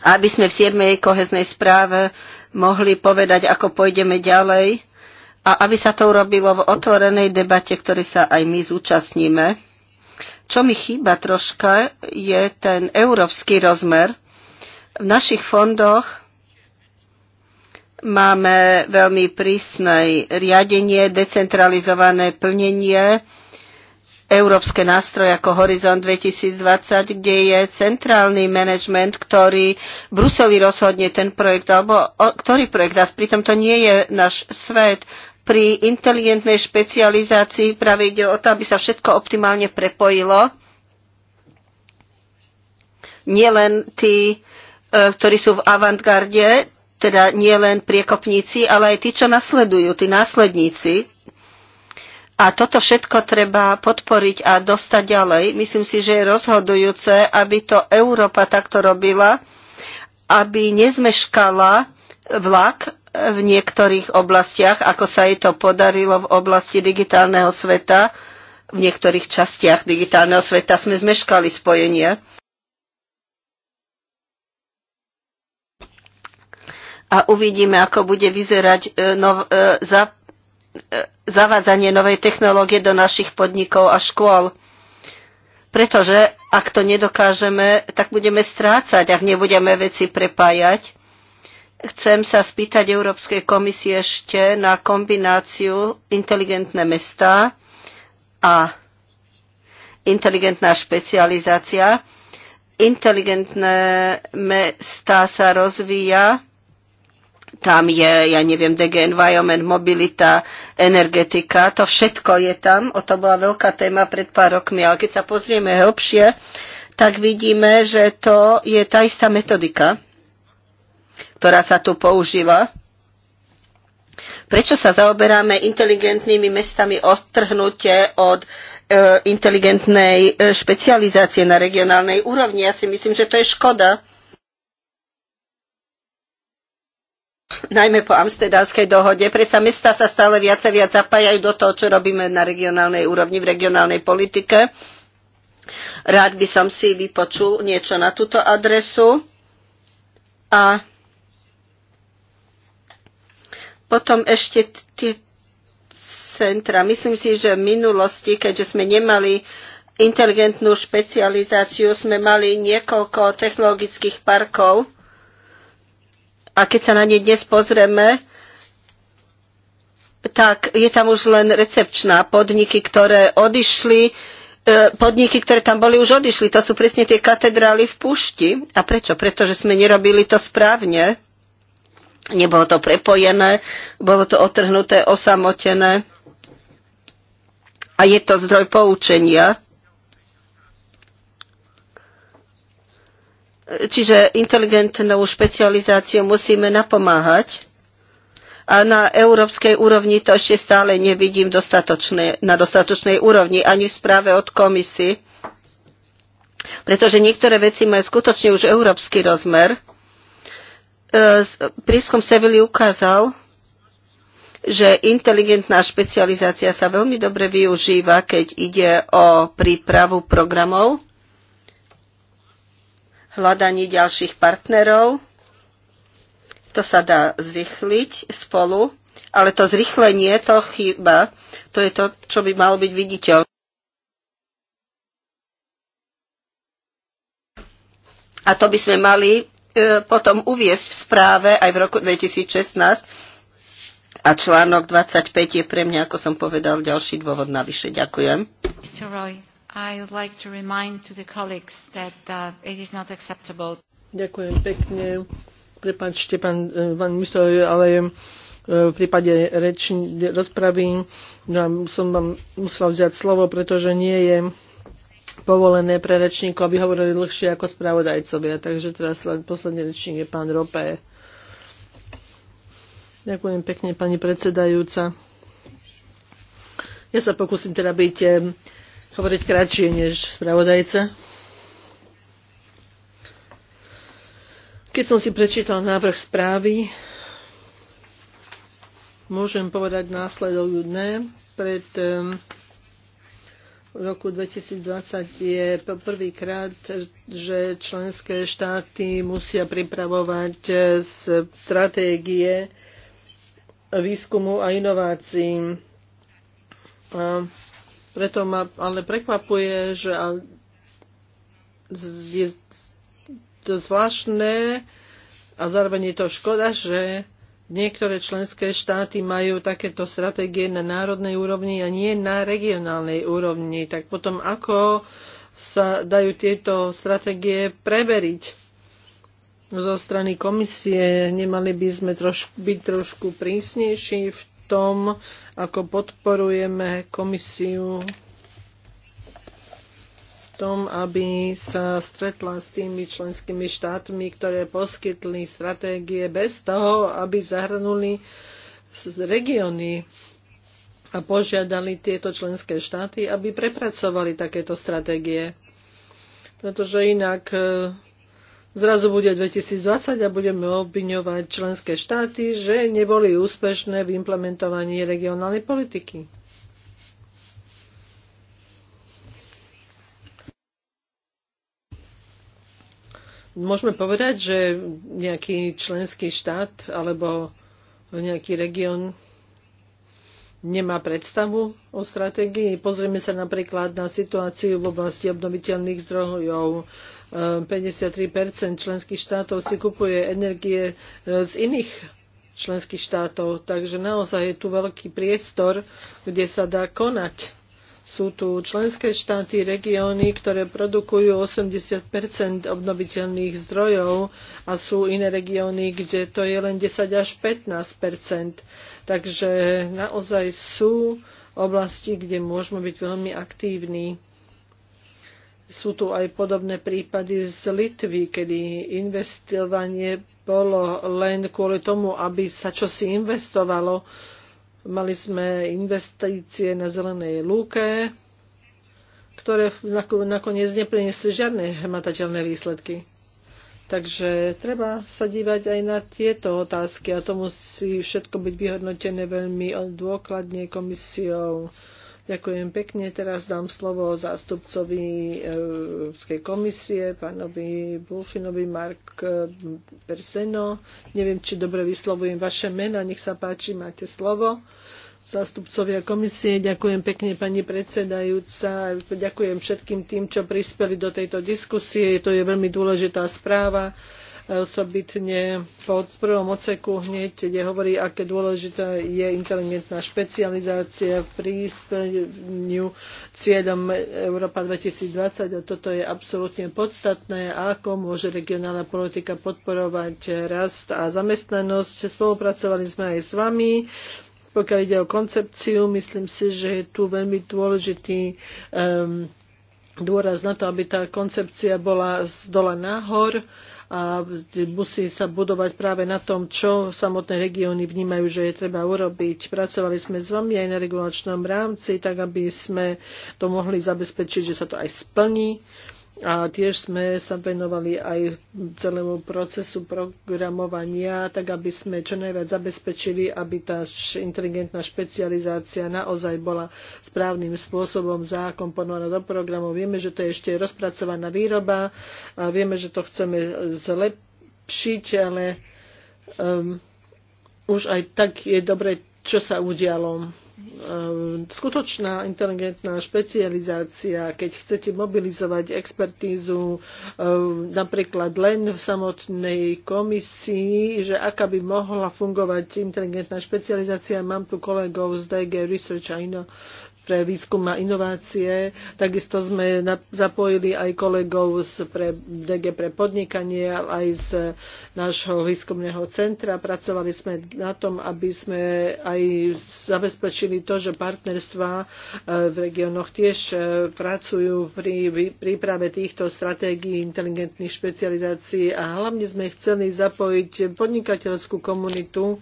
aby sme v 7. koheznej správe mohli povedať, ako pôjdeme ďalej a aby sa to urobilo v otvorenej debate, ktorej sa aj my zúčastníme. Čo mi chýba troška, je ten európsky rozmer, v našich fondoch máme veľmi prísne riadenie, decentralizované plnenie, európske nástroje ako Horizon 2020, kde je centrálny management, ktorý v Bruseli rozhodne ten projekt, alebo o, ktorý projekt, a pritom to nie je náš svet. Pri inteligentnej špecializácii práve ide o to, aby sa všetko optimálne prepojilo. Nielen tí E, ktorí sú v avantgarde, teda nie len priekopníci, ale aj tí, čo nasledujú, tí následníci. A toto všetko treba podporiť a dostať ďalej. Myslím si, že je rozhodujúce, aby to Európa takto robila, aby nezmeškala vlak v niektorých oblastiach, ako sa jej to podarilo v oblasti digitálneho sveta. V niektorých častiach digitálneho sveta sme zmeškali spojenie a uvidíme, ako bude vyzerať e, nov, e, za, e, zavádzanie novej technológie do našich podnikov a škôl. Pretože ak to nedokážeme, tak budeme strácať, ak nebudeme veci prepájať. Chcem sa spýtať Európskej komisie ešte na kombináciu inteligentné mesta a inteligentná špecializácia. Inteligentné mesta sa rozvíja tam je, ja neviem, DG Environment, mobilita, energetika, to všetko je tam. O to bola veľká téma pred pár rokmi, ale keď sa pozrieme hĺbšie, tak vidíme, že to je tá istá metodika, ktorá sa tu použila. Prečo sa zaoberáme inteligentnými mestami odtrhnutie od e, inteligentnej e, špecializácie na regionálnej úrovni? Ja si myslím, že to je škoda najmä po amsterdamskej dohode. Predsa mesta sa stále viac a viac zapájajú do toho, čo robíme na regionálnej úrovni, v regionálnej politike. Rád by som si vypočul niečo na túto adresu. A potom ešte tie centra. Myslím si, že v minulosti, keďže sme nemali inteligentnú špecializáciu, sme mali niekoľko technologických parkov, a keď sa na ne dnes pozrieme, tak je tam už len recepčná. Podniky, ktoré odišli, e, podniky, ktoré tam boli, už odišli. To sú presne tie katedrály v Púšti. A prečo? Pretože sme nerobili to správne. Nebolo to prepojené, bolo to otrhnuté, osamotené. A je to zdroj poučenia. Čiže inteligentnou špecializáciou musíme napomáhať. A na európskej úrovni to ešte stále nevidím dostatočné, na dostatočnej úrovni, ani v správe od komisy. Pretože niektoré veci majú skutočne už európsky rozmer. E, prískum Sevilly ukázal, že inteligentná špecializácia sa veľmi dobre využíva, keď ide o prípravu programov hľadanie ďalších partnerov. To sa dá zrychliť spolu, ale to zrychlenie to chyba. To je to, čo by malo byť viditeľné. A to by sme mali e, potom uviesť v správe aj v roku 2016. A článok 25 je pre mňa, ako som povedal, ďalší dôvod navyše. Ďakujem. Mr. Roy. I would like to remind to the colleagues that uh, it is not acceptable. Ďakujem pekne. Prepačte, pán, e, pán minister, ale e, v prípade reči, rozpravy no, som vám musela vziať slovo, pretože nie je povolené pre rečníkov, aby hovorili dlhšie ako spravodajcovia. Takže teraz posledný rečník je pán Ropé. Ďakujem pekne, pani predsedajúca. Ja sa pokúsim teda byť e, hovoriť kratšie než spravodajca. Keď som si prečítal návrh správy, môžem povedať následovné. Pred v roku 2020 je prvýkrát, že členské štáty musia pripravovať eh, stratégie výskumu a inovácií. A preto ma ale prekvapuje, že je to zvláštne a zároveň je to škoda, že niektoré členské štáty majú takéto stratégie na národnej úrovni a nie na regionálnej úrovni. Tak potom ako sa dajú tieto stratégie preveriť zo strany komisie? Nemali by sme trošku, byť trošku prísnejší v tom, ako podporujeme komisiu v tom, aby sa stretla s tými členskými štátmi, ktoré poskytli stratégie bez toho, aby zahrnuli regióny a požiadali tieto členské štáty, aby prepracovali takéto stratégie. Pretože inak Zrazu bude 2020 a budeme obviňovať členské štáty, že neboli úspešné v implementovaní regionálnej politiky. Môžeme povedať, že nejaký členský štát alebo nejaký región nemá predstavu o stratégii. Pozrieme sa napríklad na situáciu v oblasti obnoviteľných zdrojov three členských štátov si kupuje energie e, z iných členských štátov. Takže naozaj je tu veľký priestor, kde sa dá konať. Sú tu členské štáty, regióny, ktoré produkujú 80 obnoviteľných zdrojov a sú iné regióny, kde to je len 10 až 15 Takže naozaj sú oblasti, kde môžeme byť veľmi aktívni. Sú tu aj podobné prípady z Litvy, kedy investovanie bolo len kvôli tomu, aby sa čosi investovalo. Mali sme investície na zelenej lúke, ktoré nakoniec nepriniesli žiadne hmatateľné výsledky. Takže treba sa dívať aj na tieto otázky a to musí všetko byť vyhodnotené veľmi dôkladne komisiou. Ďakujem pekne. Teraz dám slovo zástupcovi Európskej komisie, pánovi Bulfinovi Mark Perseno. Neviem, či dobre vyslovujem vaše mena. Nech sa páči, máte slovo zástupcovia komisie. Ďakujem pekne pani predsedajúca. Ďakujem všetkým tým, čo prispeli do tejto diskusie. To je veľmi dôležitá správa. Osobitne po prvom oceku hneď, kde hovorí, aké dôležitá je inteligentná špecializácia v prísplňu cieľom Európa 2020 a toto je absolútne podstatné, ako môže regionálna politika podporovať rast a zamestnanosť. Spolupracovali sme aj s vami. Pokiaľ ide o koncepciu, myslím si, že je tu veľmi dôležitý um, dôraz na to, aby tá koncepcia bola z dola nahor a musí sa budovať práve na tom, čo samotné regióny vnímajú, že je treba urobiť. Pracovali sme s vami aj na regulačnom rámci, tak aby sme to mohli zabezpečiť, že sa to aj splní. A tiež sme sa venovali aj celému procesu programovania, tak aby sme čo najviac zabezpečili, aby tá inteligentná špecializácia naozaj bola správnym spôsobom zakomponovaná do programu. Vieme, že to je ešte rozpracovaná výroba, a vieme, že to chceme zlepšiť, ale um, už aj tak je dobre čo sa udialo. Ehm, skutočná inteligentná špecializácia, keď chcete mobilizovať expertízu ehm, napríklad len v samotnej komisii, že aká by mohla fungovať inteligentná špecializácia. Mám tu kolegov z DG Research a pre výskum a inovácie. Takisto sme zapojili aj kolegov z pre DG pre podnikanie, aj z nášho výskumného centra. Pracovali sme na tom, aby sme aj zabezpečili to, že partnerstva e, v regiónoch tiež e, pracujú pri príprave týchto stratégií inteligentných špecializácií a hlavne sme chceli zapojiť podnikateľskú komunitu,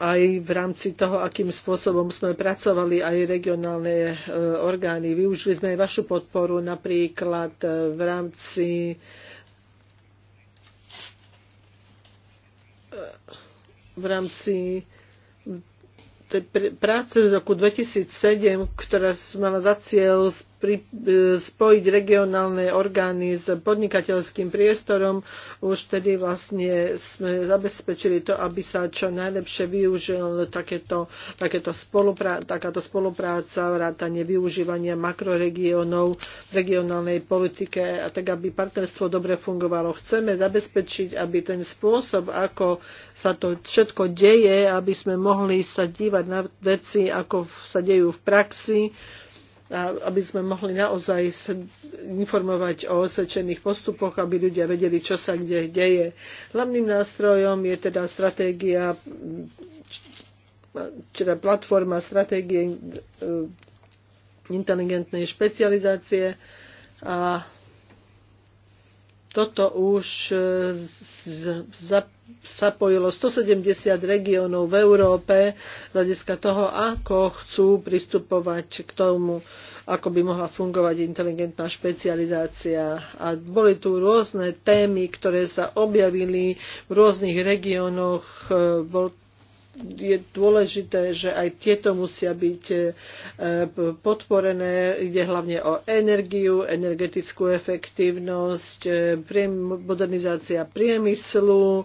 aj v rámci toho, akým spôsobom sme pracovali aj regionálne e, orgány. Využili sme aj vašu podporu napríklad e, v rámci e, v rámci práce z roku 2007, ktorá mala za cieľ pri, e, spojiť regionálne orgány s podnikateľským priestorom. Už tedy vlastne sme zabezpečili to, aby sa čo najlepšie využil takéto, takéto spoluprá, takáto spolupráca, vrátanie využívania makroregiónov v regionálnej politike, a tak aby partnerstvo dobre fungovalo. Chceme zabezpečiť, aby ten spôsob, ako sa to všetko deje, aby sme mohli sa dívať na veci, ako sa dejú v praxi, aby sme mohli naozaj informovať o osvedčených postupoch, aby ľudia vedeli, čo sa kde deje. Hlavným nástrojom je teda stratégia, teda platforma stratégie e, inteligentnej špecializácie a toto už e, zapojilo 170 regiónov v Európe z hľadiska toho, ako chcú pristupovať k tomu, ako by mohla fungovať inteligentná špecializácia. A boli tu rôzne témy, ktoré sa objavili v rôznych regiónoch. E, je dôležité, že aj tieto musia byť e, podporené. Ide hlavne o energiu, energetickú efektívnosť, e, modernizácia priemyslu, e,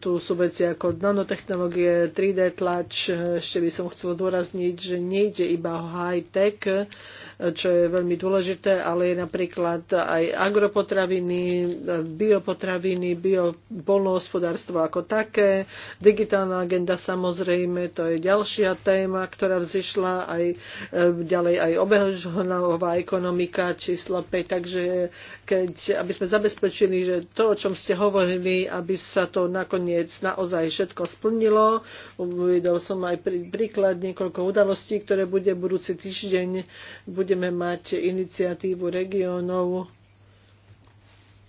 tu sú veci ako nanotechnológie, 3D tlač. Ešte by som chcel zdôrazniť, že nejde iba o high-tech, čo je veľmi dôležité, ale je napríklad aj agropotraviny, biopotraviny, biopolnohospodárstvo ako také, digitálna agenda samozrejme, to je ďalšia téma, ktorá vzýšla aj e, ďalej aj obehová ekonomika číslo 5, takže keď, aby sme zabezpečili, že to, o čom ste hovorili, aby sa to nakoniec naozaj všetko splnilo. Uvedol som aj príklad niekoľko udalostí, ktoré bude budúci týždeň, bude budeme mať iniciatívu regionov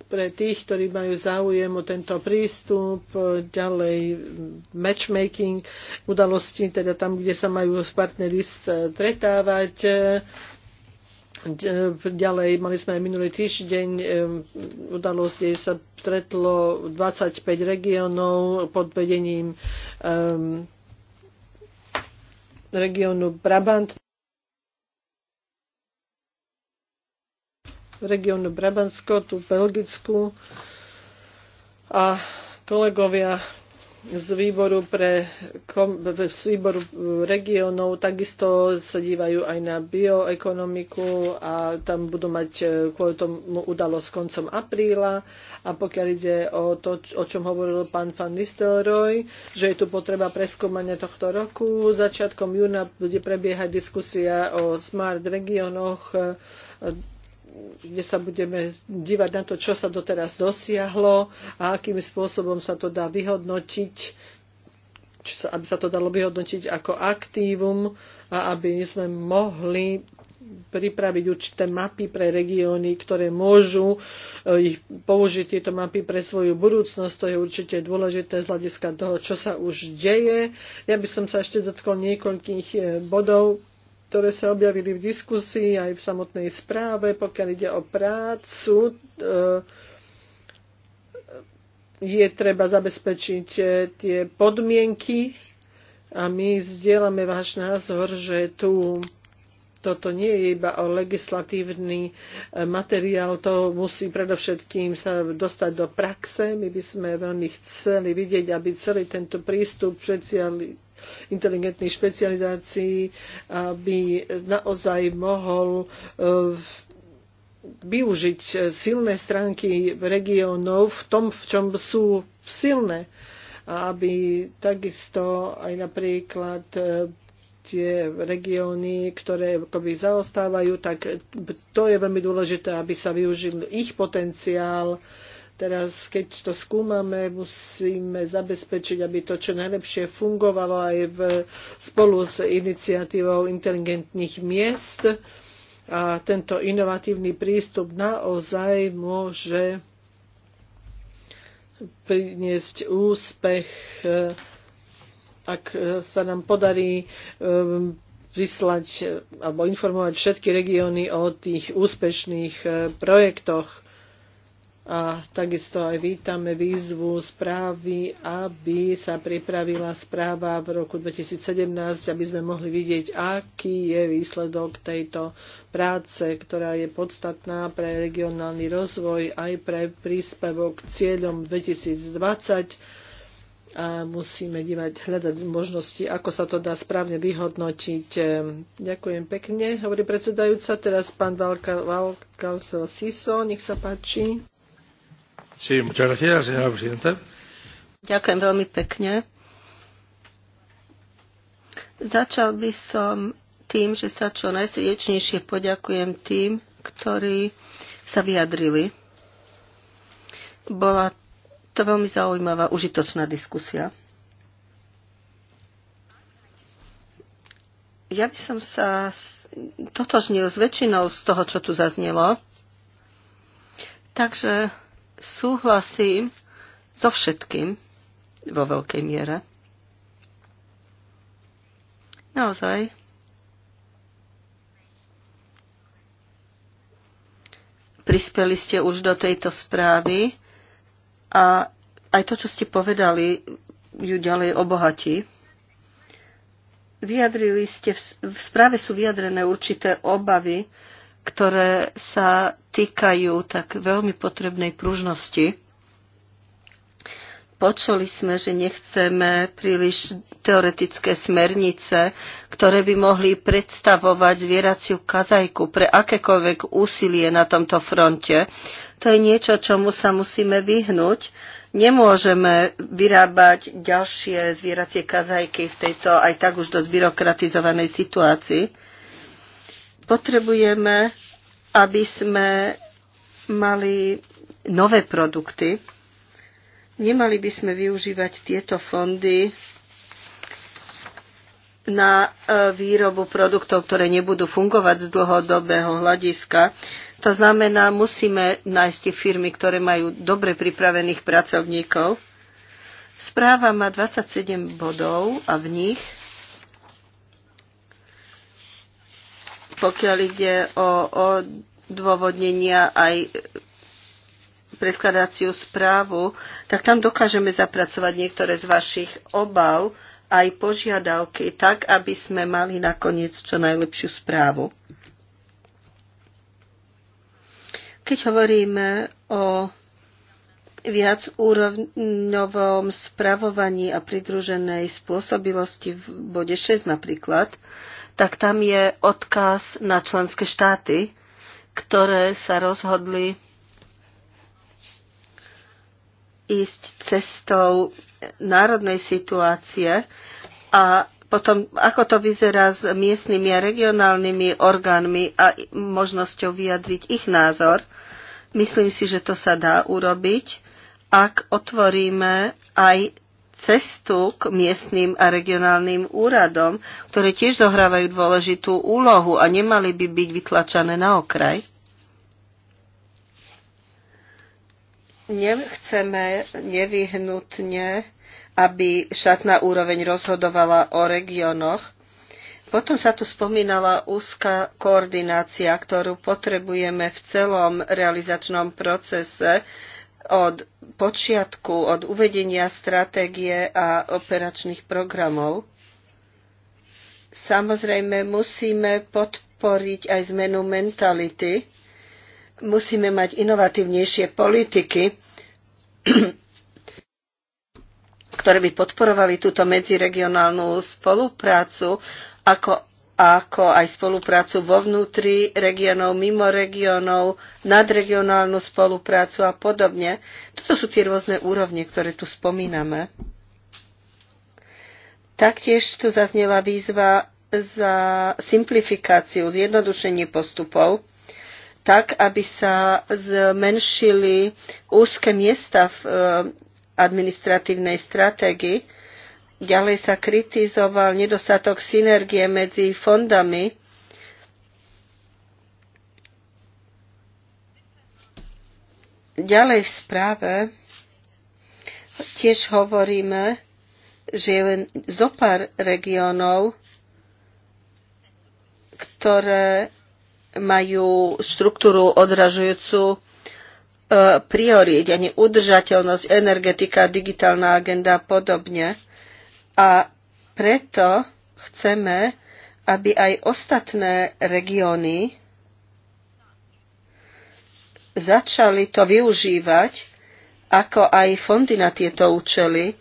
pre tých, ktorí majú záujem o tento prístup, ďalej matchmaking udalosti, teda tam, kde sa majú partnery stretávať. Ďalej mali sme aj minulý týždeň udalosť, kde sa stretlo 25 regionov pod vedením um, Brabant. regiónu Brabansko, tu v Belgicku. A kolegovia z výboru, pre, z výboru regionov takisto sa dívajú aj na bioekonomiku a tam budú mať e, kvôli tomu udalosť koncom apríla. A pokiaľ ide o to, o čom hovoril pán Van Nistelrooy, že je tu potreba preskúmania tohto roku, začiatkom júna bude prebiehať diskusia o smart regionoch kde sa budeme dívať na to, čo sa doteraz dosiahlo a akým spôsobom sa to dá vyhodnotiť, či sa, aby sa to dalo vyhodnotiť ako aktívum a aby sme mohli pripraviť určité mapy pre regióny, ktoré môžu eh, ich použiť tieto mapy pre svoju budúcnosť. To je určite dôležité z hľadiska toho, čo sa už deje. Ja by som sa ešte dotkol niekoľkých eh, bodov, ktoré sa objavili v diskusii aj v samotnej správe, pokiaľ ide o prácu. E, je treba zabezpečiť e, tie podmienky a my zdieľame váš názor, že tu toto nie je iba o legislatívny e, materiál, to musí predovšetkým sa dostať do praxe. My by sme veľmi chceli vidieť, aby celý tento prístup inteligentných špecializácií, aby naozaj mohol eh, využiť silné stránky regiónov v tom, v čom sú silné. Aby takisto aj napríklad eh, tie regióny, ktoré akoby zaostávajú, tak to je veľmi dôležité, aby sa využil ich potenciál Teraz, keď to skúmame, musíme zabezpečiť, aby to čo najlepšie fungovalo aj v, spolu s iniciatívou inteligentných miest. A tento inovatívny prístup naozaj môže priniesť úspech, eh, ak eh, sa nám podarí eh, vyslať alebo informovať všetky regióny o tých úspešných projektoch a takisto aj vítame výzvu správy, aby sa pripravila správa v roku 2017, aby sme mohli vidieť, aký je výsledok tejto práce, ktorá je podstatná pre regionálny rozvoj aj pre príspevok k cieľom 2020 a musíme dívať, hľadať možnosti, ako sa to dá správne vyhodnotiť. Ďakujem pekne, hovorí predsedajúca. Teraz pán Valkal Siso, nech sa páči. Sí, gracias, Ďakujem veľmi pekne. Začal by som tým, že sa čo najsrdečnejšie poďakujem tým, ktorí sa vyjadrili. Bola to veľmi zaujímavá, užitočná diskusia. Ja by som sa totožnil s väčšinou z toho, čo tu zaznelo. Takže súhlasím so všetkým vo veľkej miere. Naozaj. Prispeli ste už do tejto správy a aj to, čo ste povedali, ju ďalej obohatí. Vyjadrili ste, v správe sú vyjadrené určité obavy, ktoré sa týkajú tak veľmi potrebnej pružnosti. Počuli sme, že nechceme príliš teoretické smernice, ktoré by mohli predstavovať zvieraciu kazajku pre akékoľvek úsilie na tomto fronte. To je niečo, čomu sa musíme vyhnúť. Nemôžeme vyrábať ďalšie zvieracie kazajky v tejto aj tak už dosť byrokratizovanej situácii. Potrebujeme, aby sme mali nové produkty. Nemali by sme využívať tieto fondy na e, výrobu produktov, ktoré nebudú fungovať z dlhodobého hľadiska. To znamená, musíme nájsť tie firmy, ktoré majú dobre pripravených pracovníkov. Správa má 27 bodov a v nich pokiaľ ide o odôvodnenia aj predkladaciu správu, tak tam dokážeme zapracovať niektoré z vašich obav aj požiadavky, tak aby sme mali nakoniec čo najlepšiu správu. Keď hovoríme o viacúrovňovom spravovaní a pridruženej spôsobilosti v bode 6 napríklad, tak tam je odkaz na členské štáty, ktoré sa rozhodli ísť cestou národnej situácie a potom, ako to vyzerá s miestnymi a regionálnymi orgánmi a možnosťou vyjadriť ich názor. Myslím si, že to sa dá urobiť, ak otvoríme aj cestu k miestnym a regionálnym úradom, ktoré tiež zohrávajú dôležitú úlohu a nemali by byť vytlačané na okraj. Nechceme nevyhnutne, aby šatná úroveň rozhodovala o regiónoch, potom sa tu spomínala úzka koordinácia, ktorú potrebujeme v celom realizačnom procese od počiatku, od uvedenia stratégie a operačných programov. Samozrejme, musíme podporiť aj zmenu mentality. Musíme mať inovatívnejšie politiky, ktoré by podporovali túto medziregionálnu spoluprácu, ako ako aj spoluprácu vo vnútri regionov, mimo regionov, nadregionálnu spoluprácu a podobne. Toto sú tie rôzne úrovne, ktoré tu spomíname. Taktiež tu zaznela výzva za simplifikáciu, zjednodušenie postupov, tak, aby sa zmenšili úzke miesta v eh, administratívnej stratégii, Ďalej sa kritizoval nedostatok synergie medzi fondami. Ďalej v správe tiež hovoríme, že je len zo pár regiónov, ktoré majú štruktúru odražujúcu e, priorít, ani udržateľnosť, energetika, digitálna agenda a podobne. A preto chceme, aby aj ostatné regióny začali to využívať, ako aj fondy na tieto účely.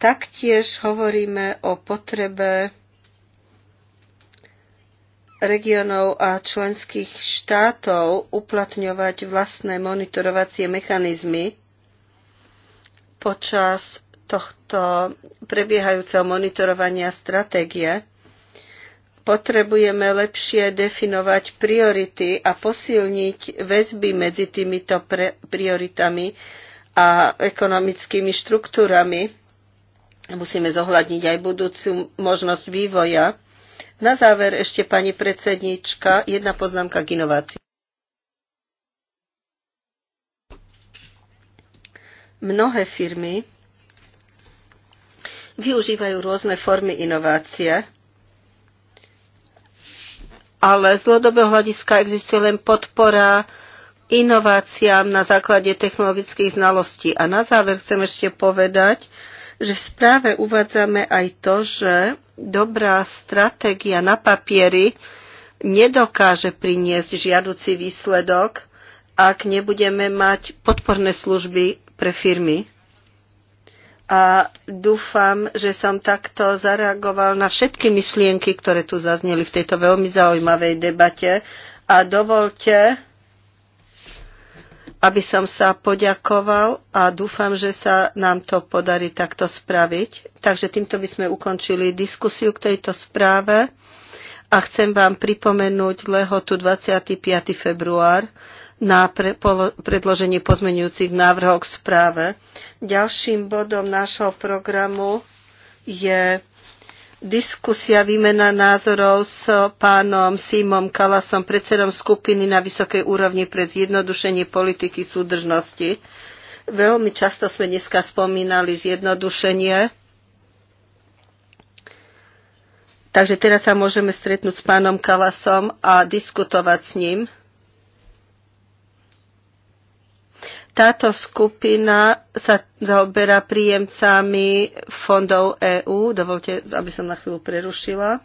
Taktiež hovoríme o potrebe regionov a členských štátov uplatňovať vlastné monitorovacie mechanizmy počas tohto prebiehajúceho monitorovania stratégie. Potrebujeme lepšie definovať priority a posilniť väzby medzi týmito pre- prioritami a ekonomickými štruktúrami. Musíme zohľadniť aj budúcu možnosť vývoja. Na záver ešte, pani predsednička, jedna poznámka k inovácii. Mnohé firmy využívajú rôzne formy inovácie, ale z dlhodobého hľadiska existuje len podpora inováciám na základe technologických znalostí. A na záver chcem ešte povedať, že v správe uvádzame aj to, že dobrá stratégia na papieri nedokáže priniesť žiaduci výsledok, ak nebudeme mať podporné služby pre firmy a dúfam, že som takto zareagoval na všetky myšlienky, ktoré tu zazneli v tejto veľmi zaujímavej debate. A dovolte, aby som sa poďakoval a dúfam, že sa nám to podarí takto spraviť. Takže týmto by sme ukončili diskusiu k tejto správe a chcem vám pripomenúť lehotu 25. február na pre, polo, predloženie pozmeňujúcich návrhov k správe. Ďalším bodom nášho programu je diskusia, výmena názorov s pánom Simom Kalasom, predsedom skupiny na vysokej úrovni pre zjednodušenie politiky súdržnosti. Veľmi často sme dneska spomínali zjednodušenie. Takže teraz sa môžeme stretnúť s pánom Kalasom a diskutovať s ním. Táto skupina sa zaoberá príjemcami fondov EÚ. Dovolte, aby som na chvíľu prerušila.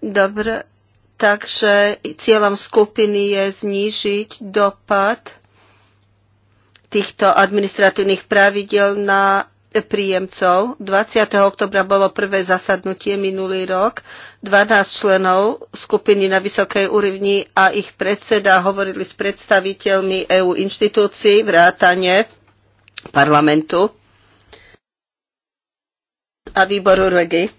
Dobre, takže cieľom skupiny je znížiť dopad týchto administratívnych pravidel na príjemcov. 20. oktobra bolo prvé zasadnutie minulý rok. 12 členov skupiny na vysokej úrovni a ich predseda hovorili s predstaviteľmi EU inštitúcií, vrátane parlamentu a výboru REGI.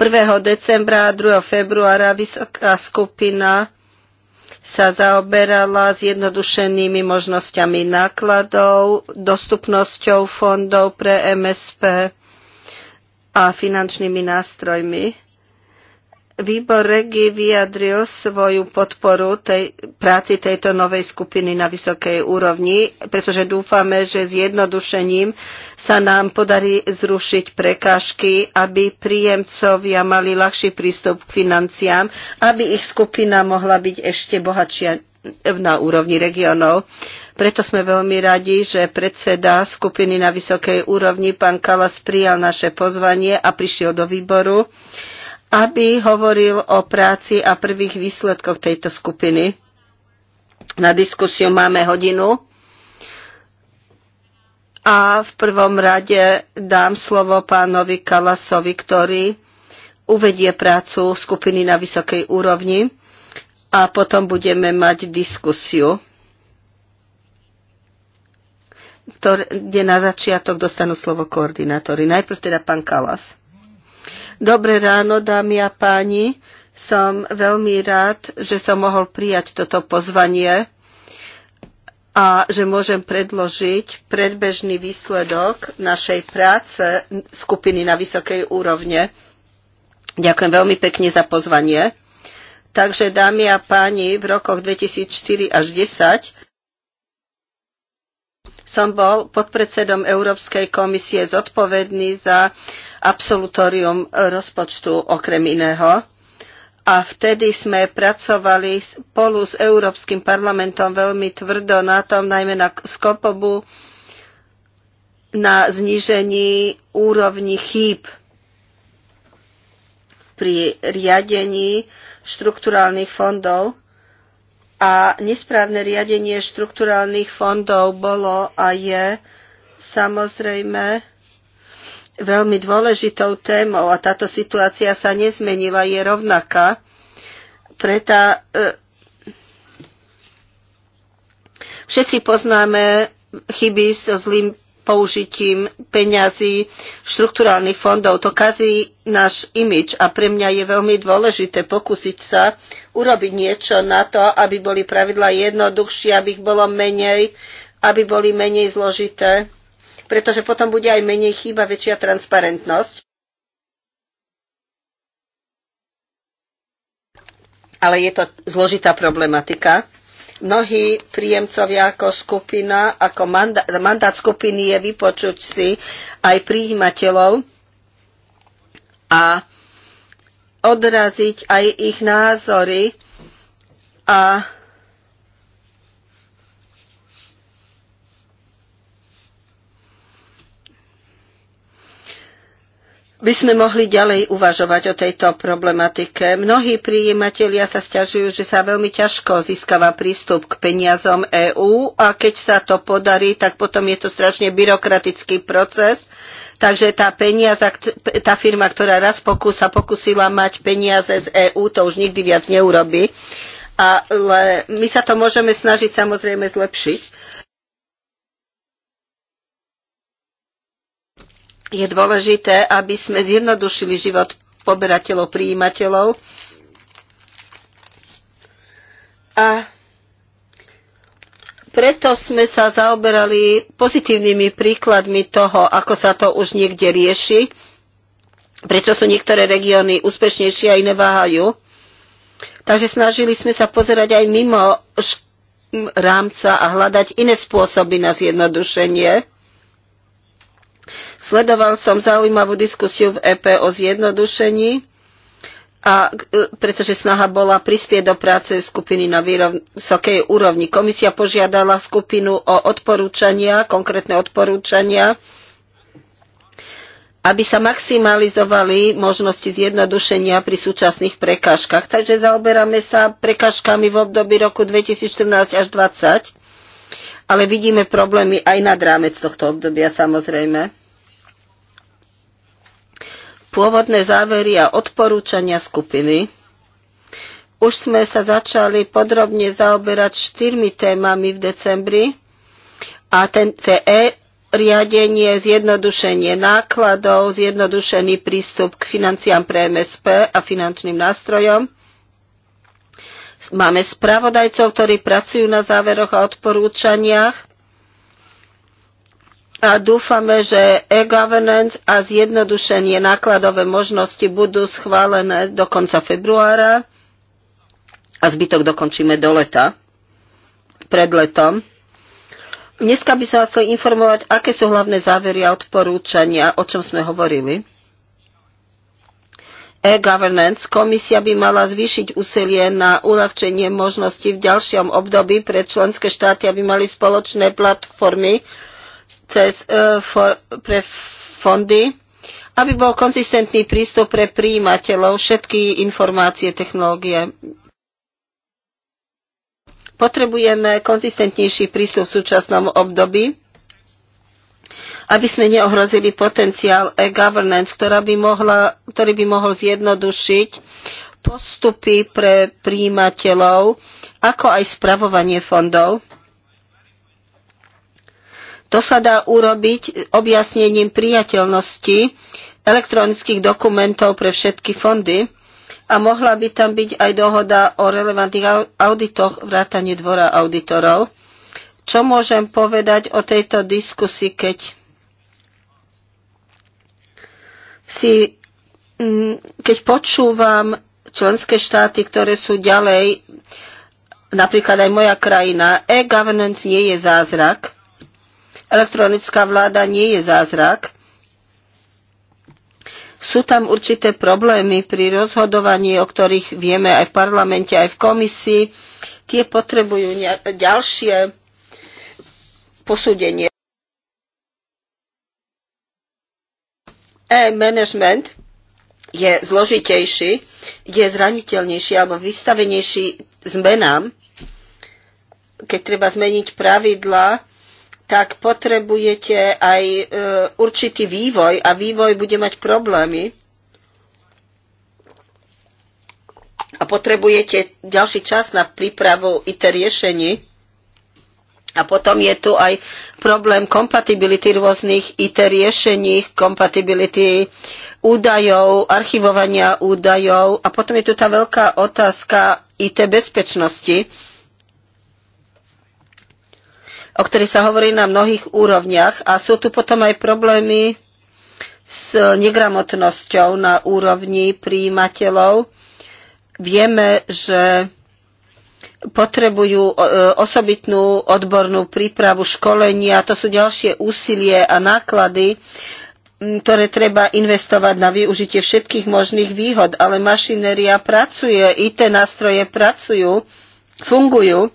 1. decembra a 2. februára vysoká skupina sa zaoberala zjednodušenými možnosťami nákladov, dostupnosťou fondov pre MSP a finančnými nástrojmi. Výbor Regi vyjadril svoju podporu tej, práci tejto novej skupiny na vysokej úrovni, pretože dúfame, že zjednodušením sa nám podarí zrušiť prekážky, aby príjemcovia mali ľahší prístup k financiám, aby ich skupina mohla byť ešte bohatšia na úrovni regionov. Preto sme veľmi radi, že predseda skupiny na vysokej úrovni, pán Kalas, prijal naše pozvanie a prišiel do výboru aby hovoril o práci a prvých výsledkoch tejto skupiny. Na diskusiu máme hodinu a v prvom rade dám slovo pánovi Kalasovi, ktorý uvedie prácu skupiny na vysokej úrovni a potom budeme mať diskusiu, kde na začiatok dostanú slovo koordinátory. Najprv teda pán Kalas. Dobré ráno, dámy a páni. Som veľmi rád, že som mohol prijať toto pozvanie a že môžem predložiť predbežný výsledok našej práce skupiny na vysokej úrovne. Ďakujem veľmi pekne za pozvanie. Takže, dámy a páni, v rokoch 2004 až 2010 som bol podpredsedom Európskej komisie zodpovedný za absolutórium rozpočtu okrem iného. A vtedy sme pracovali spolu s Európskym parlamentom veľmi tvrdo na tom, najmä na Skopobu, na znížení úrovni chýb pri riadení štrukturálnych fondov. A nesprávne riadenie štrukturálnych fondov bolo a je samozrejme veľmi dôležitou témou a táto situácia sa nezmenila, je rovnaká. Preto e, všetci poznáme chyby so zlým použitím peňazí štrukturálnych fondov. To kazí náš imič a pre mňa je veľmi dôležité pokúsiť sa urobiť niečo na to, aby boli pravidla jednoduchšie, aby ich bolo menej, aby boli menej zložité pretože potom bude aj menej chýba väčšia transparentnosť. Ale je to zložitá problematika. Mnohí príjemcovia ako skupina, ako mandát, mandát skupiny je vypočuť si aj príjimateľov a odraziť aj ich názory a by sme mohli ďalej uvažovať o tejto problematike. Mnohí príjimatelia sa stiažujú, že sa veľmi ťažko získava prístup k peniazom EÚ a keď sa to podarí, tak potom je to strašne byrokratický proces. Takže tá, peniaza, tá firma, ktorá raz pokúsa, pokusila mať peniaze z EÚ, to už nikdy viac neurobi. Ale my sa to môžeme snažiť samozrejme zlepšiť. je dôležité, aby sme zjednodušili život poberateľov, príjimateľov a preto sme sa zaoberali pozitívnymi príkladmi toho, ako sa to už niekde rieši, prečo sú niektoré regióny úspešnejšie a iné váhajú. Takže snažili sme sa pozerať aj mimo rámca a hľadať iné spôsoby na zjednodušenie. Sledoval som zaujímavú diskusiu v EP o zjednodušení, a, e, pretože snaha bola prispieť do práce skupiny na vysokej úrovni. Komisia požiadala skupinu o odporúčania, konkrétne odporúčania, aby sa maximalizovali možnosti zjednodušenia pri súčasných prekážkach. Takže zaoberáme sa prekážkami v období roku 2014 až 2020, ale vidíme problémy aj nad rámec tohto obdobia samozrejme pôvodné závery a odporúčania skupiny. Už sme sa začali podrobne zaoberať štyrmi témami v decembri a ten TE riadenie, zjednodušenie nákladov, zjednodušený prístup k financiám pre MSP a finančným nástrojom. Máme spravodajcov, ktorí pracujú na záveroch a odporúčaniach a dúfame, že e-governance a zjednodušenie nákladové možnosti budú schválené do konca februára a zbytok dokončíme do leta, pred letom. Dneska by som vás chcel informovať, aké sú hlavné závery a odporúčania, o čom sme hovorili. E-governance. Komisia by mala zvýšiť úsilie na uľahčenie možností v ďalšom období pre členské štáty, aby mali spoločné platformy, cez, e, for, pre fondy, aby bol konzistentný prístup pre príjimateľov všetky informácie, technológie. Potrebujeme konzistentnejší prístup v súčasnom období, aby sme neohrozili potenciál e-governance, ktorá by mohla, ktorý by mohol zjednodušiť postupy pre príjimateľov, ako aj spravovanie fondov. To sa dá urobiť objasnením priateľnosti elektronických dokumentov pre všetky fondy a mohla by tam byť aj dohoda o relevantných auditoch vrátane dvora auditorov. Čo môžem povedať o tejto diskusii, keď si mm, keď počúvam členské štáty, ktoré sú ďalej, napríklad aj moja krajina, e-governance nie je zázrak, Elektronická vláda nie je zázrak. Sú tam určité problémy pri rozhodovaní, o ktorých vieme aj v parlamente, aj v komisii. Tie potrebujú ďalšie posúdenie. E-management je zložitejší, je zraniteľnejší alebo vystavenejší zmenám. Keď treba zmeniť pravidla, tak potrebujete aj e, určitý vývoj a vývoj bude mať problémy. A potrebujete ďalší čas na prípravu IT riešení. A potom je tu aj problém kompatibility rôznych IT riešení, kompatibility údajov, archivovania údajov. A potom je tu tá veľká otázka IT bezpečnosti o ktorej sa hovorí na mnohých úrovniach. A sú tu potom aj problémy s negramotnosťou na úrovni príjimateľov. Vieme, že potrebujú e, osobitnú odbornú prípravu, školenia, to sú ďalšie úsilie a náklady, ktoré treba investovať na využitie všetkých možných výhod, ale mašinéria pracuje, IT nástroje pracujú, fungujú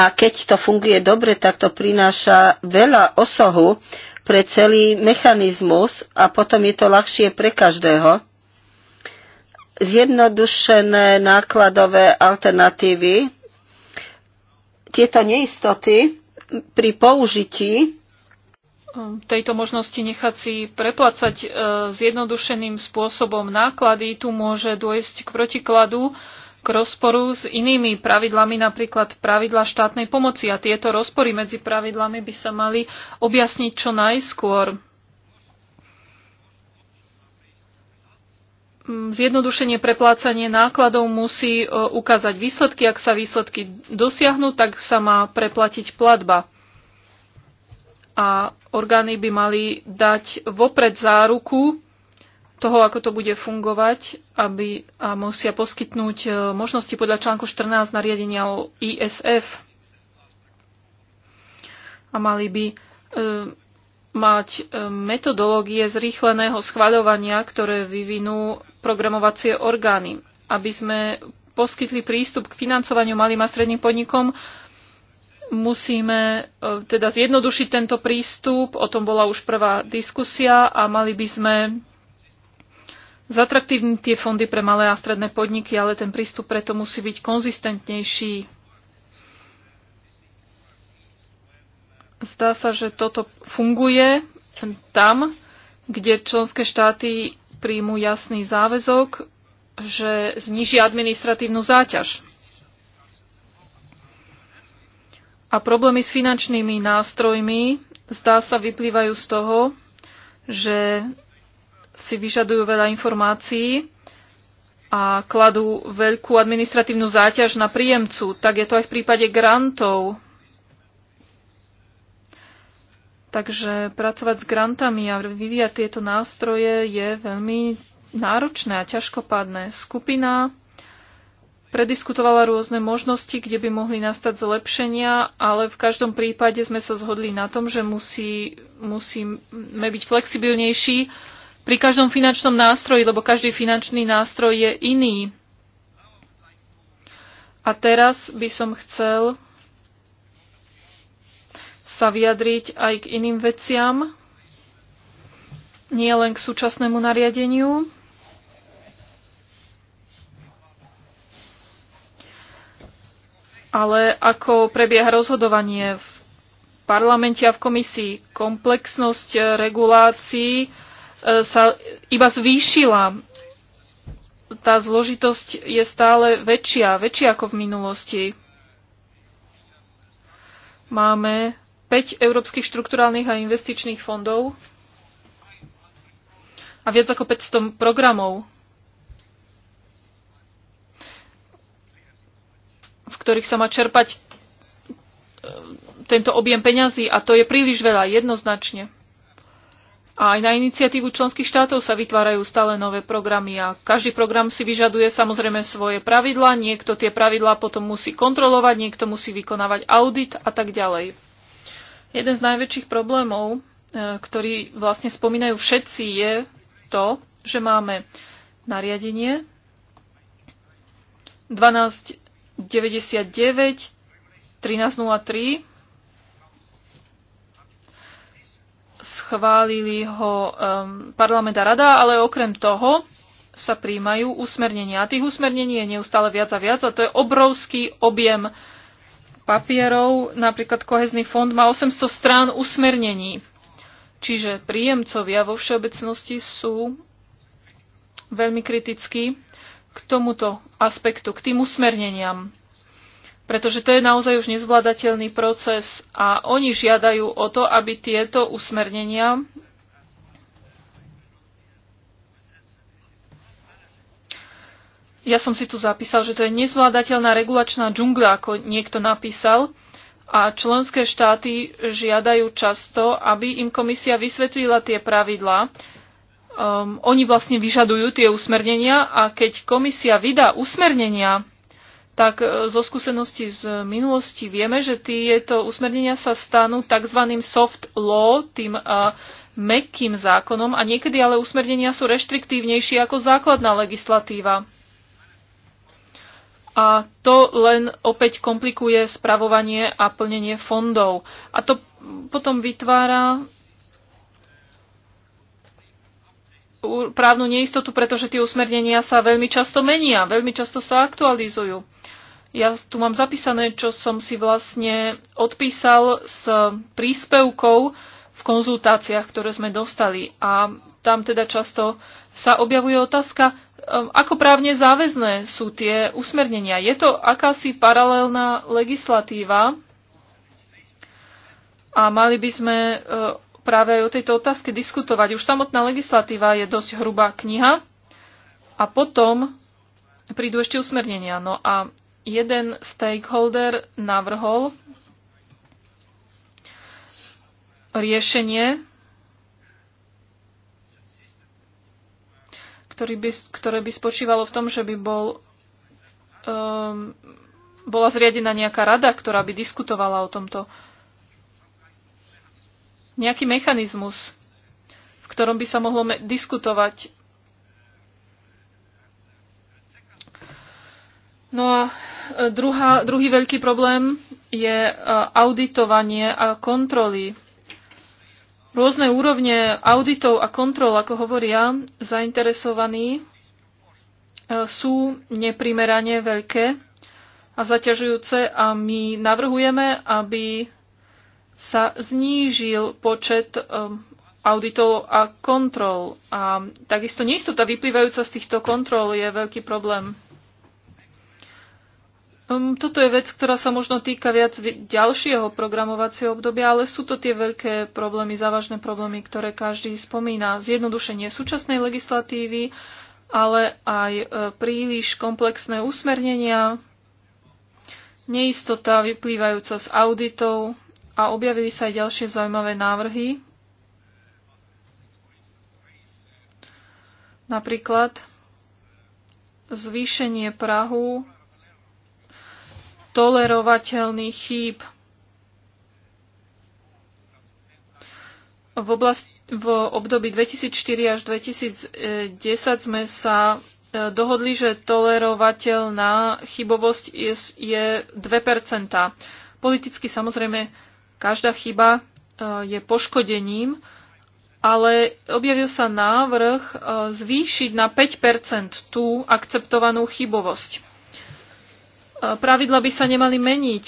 a keď to funguje dobre, tak to prináša veľa osohu pre celý mechanizmus a potom je to ľahšie pre každého. Zjednodušené nákladové alternatívy. Tieto neistoty pri použití ehm, tejto možnosti nechať si e, zjednodušeným spôsobom náklady. Tu môže dôjsť k protikladu k rozporu s inými pravidlami, napríklad pravidla štátnej pomoci. A tieto rozpory medzi pravidlami by sa mali objasniť čo najskôr. Mm, zjednodušenie preplácanie nákladov musí e, ukázať výsledky. Ak sa výsledky dosiahnu, tak sa má preplatiť platba. A orgány by mali dať vopred záruku, toho, ako to bude fungovať, aby a musia poskytnúť e, možnosti podľa článku 14 nariadenia o ISF a mali by e, mať e, metodológie zrýchleného schvaľovania, ktoré vyvinú programovacie orgány, aby sme poskytli prístup k financovaniu malým a stredným podnikom, musíme e, teda zjednodušiť tento prístup, o tom bola už prvá diskusia a mali by sme zatraktívni tie fondy pre malé a stredné podniky, ale ten prístup preto musí byť konzistentnejší. Zdá sa, že toto funguje tam, kde členské štáty príjmu jasný záväzok, že zniží administratívnu záťaž. A problémy s finančnými nástrojmi zdá sa vyplývajú z toho, že si vyžadujú veľa informácií a kladú veľkú administratívnu záťaž na príjemcu. Tak je to aj v prípade grantov. Takže pracovať s grantami a vyvíjať tieto nástroje je veľmi náročné a ťažkopádne. Skupina prediskutovala rôzne možnosti, kde by mohli nastať zlepšenia, ale v každom prípade sme sa zhodli na tom, že musí, musíme byť flexibilnejší pri každom finančnom nástroji, lebo každý finančný nástroj je iný. A teraz by som chcel sa vyjadriť aj k iným veciam, nie len k súčasnému nariadeniu. ale ako prebieha rozhodovanie v parlamente a v komisii. Komplexnosť regulácií E, sa iba zvýšila. Tá zložitosť je stále väčšia, väčšia ako v minulosti. Máme 5 európskych štrukturálnych a investičných fondov a viac ako 500 programov, v ktorých sa má čerpať e, tento objem peňazí a to je príliš veľa, jednoznačne. A aj na iniciatívu členských štátov sa vytvárajú stále nové programy a každý program si vyžaduje samozrejme svoje pravidlá, niekto tie pravidlá potom musí kontrolovať, niekto musí vykonávať audit a tak ďalej. Jeden z najväčších problémov, e, ktorý vlastne spomínajú všetci, je to, že máme nariadenie 1299 1303 schválili ho um, parlament a rada, ale okrem toho sa príjmajú usmernenia. A tých usmernení je neustále viac a viac a to je obrovský objem papierov. Napríklad kohezný fond má 800 strán usmernení. Čiže príjemcovia vo všeobecnosti sú veľmi kritickí k tomuto aspektu, k tým usmerneniam pretože to je naozaj už nezvládateľný proces a oni žiadajú o to, aby tieto usmernenia Ja som si tu zapísal, že to je nezvládateľná regulačná džungľa, ako niekto napísal. A členské štáty žiadajú často, aby im komisia vysvetlila tie pravidlá. Um, oni vlastne vyžadujú tie usmernenia a keď komisia vydá usmernenia tak e, zo skúseností z minulosti vieme, že tieto usmernenia sa stanú tzv. soft law, tým uh, mekkým zákonom a niekedy ale usmernenia sú reštriktívnejšie ako základná legislatíva. A to len opäť komplikuje spravovanie a plnenie fondov. A to potom vytvára právnu neistotu, pretože tie usmernenia sa veľmi často menia, veľmi často sa aktualizujú. Ja tu mám zapísané, čo som si vlastne odpísal s príspevkov v konzultáciách, ktoré sme dostali. A tam teda často sa objavuje otázka, um, ako právne záväzné sú tie usmernenia. Je to akási paralelná legislatíva a mali by sme uh, práve o tejto otázke diskutovať. Už samotná legislatíva je dosť hrubá kniha a potom prídu ešte usmernenia. No a jeden stakeholder navrhol riešenie, ktorý by, ktoré by spočívalo v tom, že by bol, um, bola zriadená nejaká rada, ktorá by diskutovala o tomto nejaký mechanizmus, v ktorom by sa mohlo diskutovať. No a e, druhá, druhý veľký problém je e, auditovanie a kontroly. Rôzne úrovne auditov a kontrol, ako hovoria zainteresovaní, e, sú neprimerane veľké a zaťažujúce a my navrhujeme, aby sa znížil počet um, auditov a kontrol. A takisto neistota vyplývajúca z týchto kontrol je veľký problém. Um, toto je vec, ktorá sa možno týka viac ďalšieho programovacieho obdobia, ale sú to tie veľké problémy, závažné problémy, ktoré každý spomína. Zjednodušenie súčasnej legislatívy, ale aj e, príliš komplexné usmernenia, neistota vyplývajúca z auditov, a objavili sa aj ďalšie zaujímavé návrhy. Napríklad zvýšenie Prahu tolerovateľných chýb. V, oblast, v období 2004 až 2010 sme sa e, dohodli, že tolerovateľná chybovosť je, je 2 Politicky samozrejme Každá chyba e, je poškodením, ale objavil sa návrh e, zvýšiť na 5 tú akceptovanú chybovosť. E, pravidla by sa nemali meniť.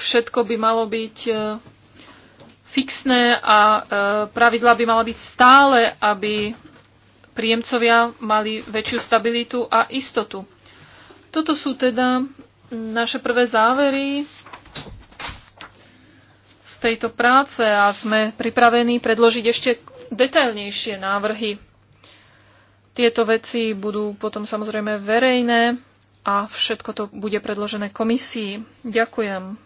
Všetko by malo byť fixné a pravidla by mala byť stále, aby príjemcovia mali väčšiu stabilitu a istotu. Toto sú teda naše prvé závery z tejto práce a sme pripravení predložiť ešte detailnejšie návrhy. Tieto veci budú potom samozrejme verejné a všetko to bude predložené komisii. Ďakujem.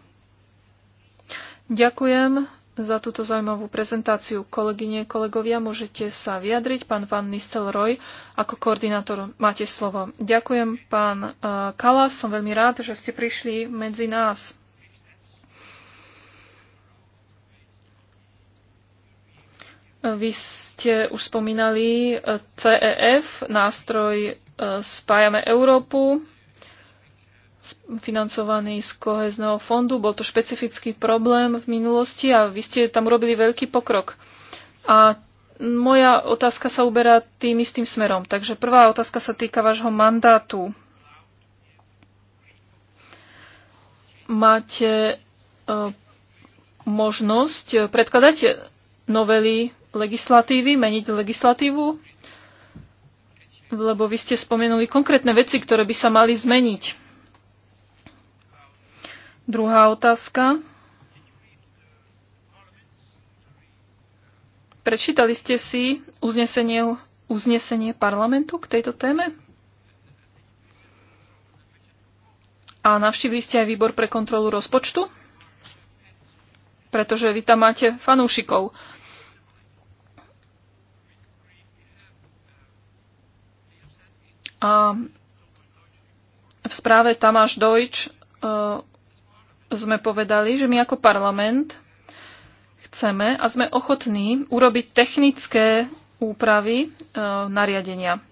Ďakujem za túto zaujímavú prezentáciu. Kolegyne, kolegovia, môžete sa vyjadriť. Pán Van Nistelrooy, ako koordinátor máte slovo. Ďakujem, pán eh, Kala, som veľmi rád, že ste prišli medzi nás. Vy ste už spomínali eh, CEF, nástroj eh, Spájame Európu, financovaný z kohezného fondu. Bol to špecifický problém v minulosti a vy ste tam robili veľký pokrok. A moja otázka sa uberá tým istým smerom. Takže prvá otázka sa týka vášho mandátu. Máte e, možnosť predkladať novely legislatívy, meniť legislatívu, lebo vy ste spomenuli konkrétne veci, ktoré by sa mali zmeniť. Druhá otázka. Prečítali ste si uznesenie, uznesenie parlamentu k tejto téme? A navštívili ste aj výbor pre kontrolu rozpočtu? Pretože vy tam máte fanúšikov. A v správe Tamáš Dojč e, sme povedali, že my ako parlament chceme a sme ochotní urobiť technické úpravy e, nariadenia.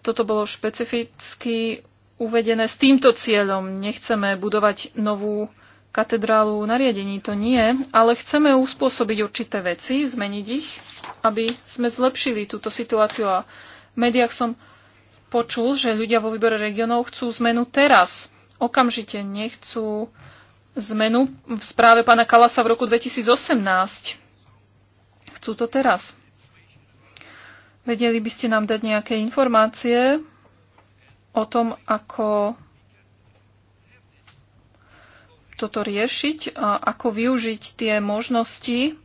Toto bolo špecificky uvedené s týmto cieľom. Nechceme budovať novú katedrálu nariadení, to nie, ale chceme uspôsobiť určité veci, zmeniť ich, aby sme zlepšili túto situáciu. A v médiách som počul, že ľudia vo výbore regionov chcú zmenu teraz okamžite nechcú zmenu v správe pána Kalasa v roku 2018. Chcú to teraz. Vedeli by ste nám dať nejaké informácie o tom, ako toto riešiť a ako využiť tie možnosti,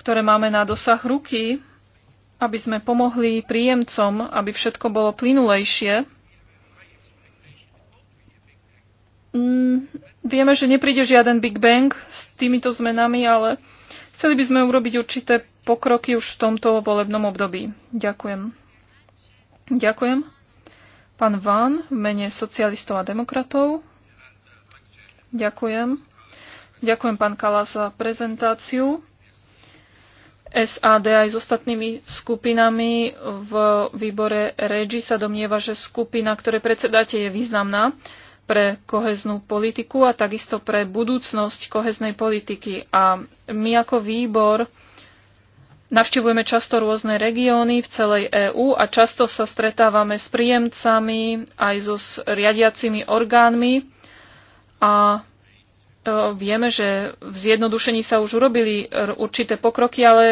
ktoré máme na dosah ruky, aby sme pomohli príjemcom, aby všetko bolo plynulejšie Mm, vieme, že nepríde žiaden Big Bang s týmito zmenami, ale chceli by sme urobiť určité pokroky už v tomto volebnom období. Ďakujem. Ďakujem. Pán Van v mene socialistov a demokratov. Ďakujem. Ďakujem pán Kala za prezentáciu. SAD aj s ostatnými skupinami v výbore REGI sa domnieva, že skupina, ktoré predsedáte, je významná pre koheznú politiku a takisto pre budúcnosť koheznej politiky. A my ako výbor navštevujeme často rôzne regióny v celej EÚ a často sa stretávame s príjemcami aj so s riadiacimi orgánmi a e, vieme, že v zjednodušení sa už urobili určité pokroky, ale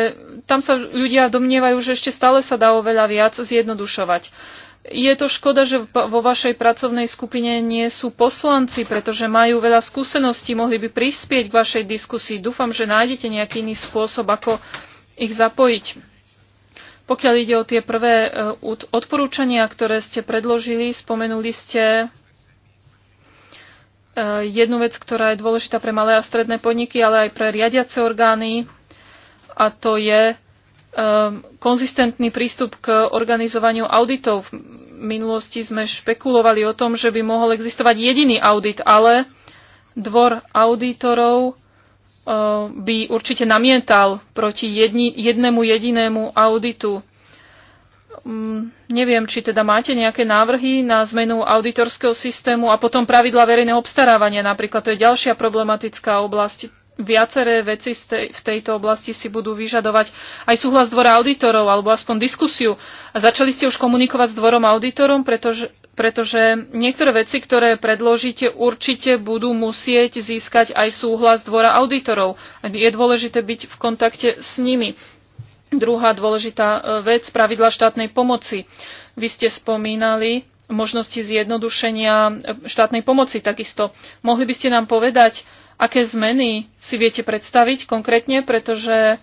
tam sa ľudia domnievajú, že ešte stále sa dá oveľa viac zjednodušovať. Je to škoda, že vo vašej pracovnej skupine nie sú poslanci, pretože majú veľa skúseností, mohli by prispieť k vašej diskusii. Dúfam, že nájdete nejaký iný spôsob, ako ich zapojiť. Pokiaľ ide o tie prvé e, odporúčania, ktoré ste predložili, spomenuli ste e, jednu vec, ktorá je dôležitá pre malé a stredné podniky, ale aj pre riadiace orgány, a to je Ehm, konzistentný prístup k organizovaniu auditov. V minulosti sme špekulovali o tom, že by mohol existovať jediný audit, ale dvor auditorov ehm, by určite namietal proti jedni, jednému jedinému auditu. Mm, neviem, či teda máte nejaké návrhy na zmenu auditorského systému a potom pravidla verejného obstarávania. Napríklad to je ďalšia problematická oblasť viaceré veci v tejto oblasti si budú vyžadovať aj súhlas dvora auditorov, alebo aspoň diskusiu. A začali ste už komunikovať s dvorom auditorom, pretože, pretože niektoré veci, ktoré predložíte, určite budú musieť získať aj súhlas dvora auditorov. Je dôležité byť v kontakte s nimi. Druhá dôležitá e, vec, pravidla štátnej pomoci. Vy ste spomínali možnosti zjednodušenia e, štátnej pomoci takisto. Mohli by ste nám povedať, Aké zmeny si viete predstaviť konkrétne, pretože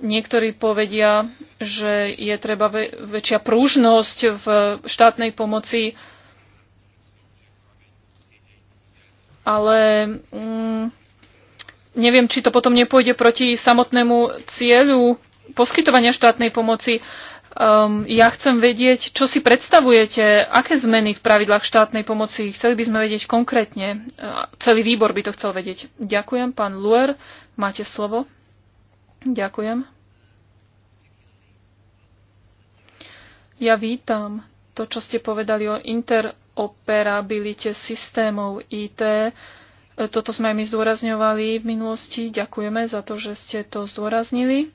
niektorí povedia, že je treba väčšia prúžnosť v štátnej pomoci, ale mm, neviem, či to potom nepôjde proti samotnému cieľu poskytovania štátnej pomoci. Um, ja chcem vedieť, čo si predstavujete, aké zmeny v pravidlách štátnej pomoci. Chceli by sme vedieť konkrétne. Uh, celý výbor by to chcel vedieť. Ďakujem, pán Luer. Máte slovo. Ďakujem. Ja vítam to, čo ste povedali o interoperabilite systémov IT. Toto sme aj my zdôrazňovali v minulosti. Ďakujeme za to, že ste to zdôraznili.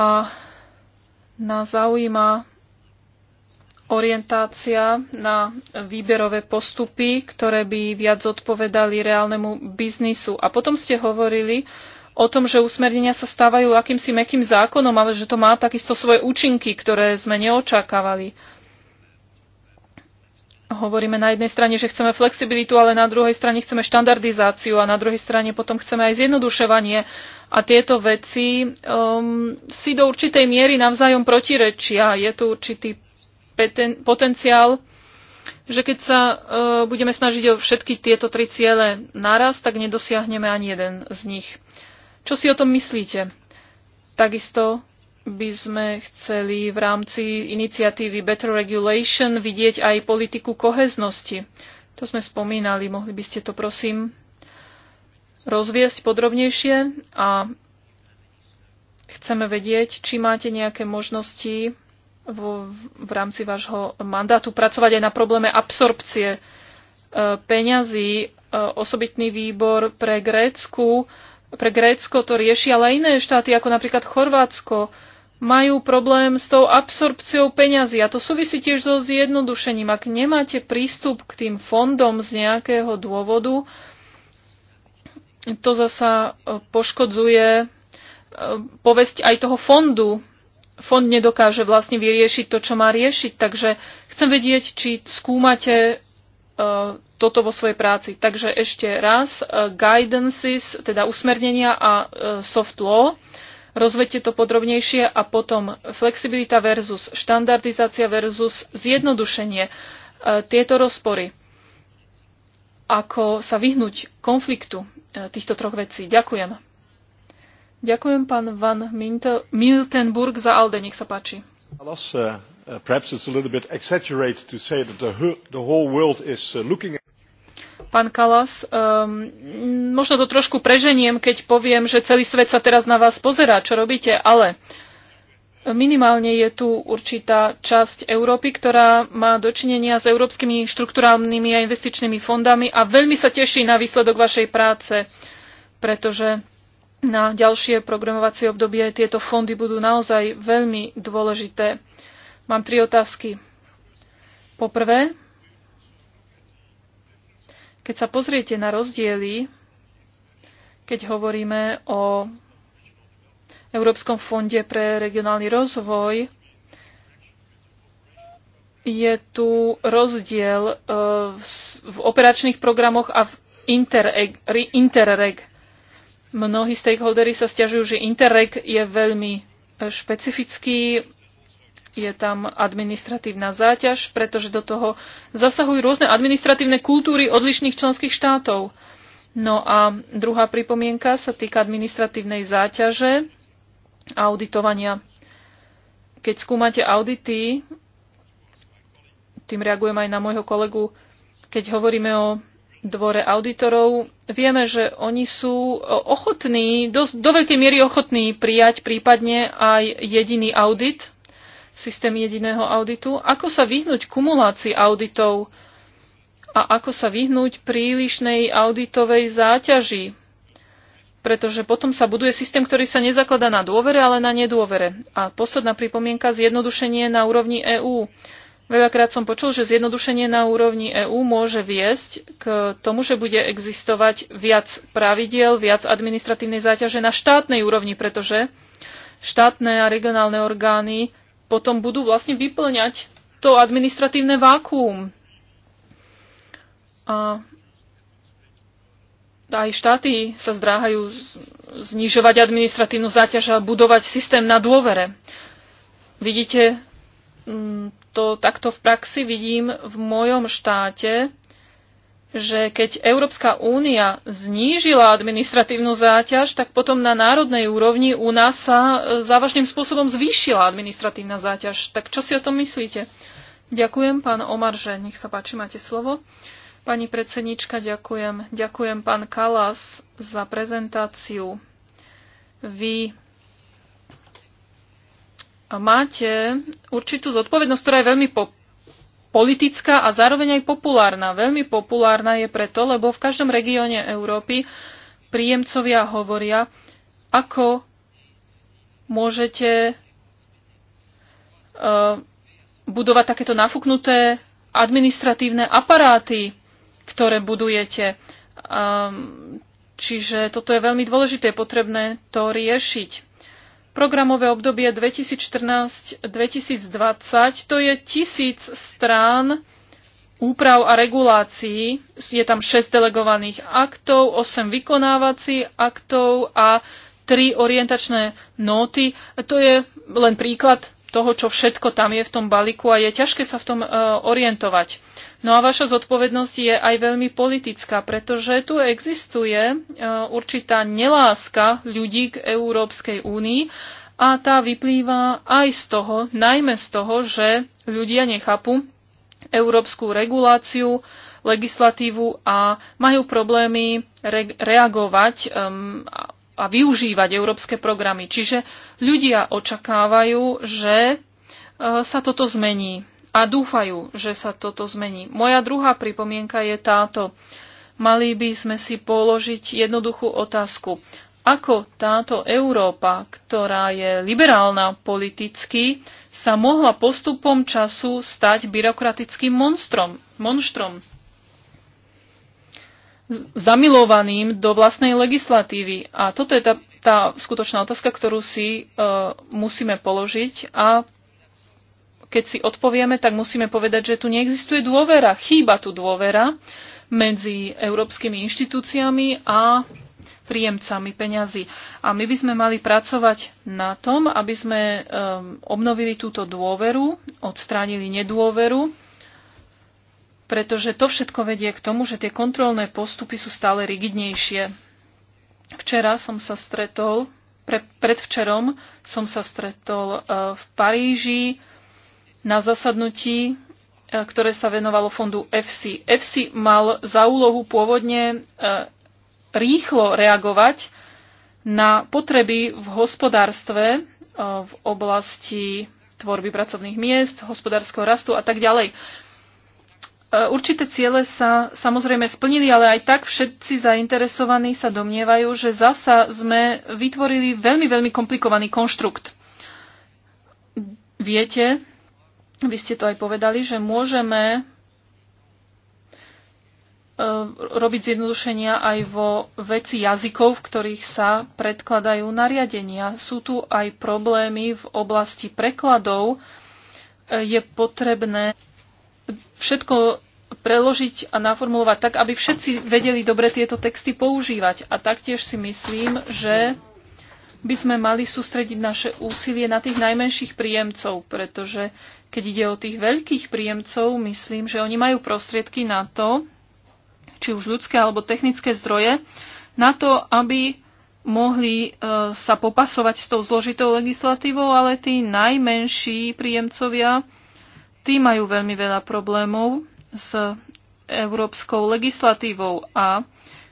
A nás zaujíma orientácia na výberové postupy, ktoré by viac odpovedali reálnemu biznisu. A potom ste hovorili o tom, že usmernenia sa stávajú akýmsi mekým zákonom, ale že to má takisto svoje účinky, ktoré sme neočakávali. Hovoríme na jednej strane, že chceme flexibilitu, ale na druhej strane chceme štandardizáciu a na druhej strane potom chceme aj zjednodušovanie a tieto veci um, si do určitej miery navzájom protirečia. Je tu určitý potenciál, že keď sa uh, budeme snažiť o všetky tieto tri ciele naraz, tak nedosiahneme ani jeden z nich. Čo si o tom myslíte? Takisto by sme chceli v rámci iniciatívy Better Regulation vidieť aj politiku koheznosti. To sme spomínali, mohli by ste to prosím rozviesť podrobnejšie a chceme vedieť, či máte nejaké možnosti v, v rámci vášho mandátu pracovať aj na probléme absorpcie e, peňazí. E, osobitný výbor pre Grécku, pre Grécko to rieši, ale iné štáty, ako napríklad Chorvátsko, majú problém s tou absorpciou peňazí. A to súvisí tiež so zjednodušením. Ak nemáte prístup k tým fondom z nejakého dôvodu, to zasa e, poškodzuje e, povesť aj toho fondu. Fond nedokáže vlastne vyriešiť to, čo má riešiť, takže chcem vedieť, či skúmate e, toto vo svojej práci. Takže ešte raz, guidances, teda usmernenia a soft law, rozvedte to podrobnejšie a potom flexibilita versus štandardizácia versus zjednodušenie. Tieto rozpory. Ako sa vyhnúť konfliktu E, týchto troch vecí. Ďakujem. Ďakujem pán Van Miltenburg za Alde, nech sa páči. Pán Kalas, um, možno to trošku preženiem, keď poviem, že celý svet sa teraz na vás pozerá, čo robíte, ale uh, Minimálne je tu určitá časť Európy, ktorá má dočinenia s európskymi štruktúrálnymi a investičnými fondami a veľmi sa teší na výsledok vašej práce, pretože na ďalšie programovacie obdobie tieto fondy budú naozaj veľmi dôležité. Mám tri otázky. Poprvé, keď sa pozriete na rozdiely, keď hovoríme o Európskom fonde pre regionálny rozvoj je tu rozdiel e, v operačných programoch a v Interreg. interreg. Mnohí stakeholdery sa stiažujú, že Interreg je veľmi e, špecifický, je tam administratívna záťaž, pretože do toho zasahujú rôzne administratívne kultúry odlišných členských štátov. No a druhá pripomienka sa týka administratívnej záťaže auditovania. Keď skúmate audity, tým reagujem aj na môjho kolegu, keď hovoríme o dvore auditorov, vieme, že oni sú ochotní, dosť, do veľkej miery ochotní prijať prípadne aj jediný audit, systém jediného auditu. Ako sa vyhnúť kumulácii auditov a ako sa vyhnúť prílišnej auditovej záťaži? pretože potom sa buduje systém, ktorý sa nezakladá na dôvere, ale na nedôvere. A posledná pripomienka, zjednodušenie na úrovni EÚ. Veľakrát som počul, že zjednodušenie na úrovni EÚ môže viesť k tomu, že bude existovať viac pravidiel, viac administratívnej záťaže na štátnej úrovni, pretože štátne a regionálne orgány potom budú vlastne vyplňať to administratívne vákuum. A aj štáty sa zdráhajú znižovať administratívnu záťaž a budovať systém na dôvere. Vidíte mm, to takto v praxi? Vidím v mojom štáte, že keď Európska únia znížila administratívnu záťaž, tak potom na národnej úrovni u nás sa e, závažným spôsobom zvýšila administratívna záťaž. Tak čo si o tom myslíte? Ďakujem, pán Omar, že nech sa páči, máte slovo. Uh, Pani predsednička, ďakujem. Ďakujem pán Kalas za prezentáciu. Vy máte určitú zodpovednosť, ktorá je veľmi po- politická a zároveň aj populárna. Veľmi populárna je preto, lebo v každom regióne Európy príjemcovia hovoria, ako môžete uh, budovať takéto nafúknuté administratívne aparáty ktoré budujete. Ehm, čiže toto je veľmi dôležité, je potrebné to riešiť. Programové obdobie 2014-2020 to je tisíc strán úprav a regulácií. Je tam 6 delegovaných aktov, 8 vykonávací aktov a 3 orientačné nóty. To je len príklad toho, čo všetko tam je v tom balíku a je ťažké sa v tom uh, orientovať. No a vaša zodpovednosť je aj veľmi politická, pretože tu existuje e, určitá neláska ľudí k Európskej únii a tá vyplýva aj z toho, najmä z toho, že ľudia nechápu európsku reguláciu, legislatívu a majú problémy re- reagovať um, a využívať európske programy. Čiže ľudia očakávajú, že uh, sa toto zmení a dúfajú, že sa toto zmení. Moja druhá pripomienka je táto. Mali by sme si položiť jednoduchú otázku. Ako táto Európa, ktorá je liberálna politicky, sa mohla postupom času stať byrokratickým monstrom, monštrom, zamilovaným do vlastnej legislatívy. A toto je tá, tá skutočná otázka, ktorú si e, musíme položiť a keď si odpovieme, tak musíme povedať, že tu neexistuje dôvera. Chýba tu dôvera medzi európskymi inštitúciami a príjemcami peňazí. A my by sme mali pracovať na tom, aby sme um, obnovili túto dôveru, odstránili nedôveru, pretože to všetko vedie k tomu, že tie kontrolné postupy sú stále rigidnejšie. Včera som sa stretol, pre, predvčerom som sa stretol uh, v Paríži na zasadnutí, e, ktoré sa venovalo fondu FC. FC mal za úlohu pôvodne e, rýchlo reagovať na potreby v hospodárstve e, v oblasti tvorby pracovných miest, hospodárskeho rastu a tak ďalej. Určité ciele sa samozrejme splnili, ale aj tak všetci zainteresovaní sa domnievajú, že zasa sme vytvorili veľmi, veľmi komplikovaný konštrukt. Viete, vy ste to aj povedali, že môžeme e, robiť zjednodušenia aj vo veci jazykov, v ktorých sa predkladajú nariadenia. Sú tu aj problémy v oblasti prekladov. E, je potrebné všetko preložiť a naformulovať tak, aby všetci vedeli dobre tieto texty používať. A taktiež si myslím, že by sme mali sústrediť naše úsilie na tých najmenších príjemcov, pretože keď ide o tých veľkých príjemcov, myslím, že oni majú prostriedky na to, či už ľudské alebo technické zdroje, na to, aby mohli e, sa popasovať s tou zložitou legislatívou, ale tí najmenší príjemcovia, tí majú veľmi veľa problémov s európskou legislatívou a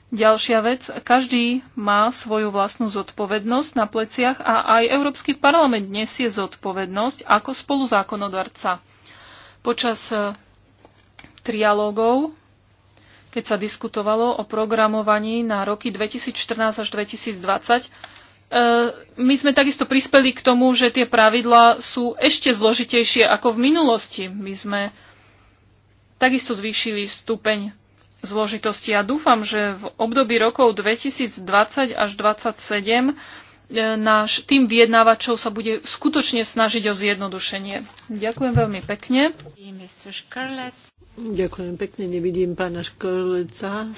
Ďalšia vec, každý má svoju vlastnú zodpovednosť na pleciach a aj Európsky parlament nesie zodpovednosť ako spoluzákonodarca. Počas e, trialógov, keď sa diskutovalo o programovaní na roky 2014 až 2020, e, my sme takisto prispeli k tomu, že tie pravidlá sú ešte zložitejšie ako v minulosti. My sme takisto zvýšili stupeň zložitosti. Ja dúfam, že v období rokov 2020 až 2027 e, náš tým vyjednávačov sa bude skutočne snažiť o zjednodušenie. Ďakujem veľmi pekne. Ďakujem pekne, nevidím pána Škorleca.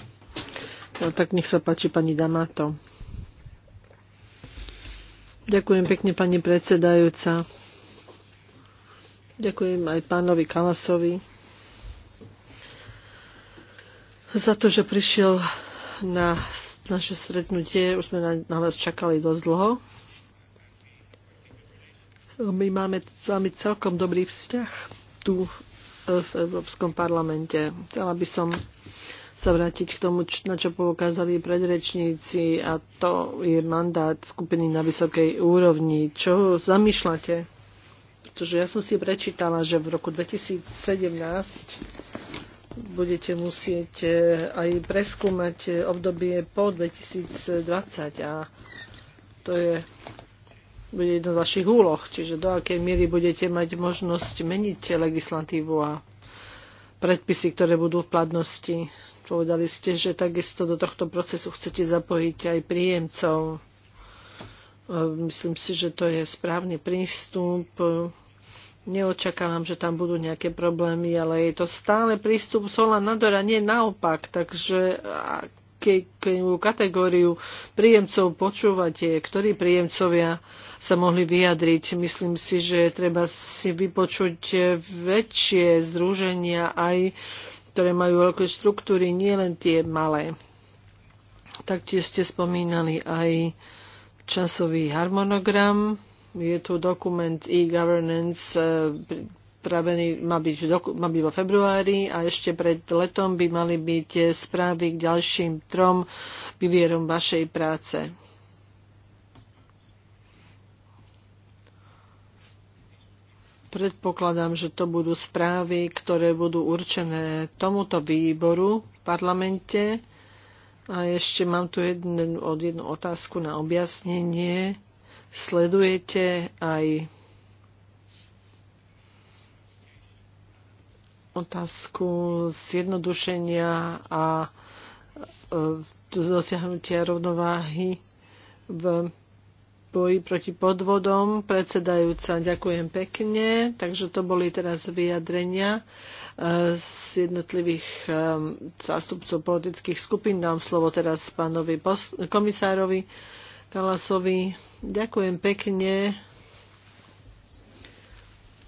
No, tak nech sa páči pani Damato. Ďakujem pekne, pani predsedajúca. Ďakujem aj pánovi Kalasovi za to, že prišiel na naše srednutie. Už sme na, na vás čakali dosť dlho. My máme s vami celkom dobrý vzťah tu e, v Európskom parlamente. Chcela by som sa vrátiť k tomu, na čo poukázali predrečníci a to je mandát skupiny na vysokej úrovni. Čo zamýšľate? Pretože ja som si prečítala, že v roku 2017 budete musieť e, aj preskúmať obdobie po 2020 a to je bude jedno z vašich úloh, čiže do akej miery budete mať možnosť meniť legislatívu a predpisy, ktoré budú v platnosti. Povedali ste, že takisto do tohto procesu chcete zapojiť aj príjemcov. E, myslím si, že to je správny prístup Neočakávam, že tam budú nejaké problémy, ale je to stále prístup sola na dora, nie naopak. Takže akú kategóriu príjemcov počúvate, ktorí príjemcovia sa mohli vyjadriť. Myslím si, že treba si vypočuť väčšie združenia aj ktoré majú veľké štruktúry, len tie malé. Taktiež ste spomínali aj časový harmonogram je tu dokument e-governance e, pripravený, má byť, má byť vo februári a ešte pred letom by mali byť správy k ďalším trom pilierom vašej práce. Predpokladám, že to budú správy, ktoré budú určené tomuto výboru v parlamente. A ešte mám tu jednu, jednu otázku na objasnenie sledujete aj otázku zjednodušenia a e, dosiahnutia rovnováhy v boji proti podvodom. Predsedajúca, ďakujem pekne. Takže to boli teraz vyjadrenia e, z jednotlivých e, zástupcov politických skupín. Dám slovo teraz pánovi komisárovi Kalasovi. Ďakujem pekne.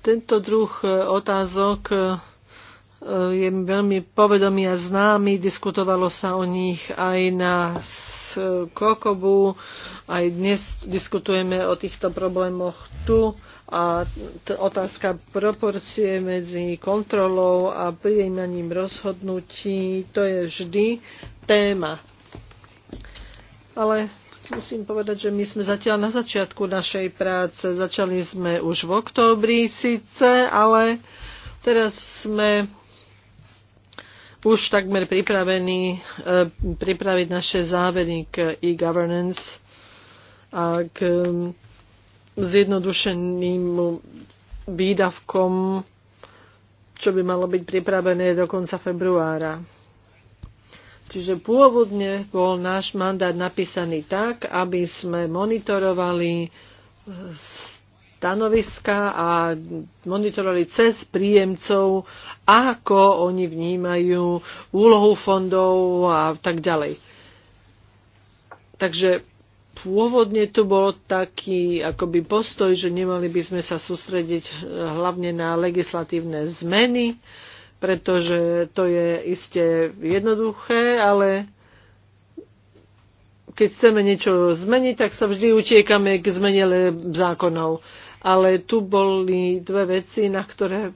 Tento druh e, otázok e, je veľmi povedomý a známy, diskutovalo sa o nich aj na Kokobu, aj dnes diskutujeme o týchto problémoch tu a otázka proporcie medzi kontrolou a prijímaním rozhodnutí, to je vždy téma. Ale musím povedať, že my sme zatiaľ na začiatku našej práce. Začali sme už v októbri síce, ale teraz sme už takmer pripravení eh, pripraviť naše závery k e-governance a k eh, zjednodušeným výdavkom, čo by malo byť pripravené do konca februára. Čiže pôvodne bol náš mandát napísaný tak, aby sme monitorovali e, stanoviska a monitorovali cez príjemcov, ako oni vnímajú úlohu fondov a tak ďalej. Takže pôvodne to bol taký akoby postoj, že nemali by sme sa sústrediť e, hlavne na legislatívne zmeny, pretože to je iste jednoduché, ale keď chceme niečo zmeniť, tak sa vždy utiekame k zmene zákonov. Ale tu boli dve veci, na ktoré,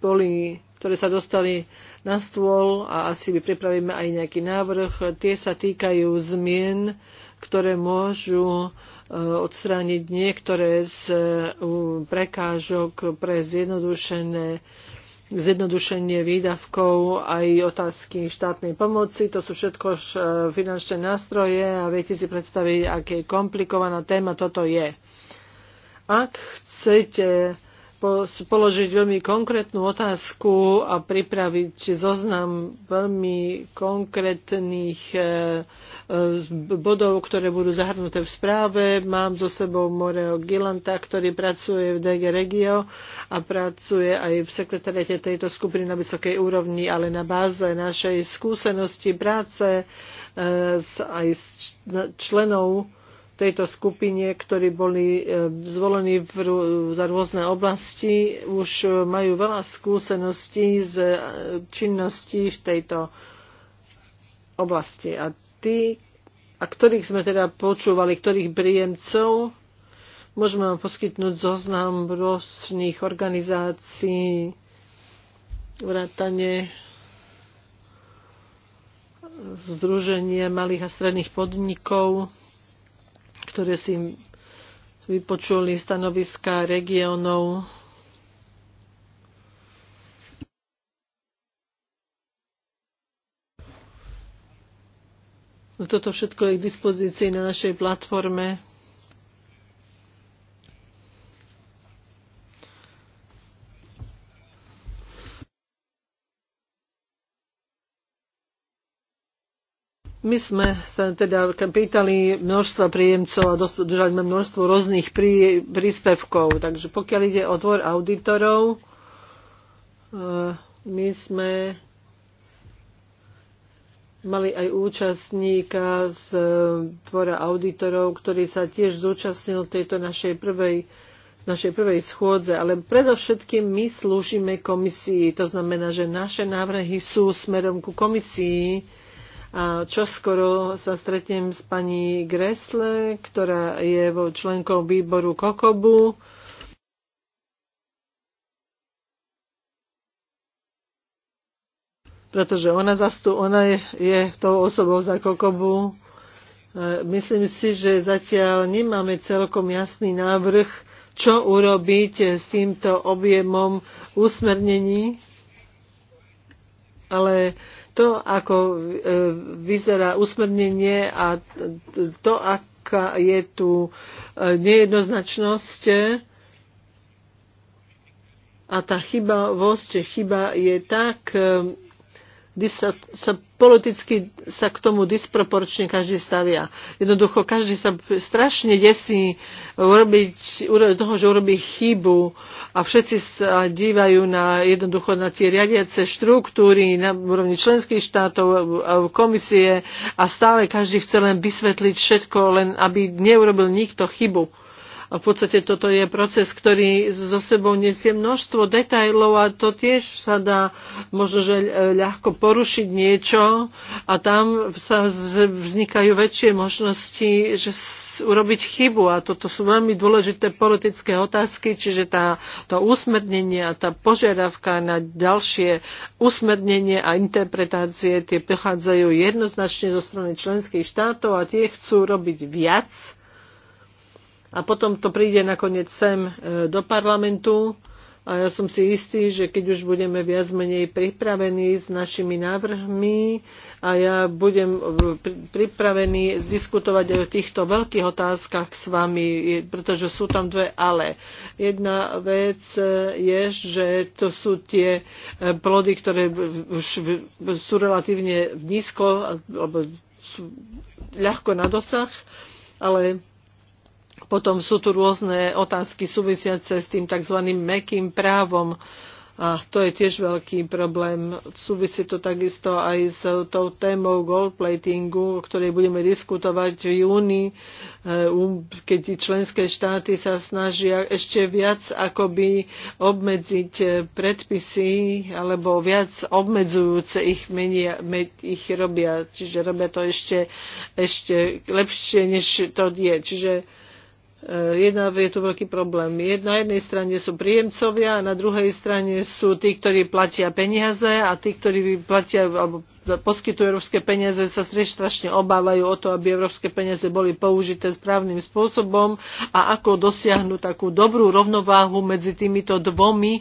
boli, ktoré sa dostali na stôl a asi by pripravíme aj nejaký návrh. Tie sa týkajú zmien, ktoré môžu e, odstrániť niektoré z e, prekážok pre zjednodušené zjednodušenie výdavkov, aj otázky štátnej pomoci. To sú všetko e, finančné nástroje a viete si predstaviť, aké komplikovaná téma toto je. Ak chcete položiť veľmi konkrétnu otázku a pripraviť zoznam veľmi konkrétnych e, bodov, ktoré budú zahrnuté v správe. Mám so sebou Moreo Gilanta, ktorý pracuje v DG Regio a pracuje aj v sekretariate tejto skupiny na vysokej úrovni, ale na báze našej skúsenosti práce e, aj s členov tejto skupine, ktorí boli e, zvolení v, za rôzne oblasti, už majú veľa skúseností z e, činností v tejto oblasti. A tí, a ktorých sme teda počúvali, ktorých príjemcov, môžeme vám poskytnúť zoznam rôznych organizácií, vrátane Združenie malých a stredných podnikov, ktoré si vypočuli stanoviska regionov Toto všetko je k dispozícii na našej platforme. My sme sa teda pýtali množstva príjemcov a dostali sme množstvo rôznych prí, príspevkov. Takže pokiaľ ide o dvor auditorov, e, my sme mali aj účastníka z e, dvora auditorov, ktorý sa tiež zúčastnil tejto našej prvej, našej prvej schôdze. Ale predovšetkým my slúžime komisii. To znamená, že naše návrhy sú smerom ku komisii. A čo skoro sa stretnem s pani Gresle, ktorá je členkou výboru Kokobu pretože ona, zastu, ona je, je tou osobou za Kokobu. E, myslím si, že zatiaľ nemáme celkom jasný návrh, čo urobiť s týmto objemom usmernení, ale to, ako e, vyzerá usmernenie a to, aká je tu e, nejednoznačnosť a tá chybavosť, chyba je tak sa, sa politicky sa k tomu disproporčne každý stavia. Jednoducho každý sa strašne desí urobiť, toho, že urobí chybu a všetci sa dívajú na jednoducho na tie riadiace štruktúry na úrovni členských štátov, e, e, komisie a stále každý chce len vysvetliť všetko, len aby neurobil nikto chybu. A v podstate toto je proces, ktorý so sebou nesie množstvo detajlov a to tiež sa dá možno, že ľahko porušiť niečo a tam sa vznikajú väčšie možnosti, že urobiť chybu a toto sú veľmi dôležité politické otázky, čiže tá, to usmernenie a tá požiadavka na ďalšie usmernenie a interpretácie tie prichádzajú jednoznačne zo strany členských štátov a tie chcú robiť viac a potom to príde nakoniec sem e, do parlamentu. A ja som si istý, že keď už budeme viac menej pripravení s našimi návrhmi a ja budem e, pripravený diskutovať aj o týchto veľkých otázkach s vami, pretože sú tam dve ale. Jedna vec e, je, že to sú tie plody, ktoré už sú relatívne nízko alebo sú ľahko na dosah, ale potom sú tu rôzne otázky súvisiace s tým tzv. mekým právom. A to je tiež veľký problém. Súvisí to takisto aj s tou témou goldplatingu, o ktorej budeme diskutovať v júni, eh, keď členské štáty sa snažia ešte viac akoby obmedziť eh, predpisy alebo viac obmedzujúce ich, menia, ich robia. Čiže robia to ešte, ešte lepšie, než to je. Čiže Jedna, je tu veľký problém. Na jednej strane sú príjemcovia a na druhej strane sú tí, ktorí platia peniaze a tí, ktorí platia alebo poskytujú európske peniaze, sa strašne obávajú o to, aby európske peniaze boli použité správnym spôsobom a ako dosiahnuť takú dobrú rovnováhu medzi týmito dvomi,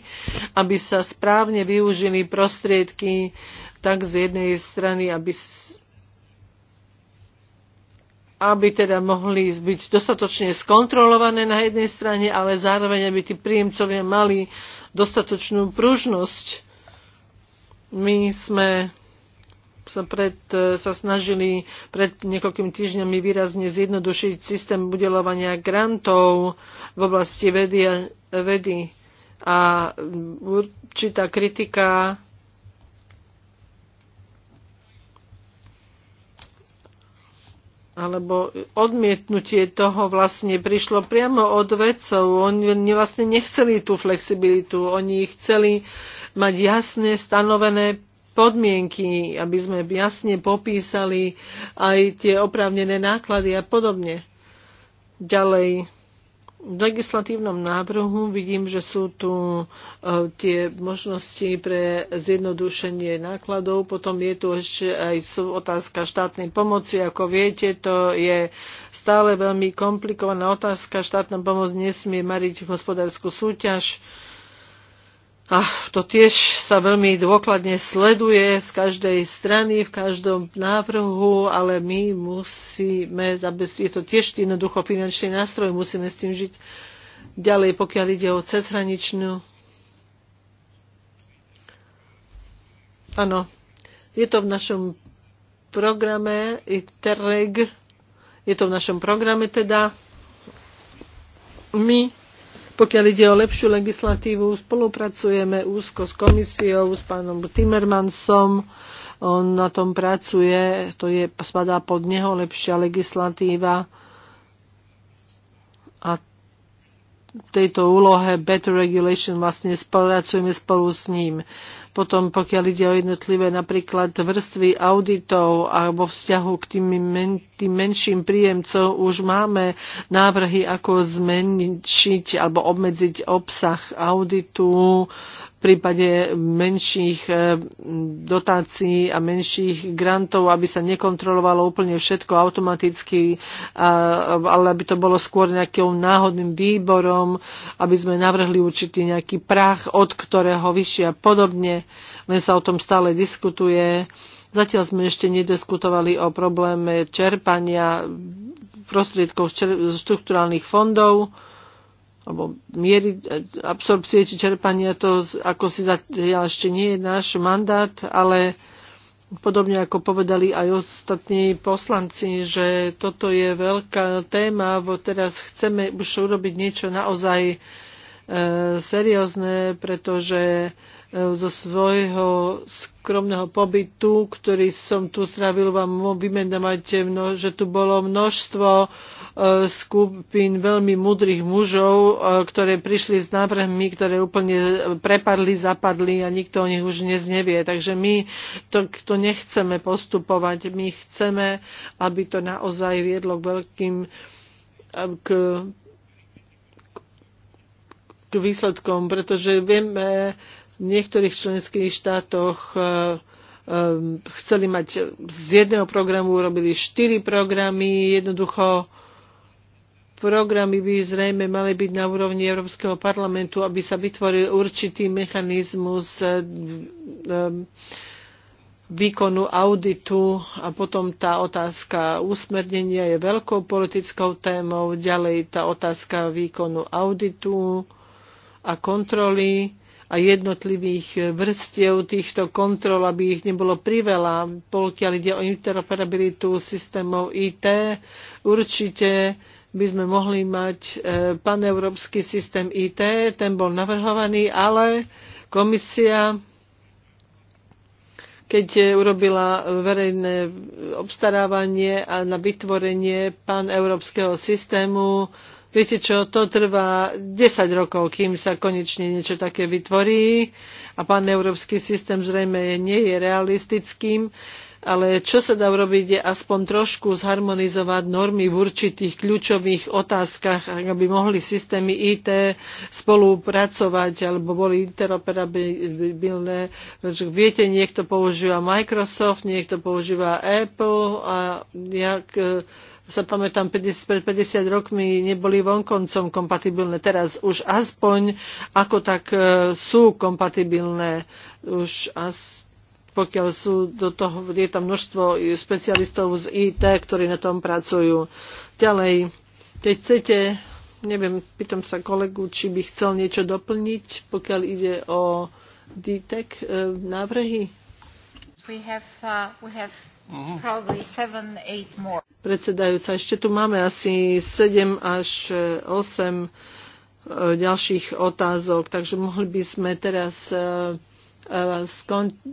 aby sa správne využili prostriedky tak z jednej strany, aby aby teda mohli byť dostatočne skontrolované na jednej strane, ale zároveň, aby tí príjemcovia mali dostatočnú pružnosť. My sme sa, pred, e, sa snažili pred niekoľkými týždňami výrazne zjednodušiť systém udelovania grantov v oblasti vedy a, vedy a určitá kritika alebo odmietnutie toho vlastne prišlo priamo od vedcov. Oni vlastne nechceli tú flexibilitu, oni chceli mať jasne stanovené podmienky, aby sme jasne popísali aj tie oprávnené náklady a podobne. Ďalej v legislatívnom návrhu vidím, že sú tu e, tie možnosti pre zjednodušenie nákladov. Potom je tu ešte aj otázka štátnej pomoci. Ako viete, to je stále veľmi komplikovaná otázka. Štátna pomoc nesmie mariť hospodárskú súťaž. A to tiež sa veľmi dôkladne sleduje z každej strany, v každom návrhu, ale my musíme, je to tiež jednoducho finančný nástroj, musíme s tým žiť ďalej, pokiaľ ide o cezhraničnú. Áno, je to v našom programe e je to v našom programe teda. My pokiaľ ide o lepšiu legislatívu, spolupracujeme úzko s komisiou, s pánom Timmermansom. On na tom pracuje, to je, spadá pod neho lepšia legislatíva. A v tejto úlohe Better Regulation vlastne spolupracujeme spolu s ním. Potom pokiaľ ide o jednotlivé napríklad vrstvy auditov a vo vzťahu k tým, men, tým menším príjemcom, už máme návrhy, ako zmenšiť alebo obmedziť obsah auditu prípade menších eh, dotácií a menších grantov, aby sa nekontrolovalo úplne všetko automaticky, ale aby to bolo skôr nejakým náhodným výborom, aby sme navrhli určitý nejaký prach, od ktorého vyššia podobne. Len sa o tom stále diskutuje. Zatiaľ sme ešte nediskutovali o probléme čerpania prostriedkov z štruktúrálnych fondov alebo miery e, absorpcie či čerpania, to ako si zatiaľ ešte nie je náš mandát, ale podobne ako povedali aj ostatní poslanci, že toto je veľká téma, bo teraz chceme už urobiť niečo naozaj e, seriózne, pretože e, E, zo svojho skromného pobytu, ktorý som tu strávil, vám vymenovať, e, že tu bolo množstvo e, skupín veľmi mudrých mužov, ktoré prišli s návrhmi, ktoré úplne prepadli, zapadli a nikto o nich už dnes nevie. Takže my to, to nechceme postupovať. My chceme, aby to naozaj viedlo k veľkým k k výsledkom, pretože vieme, v niektorých členských štátoch eh, eh, chceli mať z jedného programu, urobili štyri programy, jednoducho programy by zrejme mali byť na úrovni Európskeho parlamentu, aby sa vytvoril určitý mechanizmus eh, výkonu auditu a potom tá otázka usmernenia je veľkou politickou témou, ďalej tá otázka výkonu auditu a kontroly a jednotlivých eh, vrstiev týchto kontrol, aby ich nebolo priveľa. Pokiaľ ide o interoperabilitu systémov IT, určite by sme mohli mať eh, paneurópsky systém IT, ten bol navrhovaný, ale komisia keď eh, urobila verejné obstarávanie a na vytvorenie paneurópskeho systému, Viete čo, to trvá 10 rokov, kým sa konečne niečo také vytvorí a pán európsky systém zrejme nie je realistickým, ale čo sa dá urobiť je aspoň trošku zharmonizovať normy v určitých kľúčových otázkach, aby mohli systémy IT spolupracovať alebo boli interoperabilné. Viete, niekto používa Microsoft, niekto používa Apple a jak sa pamätám, 50, pred 50 rokmi neboli vonkoncom kompatibilné. Teraz už aspoň ako tak e, sú kompatibilné. Už as, pokiaľ sú do toho, je tam množstvo specialistov z IT, ktorí na tom pracujú. Ďalej, keď chcete, neviem, pýtam sa kolegu, či by chcel niečo doplniť, pokiaľ ide o DTEC e, návrhy. We have, uh, we have Mhm. Predsedajúca, ešte tu máme asi 7 až 8 e, e, ďalších otázok, takže mohli by sme teraz e, Eh,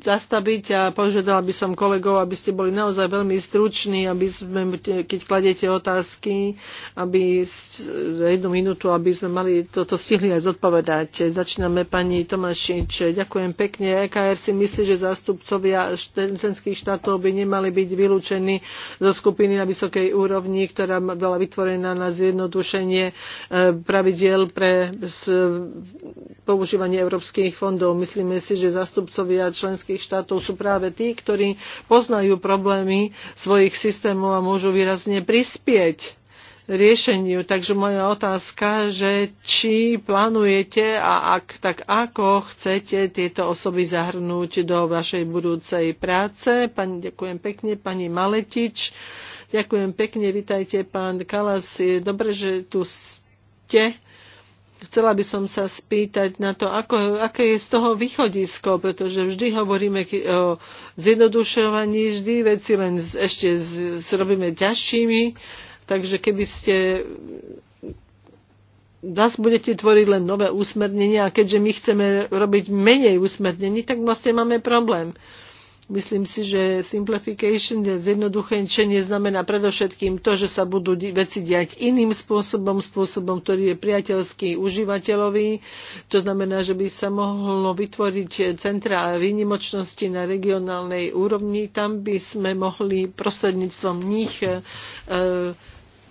zastaviť a požiadala by som kolegov, aby ste boli naozaj veľmi struční, aby sme, keď kladete otázky, aby za jednu minútu, aby sme mali toto stihli aj zodpovedať. Začíname pani Tomášič. Ďakujem pekne. EKR si myslí, že zástupcovia členských štátov by nemali byť vylúčení zo skupiny na vysokej úrovni, ktorá bola vytvorená na zjednodušenie eh, pravidiel pre používanie európskych fondov. Myslíme si, že zastupcovia členských štátov sú práve tí, ktorí poznajú problémy svojich systémov a môžu výrazne prispieť riešeniu. Takže moja otázka, že či plánujete a ak tak ako chcete tieto osoby zahrnúť do vašej budúcej práce. Pani, ďakujem pekne, pani Maletič. Ďakujem pekne, vitajte pán Kalas. Je dobre, že tu ste Chcela by som sa spýtať na to, ako, aké je z toho východisko, pretože vždy hovoríme o zjednodušovaní, vždy veci len z, ešte z, zrobíme ťažšími, takže keby ste nás budete tvoriť len nové úsmernenia a keďže my chceme robiť menej úsmernení, tak vlastne máme problém. Myslím si, že simplification, zjednoduchenie znamená predovšetkým to, že sa budú veci diať iným spôsobom, spôsobom, ktorý je priateľský užívateľovi. To znamená, že by sa mohlo vytvoriť centra výnimočnosti na regionálnej úrovni. Tam by sme mohli prostredníctvom nich e,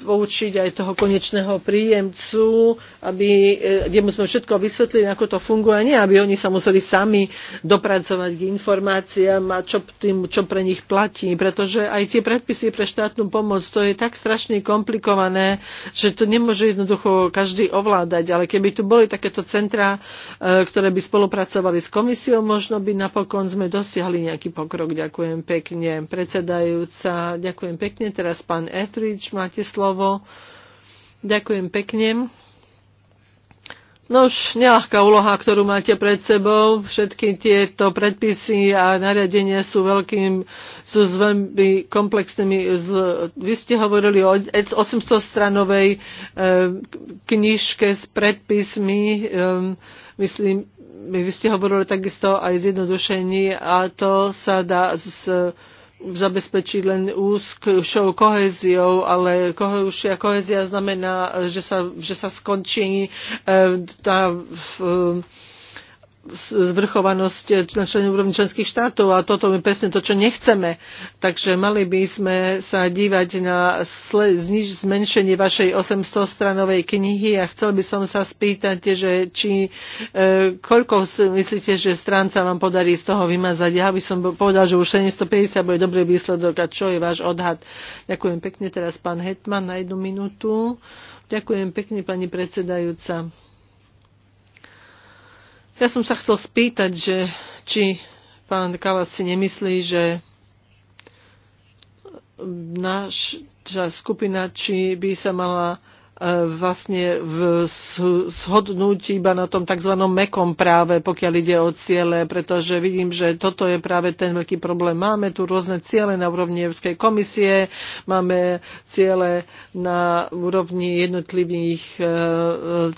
poučiť aj toho konečného príjemcu, aby, e, kde mu sme všetko vysvetlili, ako to funguje, a nie aby oni sa museli sami dopracovať k informáciám a čo, tým, čo pre nich platí, pretože aj tie predpisy pre štátnu pomoc, to je tak strašne komplikované, že to nemôže jednoducho každý ovládať, ale keby tu boli takéto centra, e, ktoré by spolupracovali s komisiou, možno by napokon sme dosiahli nejaký pokrok. Ďakujem pekne, predsedajúca. Ďakujem pekne. Teraz pán Etrič, máte slovo slovo. Ďakujem pekne. Nož, neľahká úloha, ktorú máte pred sebou. Všetky tieto predpisy a nariadenia sú veľkým, sú s veľmi komplexnými. Vy ste hovorili o 800-stranovej e, knižke s predpismi. Myslím, vy ste hovorili takisto aj zjednodušení a to sa dá z, zabezpečiť len úzkou koheziou, ale kohúšia kohezia znamená, že sa, že sa skončí e, tá v, zvrchovanosť eh, na členov úrovni členských štátov a toto je presne to, čo nechceme. Takže mali by sme sa dívať na zmenšenie vašej 800-stranovej knihy a chcel by som sa spýtať, že či e, koľko myslíte, že strán sa vám podarí z toho vymazať. Ja by som povedal, že už 750 bude dobrý výsledok a čo je váš odhad. Ďakujem pekne teraz pán Hetman na jednu minútu. Ďakujem pekne pani predsedajúca. Ja som sa chcel spýtať, že či pán Kalas si nemyslí, že náš, skupina, či by sa mala E, vlastne v shodnúť iba na tom tzv. mekom práve, pokiaľ ide o ciele, pretože vidím, že toto je práve ten veľký problém. Máme tu rôzne ciele na úrovni Európskej komisie, máme ciele na úrovni jednotlivých e,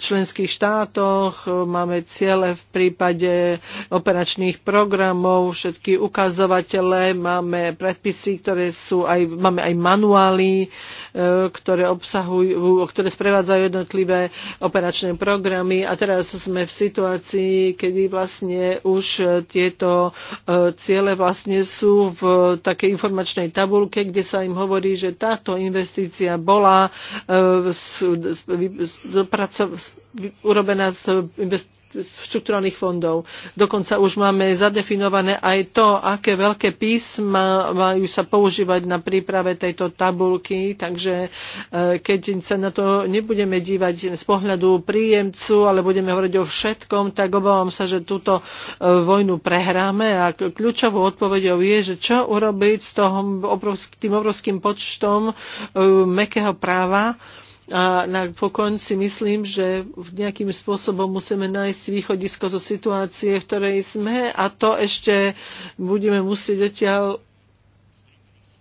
členských štátoch, máme ciele v prípade operačných programov, všetky ukazovatele, máme predpisy, ktoré sú aj, máme aj manuály, E, ktoré obsahujú, ktoré sprevádzajú jednotlivé operačné programy a teraz sme v situácii, kedy vlastne už tieto e, ciele vlastne sú v takej informačnej tabulke, kde sa im hovorí, že táto investícia bola dopraca, e, urobená z investícií štrukturálnych fondov. Dokonca už máme zadefinované aj to, aké veľké písma majú sa používať na príprave tejto tabulky, takže e, keď sa na to nebudeme dívať z pohľadu príjemcu, ale budeme hovoriť o všetkom, tak obávam sa, že túto e, vojnu prehráme a kľúčovou odpovedou je, že čo urobiť s tým obrovským počtom e, mekého práva, a napokon si myslím, že nejakým spôsobom musíme nájsť východisko zo situácie, v ktorej sme a to ešte budeme musieť odtiaľ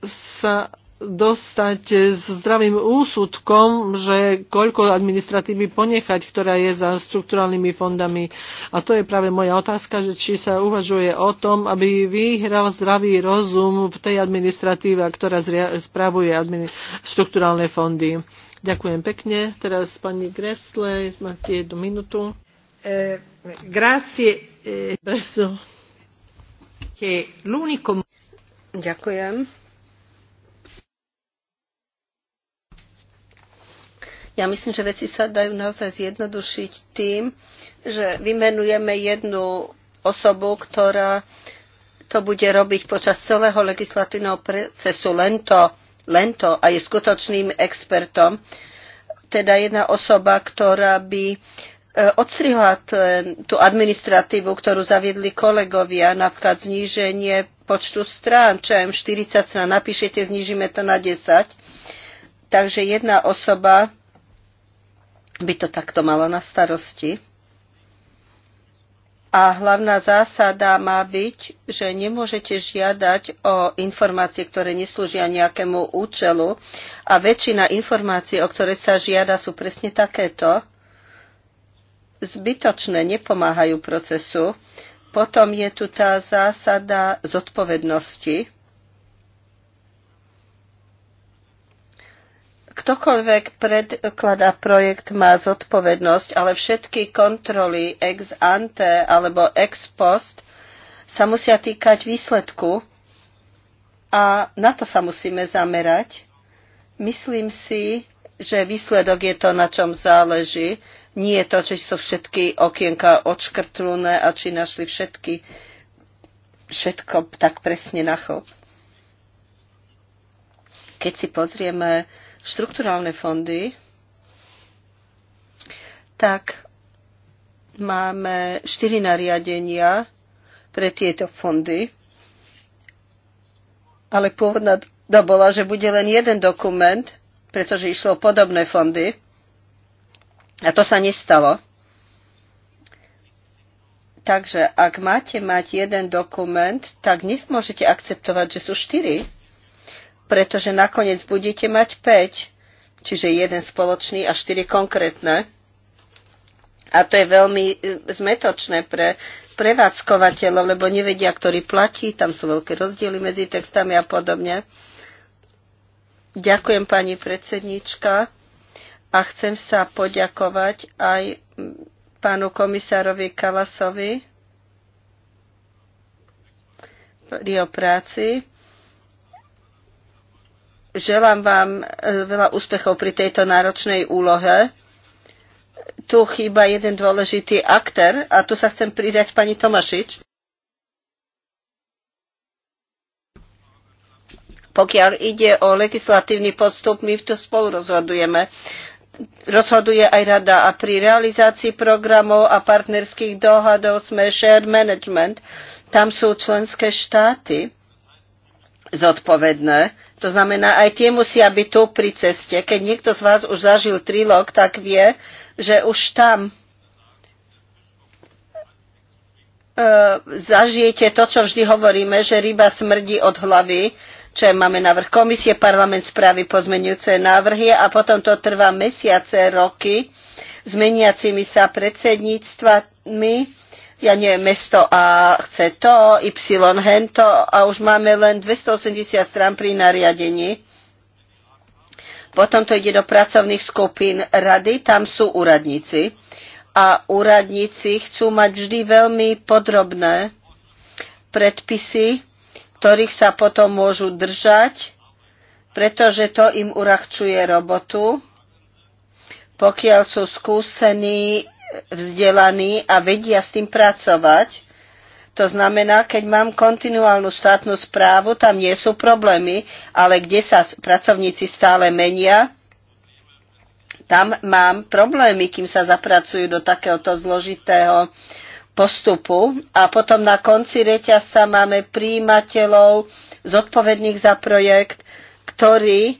sa dostať s zdravým úsudkom, že koľko administratívy ponechať, ktorá je za strukturálnymi fondami. A to je práve moja otázka, že či sa uvažuje o tom, aby vyhral zdravý rozum v tej administratíve, ktorá spravuje strukturálne fondy. Ďakujem pekne. Teraz pani Grefsle, máte jednu minútu. E, grazie. E, eh, Breso. Che l'unico... Ďakujem. Ja myslím, že veci sa dajú naozaj zjednodušiť tým, že vymenujeme jednu osobu, ktorá to bude robiť počas celého legislatívneho procesu. Len to len to a je skutočným expertom. Teda jedna osoba, ktorá by e, odstrihla tú administratívu, ktorú zaviedli kolegovia, napríklad zníženie počtu strán, čo aj 40 strán napíšete, znížime to na 10. Takže jedna osoba by to takto mala na starosti. A hlavná zásada má byť, že nemôžete žiadať o informácie, ktoré neslúžia nejakému účelu. A väčšina informácií, o ktoré sa žiada, sú presne takéto. Zbytočné, nepomáhajú procesu. Potom je tu tá zásada zodpovednosti. Ktokoľvek predkladá projekt má zodpovednosť, ale všetky kontroly ex ante alebo ex post sa musia týkať výsledku a na to sa musíme zamerať. Myslím si, že výsledok je to, na čom záleží. Nie je to, či sú všetky okienka odškrtlúne a či našli všetky, všetko tak presne na chlop. Keď si pozrieme štrukturálne fondy, tak máme štyri nariadenia pre tieto fondy, ale pôvodná to bola, že bude len jeden dokument, pretože išlo podobné fondy a to sa nestalo. Takže ak máte mať jeden dokument, tak nemôžete akceptovať, že sú štyri pretože nakoniec budete mať 5, čiže jeden spoločný a 4 konkrétne. A to je veľmi e, zmetočné pre prevádzkovateľov, lebo nevedia, ktorý platí, tam sú veľké rozdiely medzi textami a podobne. Ďakujem pani predsednička a chcem sa poďakovať aj pánu komisárovi Kalasovi pri práci Želám vám e, veľa úspechov pri tejto náročnej úlohe. Tu chýba jeden dôležitý aktér a tu sa chcem pridať pani Tomašič. Pokiaľ ide o legislatívny postup, my tu spolu rozhodujeme. Rozhoduje aj rada a pri realizácii programov a partnerských dohadov sme shared management. Tam sú členské štáty zodpovedné to znamená, aj tie musia byť tu pri ceste. Keď niekto z vás už zažil trilog, tak vie, že už tam e, zažijete to, čo vždy hovoríme, že ryba smrdí od hlavy, čo je, máme návrh komisie, parlament správy pozmenujúce návrhy a potom to trvá mesiace, roky s meniacimi sa predsedníctvami ja neviem, mesto A chce to, Y hento a už máme len 280 strán pri nariadení. Potom to ide do pracovných skupín rady, tam sú úradníci. A úradníci chcú mať vždy veľmi podrobné predpisy, ktorých sa potom môžu držať, pretože to im urahčuje robotu. Pokiaľ sú skúsení vzdelaní a vedia s tým pracovať. To znamená, keď mám kontinuálnu štátnu správu, tam nie sú problémy, ale kde sa pracovníci stále menia, tam mám problémy, kým sa zapracujú do takéhoto zložitého postupu. A potom na konci reťazca máme príjimateľov zodpovedných za projekt, ktorí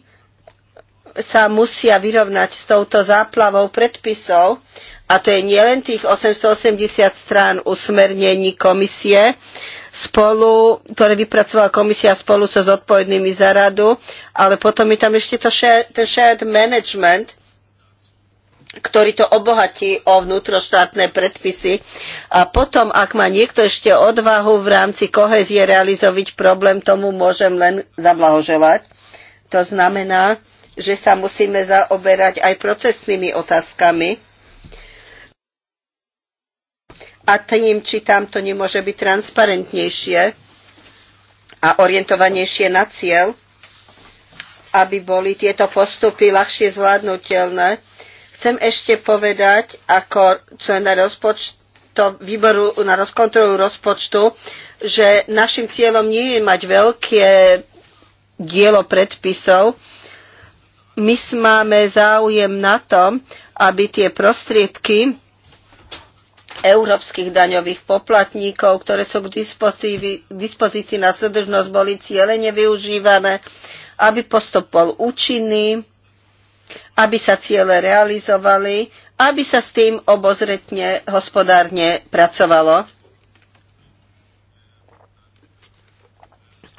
sa musia vyrovnať s touto záplavou predpisov a to je nielen tých 880 strán usmernení komisie, spolu, ktoré vypracovala komisia spolu so zodpovednými za radu, ale potom je tam ešte to shared, ten shared management, ktorý to obohatí o vnútroštátne predpisy. A potom, ak má niekto ešte odvahu v rámci kohezie realizovať problém, tomu môžem len zablahoželať. To znamená, že sa musíme zaoberať aj procesnými otázkami, a tým, či tamto nemôže byť transparentnejšie a orientovanejšie na cieľ, aby boli tieto postupy ľahšie zvládnutelné. Chcem ešte povedať, ako člen rozpočto, výboru na rozkontrolu rozpočtu, že našim cieľom nie je mať veľké dielo predpisov. My máme záujem na tom, aby tie prostriedky, európskych daňových poplatníkov, ktoré sú k dispozícii na sledržnosť, boli cieľene využívané, aby postup bol účinný, aby sa ciele realizovali, aby sa s tým obozretne, hospodárne pracovalo.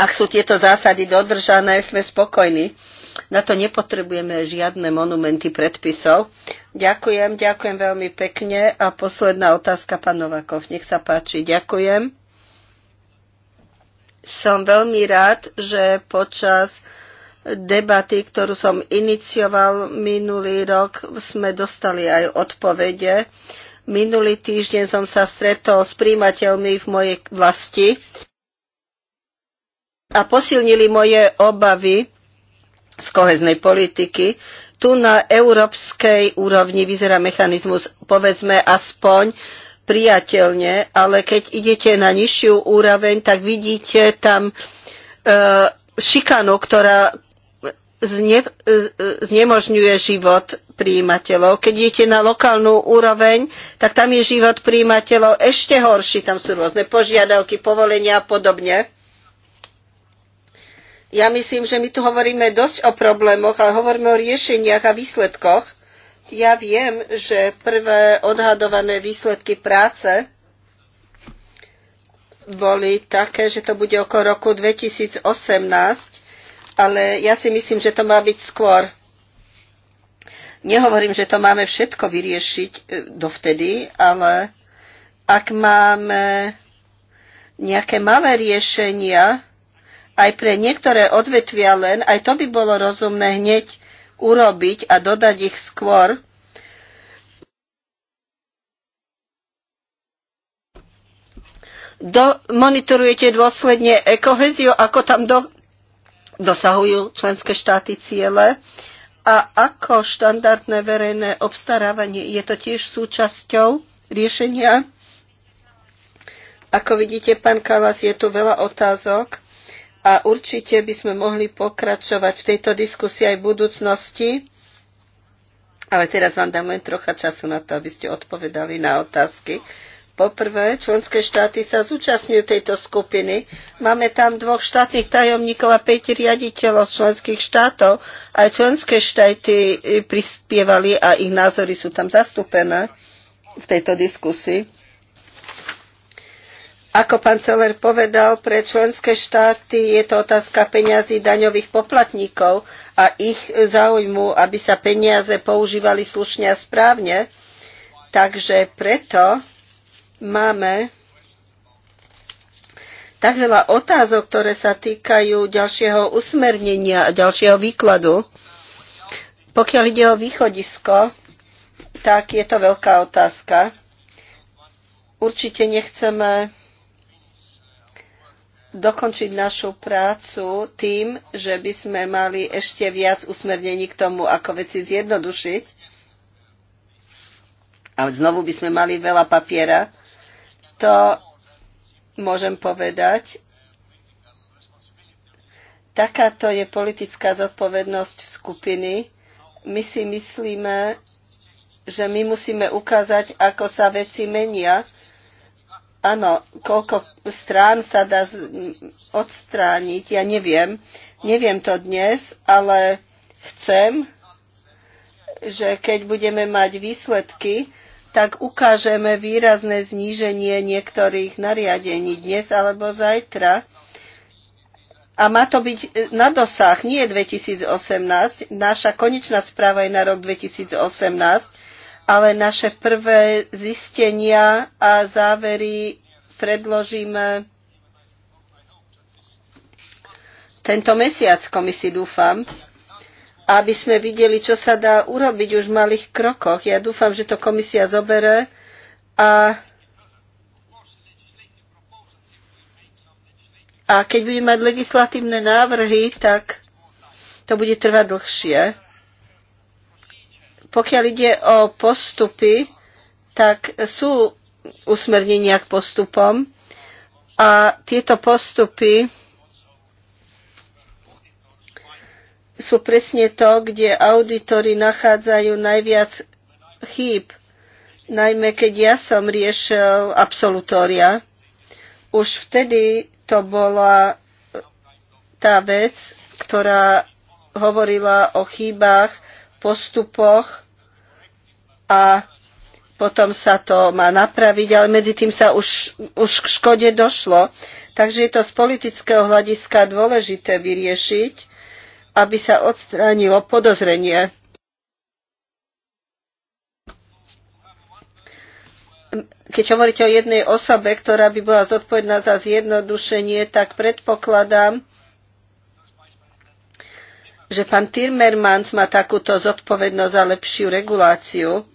Ak sú tieto zásady dodržané, sme spokojní. Na to nepotrebujeme žiadne monumenty predpisov. Ďakujem, ďakujem veľmi pekne. A posledná otázka, pán Novakov. Nech sa páči. Ďakujem. Som veľmi rád, že počas debaty, ktorú som inicioval minulý rok, sme dostali aj odpovede. Minulý týždeň som sa stretol s príjimateľmi v mojej vlasti a posilnili moje obavy z koheznej politiky. Tu na európskej úrovni vyzerá mechanizmus, povedzme, aspoň priateľne, ale keď idete na nižšiu úroveň, tak vidíte tam e, šikanu, ktorá zne, e, znemožňuje život príjimateľov. Keď idete na lokálnu úroveň, tak tam je život príjimateľov ešte horší, tam sú rôzne požiadavky, povolenia a podobne. Ja myslím, že my tu hovoríme dosť o problémoch, ale hovoríme o riešeniach a výsledkoch. Ja viem, že prvé odhadované výsledky práce boli také, že to bude okolo roku 2018, ale ja si myslím, že to má byť skôr. Nehovorím, že to máme všetko vyriešiť e, dovtedy, ale ak máme nejaké malé riešenia, aj pre niektoré odvetvia len, aj to by bolo rozumné hneď urobiť a dodať ich skôr. Do, monitorujete dôsledne ekoheziu, ako tam do, dosahujú členské štáty ciele a ako štandardné verejné obstarávanie je to tiež súčasťou riešenia. Ako vidíte, pán Kalas, je tu veľa otázok a určite by sme mohli pokračovať v tejto diskusii aj v budúcnosti. Ale teraz vám dám len trocha času na to, aby ste odpovedali na otázky. Poprvé, členské štáty sa zúčastňujú tejto skupiny. Máme tam dvoch štátnych tajomníkov a 5 riaditeľov členských štátov. Aj členské štáty prispievali a ich názory sú tam zastúpené v tejto diskusii. Ako pán Celer povedal, pre členské štáty je to otázka peňazí daňových poplatníkov a ich záujmu, aby sa peniaze používali slušne a správne. Takže preto máme tak veľa otázok, ktoré sa týkajú ďalšieho usmernenia a ďalšieho výkladu. Pokiaľ ide o východisko, tak je to veľká otázka. Určite nechceme dokončiť našu prácu tým, že by sme mali ešte viac usmernení k tomu, ako veci zjednodušiť. A znovu by sme mali veľa papiera. To môžem povedať. Takáto je politická zodpovednosť skupiny. My si myslíme, že my musíme ukázať, ako sa veci menia Áno, koľko strán sa dá odstrániť, ja neviem. Neviem to dnes, ale chcem, že keď budeme mať výsledky, tak ukážeme výrazné zníženie niektorých nariadení dnes alebo zajtra. A má to byť e, na dosah, nie 2018. Naša konečná správa je na rok 2018 ale naše prvé zistenia a závery predložíme tento mesiac komisi dúfam, aby sme videli, čo sa dá urobiť už v malých krokoch. Ja dúfam, že to komisia zobere a, a keď budeme mať legislatívne návrhy, tak to bude trvať dlhšie. Pokiaľ ide o postupy, tak sú usmernenia k postupom a tieto postupy sú presne to, kde auditory nachádzajú najviac chýb, najmä keď ja som riešil absolutória. Už vtedy to bola tá vec, ktorá hovorila o chýbách postupoch a potom sa to má napraviť, ale medzi tým sa už, už k škode došlo. Takže je to z politického hľadiska dôležité vyriešiť, aby sa odstránilo podozrenie. Keď hovoríte o jednej osobe, ktorá by bola zodpovedná za zjednodušenie, tak predpokladám, že pán Timmermans má takúto zodpovednosť za lepšiu reguláciu.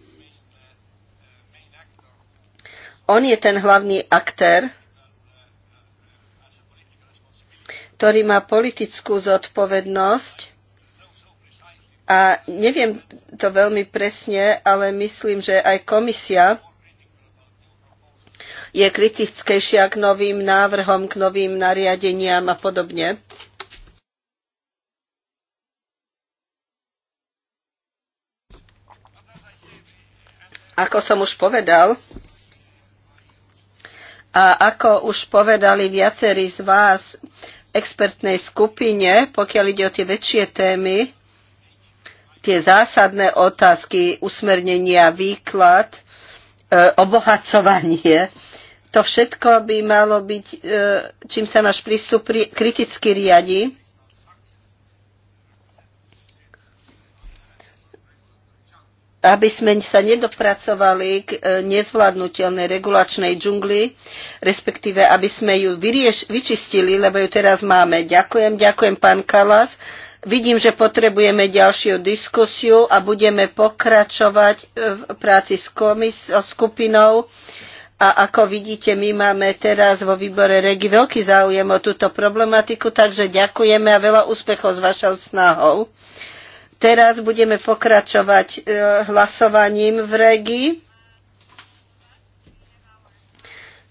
On je ten hlavný aktér, ktorý má politickú zodpovednosť a neviem to veľmi presne, ale myslím, že aj komisia je kritickejšia k novým návrhom, k novým nariadeniam a podobne. Ako som už povedal, a ako už povedali viacerí z vás v expertnej skupine, pokiaľ ide o tie väčšie témy, tie zásadné otázky, usmernenia, výklad, e, obohacovanie, to všetko by malo byť, e, čím sa náš prístup kriticky riadi aby sme sa nedopracovali k e, nezvládnutelnej regulačnej džungli, respektíve aby sme ju vyrieš, vyčistili, lebo ju teraz máme. Ďakujem, ďakujem pán Kalas. Vidím, že potrebujeme ďalšiu diskusiu a budeme pokračovať e, v práci s, komis- skupinou. A ako vidíte, my máme teraz vo výbore REGI veľký záujem o túto problematiku, takže ďakujeme a veľa úspechov s vašou snahou. Teraz budeme pokračovať e, hlasovaním v regii.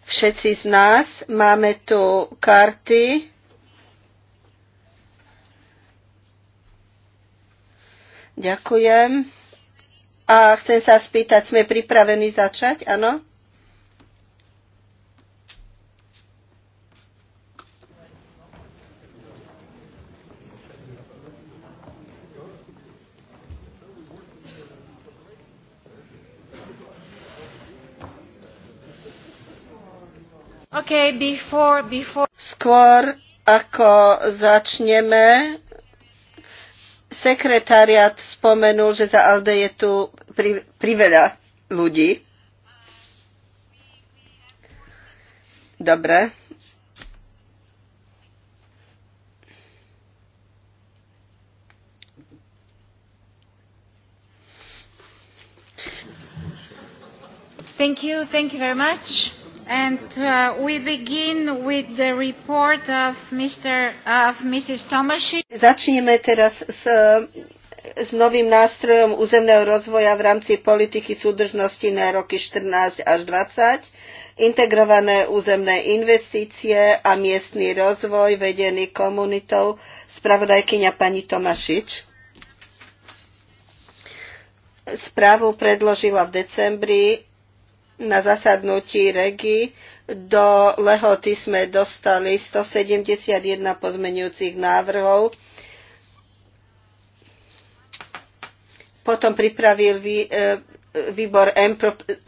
Všetci z nás máme tu karty. Ďakujem. A chcem sa spýtať, sme pripravení začať? Áno? Okay, before, before... Skôr ako začneme, sekretariat spomenul, že za Alde je tu pri, priveľa ľudí. Dobre. Thank you, thank you very much. And uh, we begin with the report of, Mr., of Mrs. Tomašič. Začneme teraz s, s novým nástrojom územného rozvoja v rámci politiky súdržnosti na roky 14 až 20, integrované územné investície a miestny rozvoj vedený komunitou, spravodajkyňa pani Tomašič. Správu predložila v decembri na zasadnutí REGI do lehoty sme dostali 171 pozmenujúcich návrhov. Potom pripravil e, výbor M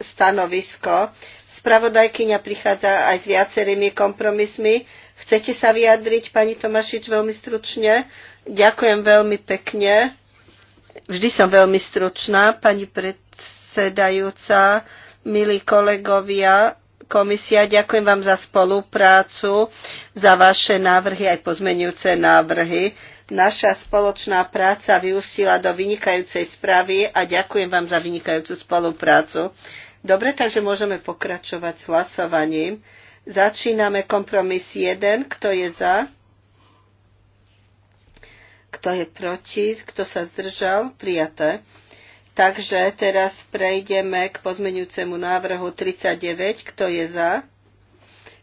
stanovisko. Spravodajkyňa prichádza aj s viacerými kompromismi. Chcete sa vyjadriť, pani Tomašič, veľmi stručne? Ďakujem veľmi pekne. Vždy som veľmi stručná, pani predsedajúca. Milí kolegovia, komisia, ďakujem vám za spoluprácu, za vaše návrhy aj pozmenujúce návrhy. Naša spoločná práca vyústila do vynikajúcej správy a ďakujem vám za vynikajúcu spoluprácu. Dobre, takže môžeme pokračovať s hlasovaním. Začíname kompromis 1. Kto je za? Kto je proti? Kto sa zdržal? Prijaté. Takže teraz prejdeme k pozmeňujúcemu návrhu 39. Kto je za?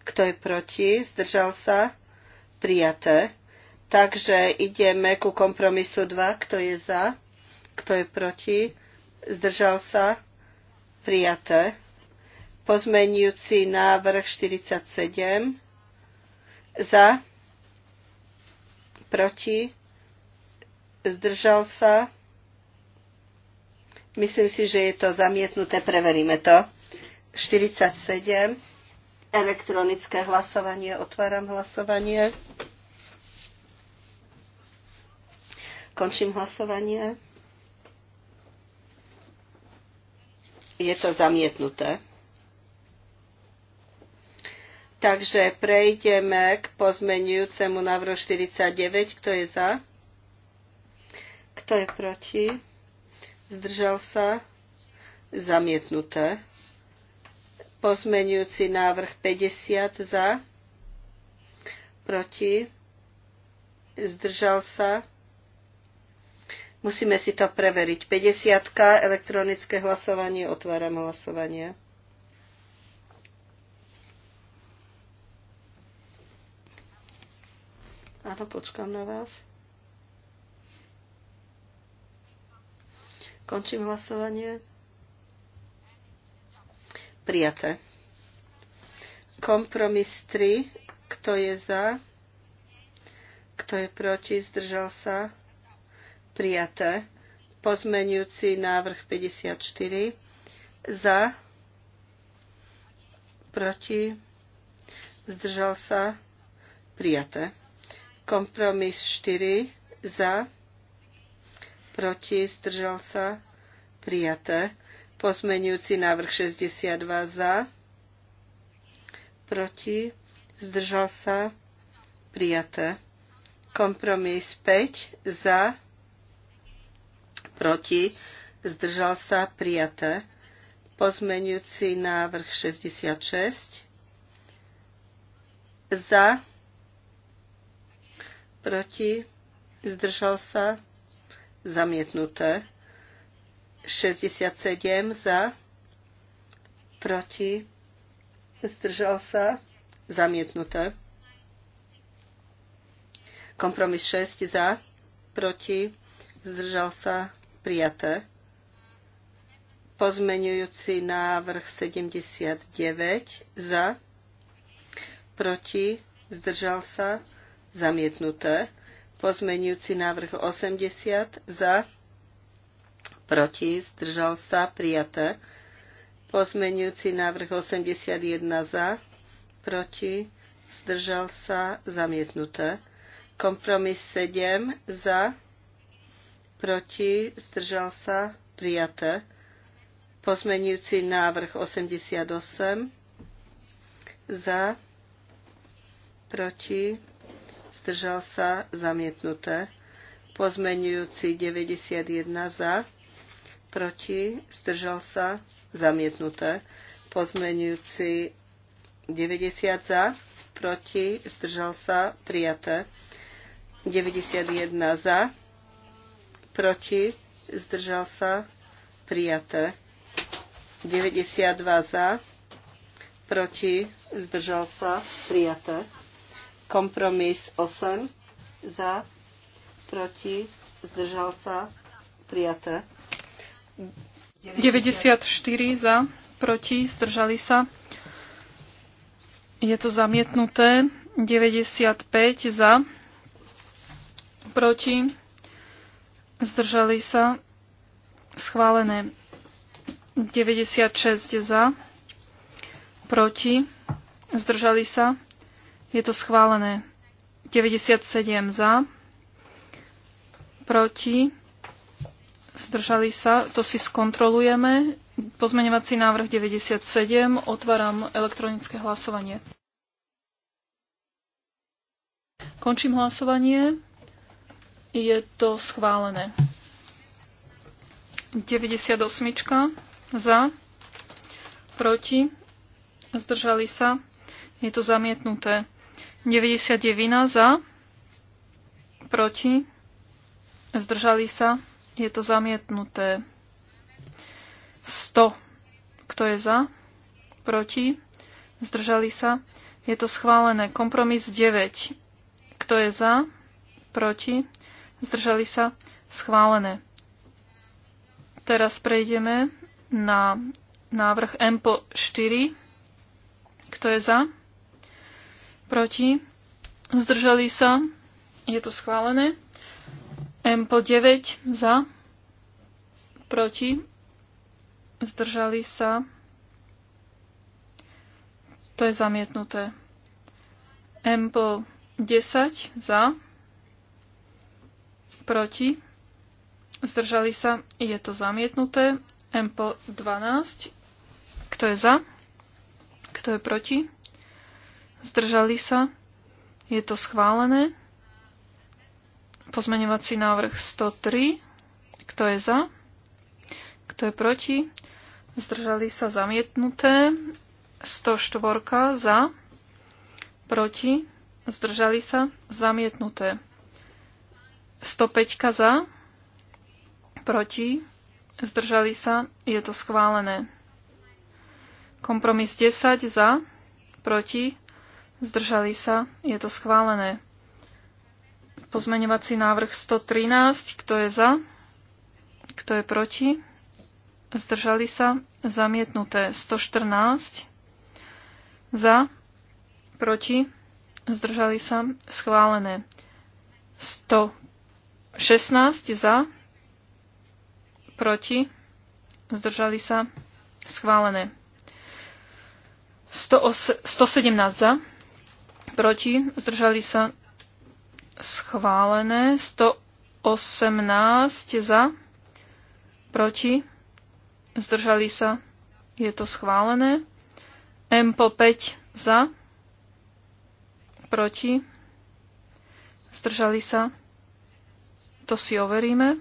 Kto je proti? Zdržal sa? Prijaté. Takže ideme ku kompromisu 2. Kto je za? Kto je proti? Zdržal sa? Prijaté. Pozmeňujúci návrh 47. Za? Proti? Zdržal sa? Myslím si, že je to zamietnuté, preveríme to. 47. Elektronické hlasovanie, otváram hlasovanie. Končím hlasovanie. Je to zamietnuté. Takže prejdeme k pozmenujúcemu návrhu 49. Kto je za? Kto je proti? zdržal sa, zamietnuté. Pozmenujúci návrh 50 za, proti, zdržal sa. Musíme si to preveriť. 50. elektronické hlasovanie, otváram hlasovanie. Áno, počkám na vás. Končím hlasovanie. Prijaté. Kompromis 3. Kto je za? Kto je proti? Zdržal sa? Prijaté. Pozmenujúci návrh 54. Za? Proti? Zdržal sa? Prijaté. Kompromis 4. Za? proti, zdržal sa, prijaté. Pozmenujúci návrh 62 za, proti, zdržal sa, prijaté. Kompromis 5 za, proti, zdržal sa, prijaté. Pozmenujúci návrh 66 za, proti, zdržal sa, prijaté zamietnuté. 67 za, proti, zdržal sa, zamietnuté. Kompromis 6 za, proti, zdržal sa, prijaté. Pozmenujúci návrh 79 za, proti, zdržal sa, zamietnuté. Pozmenujúci návrh 80 za, proti, zdržal sa, prijaté. Pozmenujúci návrh 81 za, proti, zdržal sa, zamietnuté. Kompromis 7 za, proti, zdržal sa, prijaté. Pozmenujúci návrh 88 za, proti, zdržal sa, zamietnuté. Pozmenujúci 91 za, proti, zdržal sa, zamietnuté. Pozmenujúci 90 za, proti, zdržal sa, prijaté. 91 za, proti, zdržal sa, prijaté. 92 za, proti, zdržal sa, prijaté. Kompromis 8 za, proti, zdržal sa, prijaté. 94 za, proti, zdržali sa. Je to zamietnuté. 95 za, proti, zdržali sa. Schválené. 96 za, proti, zdržali sa. Je to schválené. 97 za, proti, zdržali sa, to si skontrolujeme. Pozmeňovací návrh 97, otváram elektronické hlasovanie. Končím hlasovanie. Je to schválené. 98 za, proti, zdržali sa, je to zamietnuté. 99 za, proti, zdržali sa, je to zamietnuté. 100, kto je za, proti, zdržali sa, je to schválené. Kompromis 9, kto je za, proti, zdržali sa, schválené. Teraz prejdeme na návrh MPO 4, kto je za, proti, zdržali sa, je to schválené. Ample 9 za, proti, zdržali sa, to je zamietnuté. Ample 10 za, proti, zdržali sa, je to zamietnuté. Ample 12, kto je za, kto je proti, Zdržali sa? Je to schválené. Pozmeňovací návrh 103. Kto je za? Kto je proti? Zdržali sa zamietnuté. 104 za. Proti. Zdržali sa zamietnuté. 105 za. Proti. Zdržali sa. Je to schválené. Kompromis 10 za. Proti zdržali sa, je to schválené. Pozmeňovací návrh 113, kto je za, kto je proti, zdržali sa, zamietnuté 114, za, proti, zdržali sa, schválené 116 za, proti, zdržali sa, schválené 117 za, proti, zdržali sa schválené, 118 za, proti, zdržali sa, je to schválené, M po 5 za, proti, zdržali sa, to si overíme.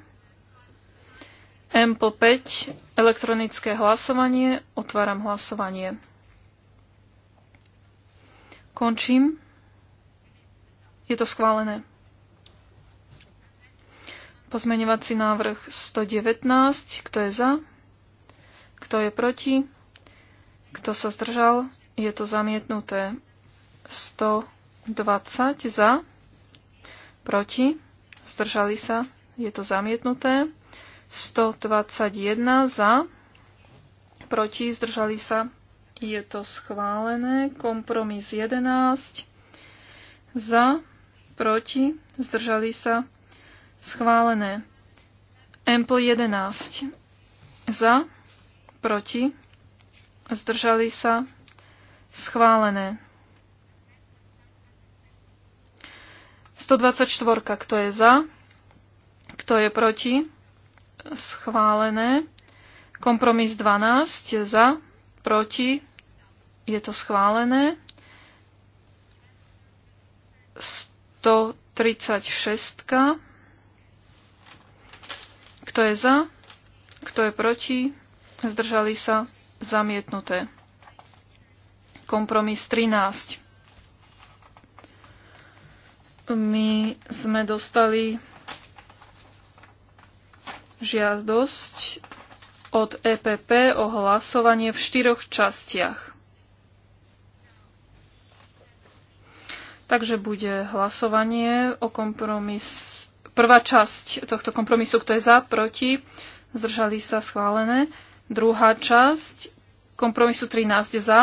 M po 5, elektronické hlasovanie, otváram hlasovanie. Končím. Je to schválené. Pozmeňovací návrh 119. Kto je za? Kto je proti? Kto sa zdržal? Je to zamietnuté. 120 za, proti, zdržali sa, je to zamietnuté. 121 za, proti, zdržali sa, je to schválené. Kompromis 11 za, proti, zdržali sa, schválené. Ample 11 za, proti, zdržali sa, schválené. 124, kto je za, kto je proti, schválené. Kompromis 12 za, proti, je to schválené. 100 136. Kto je za? Kto je proti? Zdržali sa? Zamietnuté. Kompromis 13. My sme dostali žiadosť od EPP o hlasovanie v štyroch častiach. Takže bude hlasovanie o kompromis. Prvá časť tohto kompromisu, kto je za, proti, zdržali sa schválené. Druhá časť kompromisu 13 za,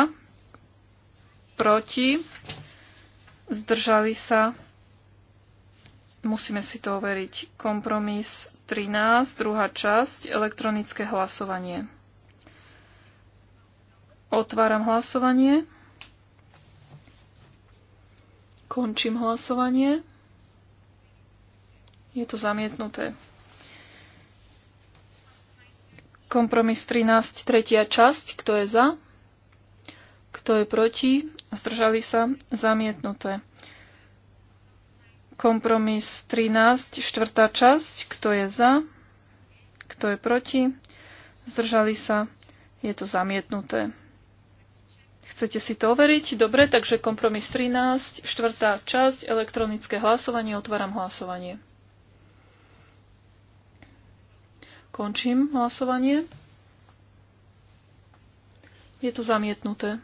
proti, zdržali sa. Musíme si to overiť. Kompromis 13, druhá časť, elektronické hlasovanie. Otváram hlasovanie. Končím hlasovanie. Je to zamietnuté. Kompromis 13, tretia časť. Kto je za? Kto je proti? Zdržali sa? Zamietnuté. Kompromis 13, štvrtá časť. Kto je za? Kto je proti? Zdržali sa? Je to zamietnuté. Chcete si to overiť? Dobre, takže kompromis 13, štvrtá časť, elektronické hlasovanie, otváram hlasovanie. Končím hlasovanie. Je to zamietnuté.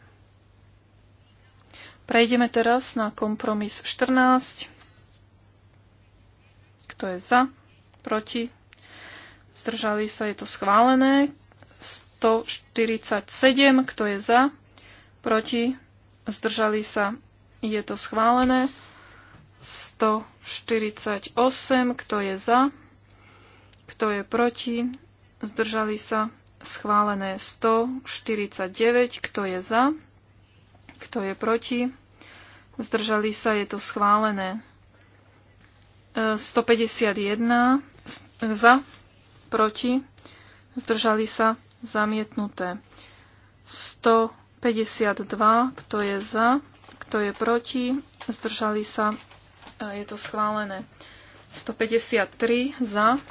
Prejdeme teraz na kompromis 14. Kto je za? Proti? Zdržali sa, je to schválené. 147, kto je za? proti, zdržali sa, je to schválené. 148, kto je za, kto je proti, zdržali sa, schválené 149, kto je za, kto je proti, zdržali sa, je to schválené 151, e, za, proti, zdržali sa, zamietnuté 100. 52, kto je za, kto je proti, zdržali sa, e, je to schválené. 153 za,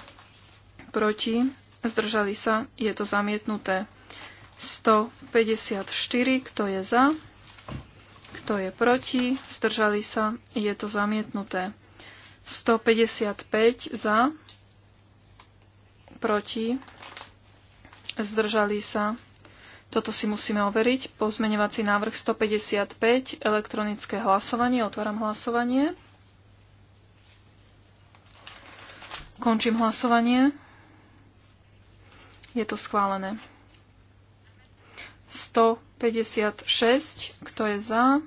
proti, zdržali sa, je to zamietnuté. 154, kto je za, kto je proti, zdržali sa, je to zamietnuté. 155 za, proti, zdržali sa, toto si musíme overiť. Pozmeňovací návrh 155, elektronické hlasovanie. Otváram hlasovanie. Končím hlasovanie. Je to schválené. 156, kto je za,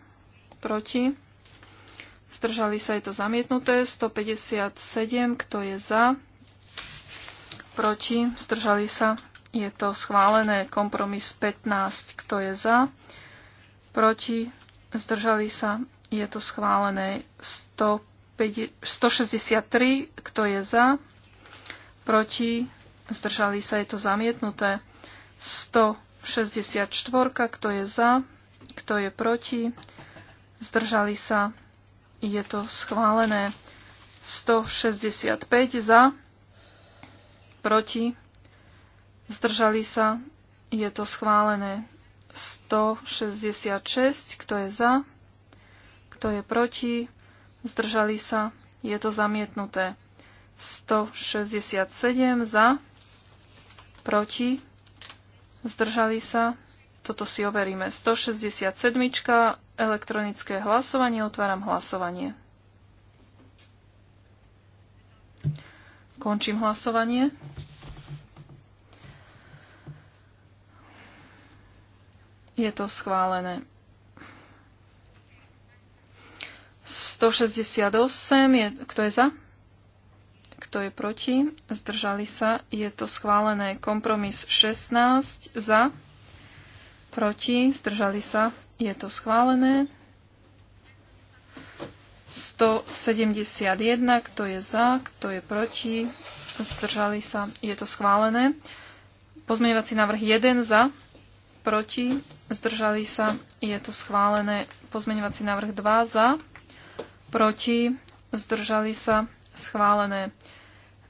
proti. Zdržali sa, je to zamietnuté. 157, kto je za, proti. Zdržali sa, je to schválené. Kompromis 15. Kto je za? Proti? Zdržali sa? Je to schválené. 163. Kto je za? Proti? Zdržali sa? Je to zamietnuté. 164. Kto je za? Kto je proti? Zdržali sa? Je to schválené. 165 za, proti zdržali sa, je to schválené 166, kto je za, kto je proti, zdržali sa, je to zamietnuté 167 za, proti, zdržali sa, toto si overíme 167, elektronické hlasovanie, otváram hlasovanie. Končím hlasovanie. Je to schválené. 168, je, kto je za? Kto je proti? Zdržali sa. Je to schválené. Kompromis 16 za. Proti. Zdržali sa. Je to schválené. 171. Kto je za? Kto je proti? Zdržali sa. Je to schválené. Pozmeňovací návrh 1 za proti, zdržali sa, je to schválené. Pozmeňovací návrh 2 za, proti, zdržali sa, schválené.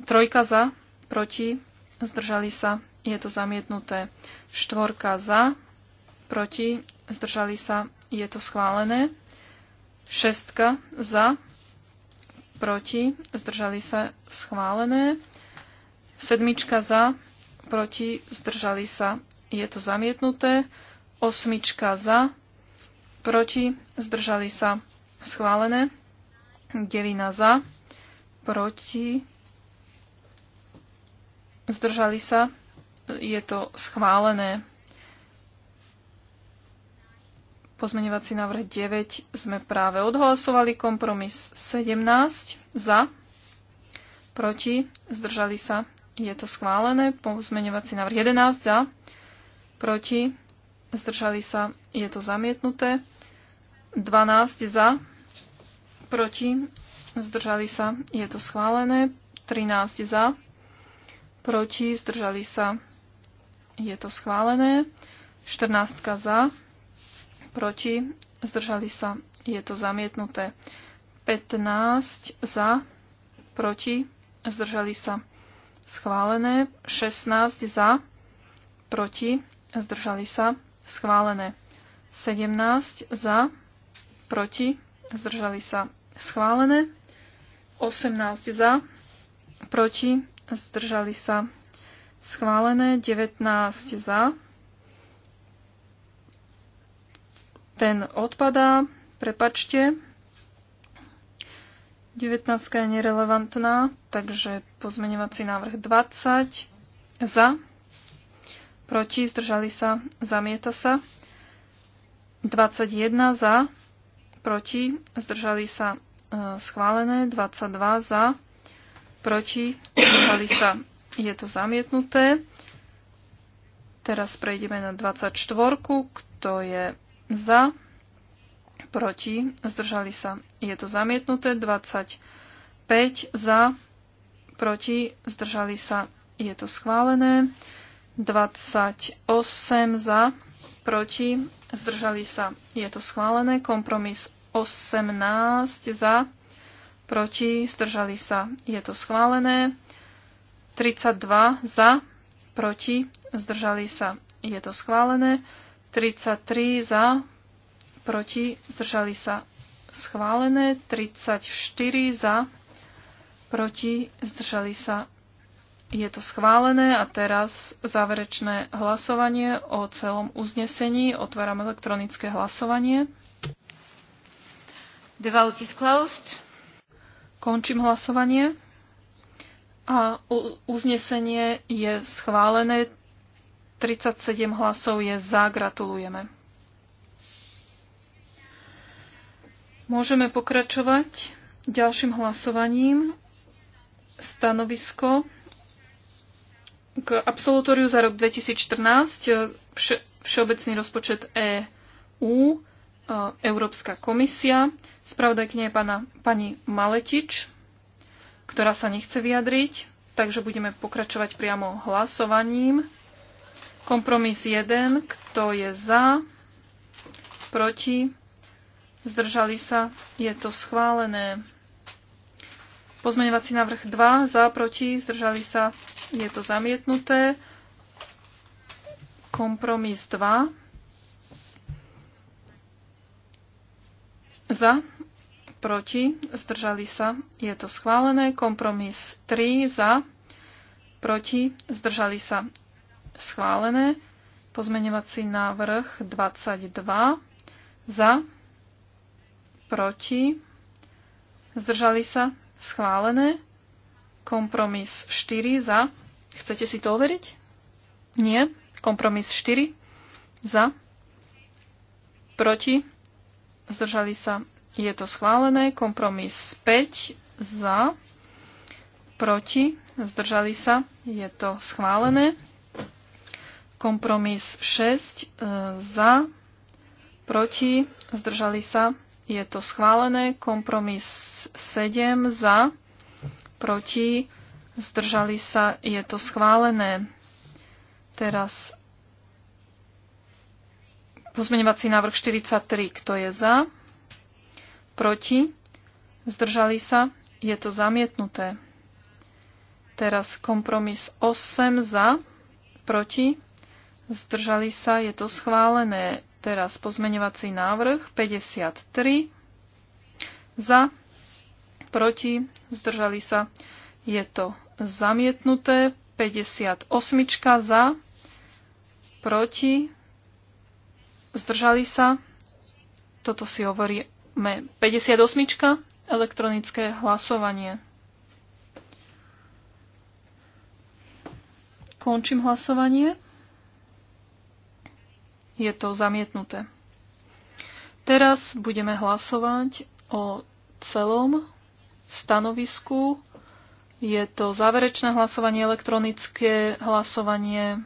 Trojka za, proti, zdržali sa, je to zamietnuté. Štvorka za, proti, zdržali sa, je to schválené. Šestka za, proti, zdržali sa, schválené. Sedmička za, proti, zdržali sa, je to zamietnuté. Osmička za, proti, zdržali sa schválené. Devina za, proti, zdržali sa, je to schválené. Pozmeňovací návrh 9 sme práve odhlasovali, kompromis 17 za, proti, zdržali sa, je to schválené. Pozmeňovací návrh 11 za, proti, zdržali sa, je to zamietnuté. 12 za, proti, zdržali sa, je to schválené. 13 za, proti, zdržali sa, je to schválené. 14 za, proti, zdržali sa, je to zamietnuté. 15 za, proti, zdržali sa, schválené. 16 za, proti, zdržali sa, schválené. 17 za, proti, zdržali sa, schválené. 18 za, proti, zdržali sa, schválené. 19 za, ten odpadá, prepačte. 19 je nerelevantná, takže pozmeňovací návrh 20 za, proti, zdržali sa, zamieta sa. 21 za, proti, zdržali sa, e, schválené. 22 za, proti, zdržali sa, je to zamietnuté. Teraz prejdeme na 24, kto je za, proti, zdržali sa, je to zamietnuté. 25 za, proti, zdržali sa, je to schválené. 28 za, proti, zdržali sa. Je to schválené. Kompromis 18 za, proti, zdržali sa. Je to schválené. 32 za, proti, zdržali sa. Je to schválené. 33 za, proti, zdržali sa. Schválené. 34 za, proti, zdržali sa. Je to schválené a teraz záverečné hlasovanie o celom uznesení. Otváram elektronické hlasovanie. The vote is closed. Končím hlasovanie. A uznesenie je schválené. 37 hlasov je za. Gratulujeme. Môžeme pokračovať ďalším hlasovaním. Stanovisko k absolutóriu za rok 2014 e, vše, Všeobecný rozpočet EU, e, Európska komisia, spravodajkne je pana, pani Maletič, ktorá sa nechce vyjadriť, takže budeme pokračovať priamo hlasovaním. Kompromis 1, kto je za, proti, zdržali sa, je to schválené. Pozmeňovací návrh 2, za, proti, zdržali sa, je to zamietnuté. Kompromis 2. Za, proti, zdržali sa, je to schválené. Kompromis 3 za, proti, zdržali sa, schválené. Pozmeňovací návrh 22 za, proti, zdržali sa, schválené. Kompromis 4 za. Chcete si to overiť? Nie. Kompromis 4 za. Proti. Zdržali sa. Je to schválené. Kompromis 5 za. Proti. Zdržali sa. Je to schválené. Kompromis 6 e, za. Proti. Zdržali sa. Je to schválené. Kompromis 7 za proti, zdržali sa, je to schválené. Teraz pozmeňovací návrh 43, kto je za, proti, zdržali sa, je to zamietnuté. Teraz kompromis 8 za, proti, zdržali sa, je to schválené. Teraz pozmeňovací návrh 53 za, proti, zdržali sa. Je to zamietnuté. 58 za, proti, zdržali sa. Toto si hovoríme. 58 elektronické hlasovanie. Končím hlasovanie. Je to zamietnuté. Teraz budeme hlasovať o celom stanovisku. Je to záverečné hlasovanie, elektronické hlasovanie,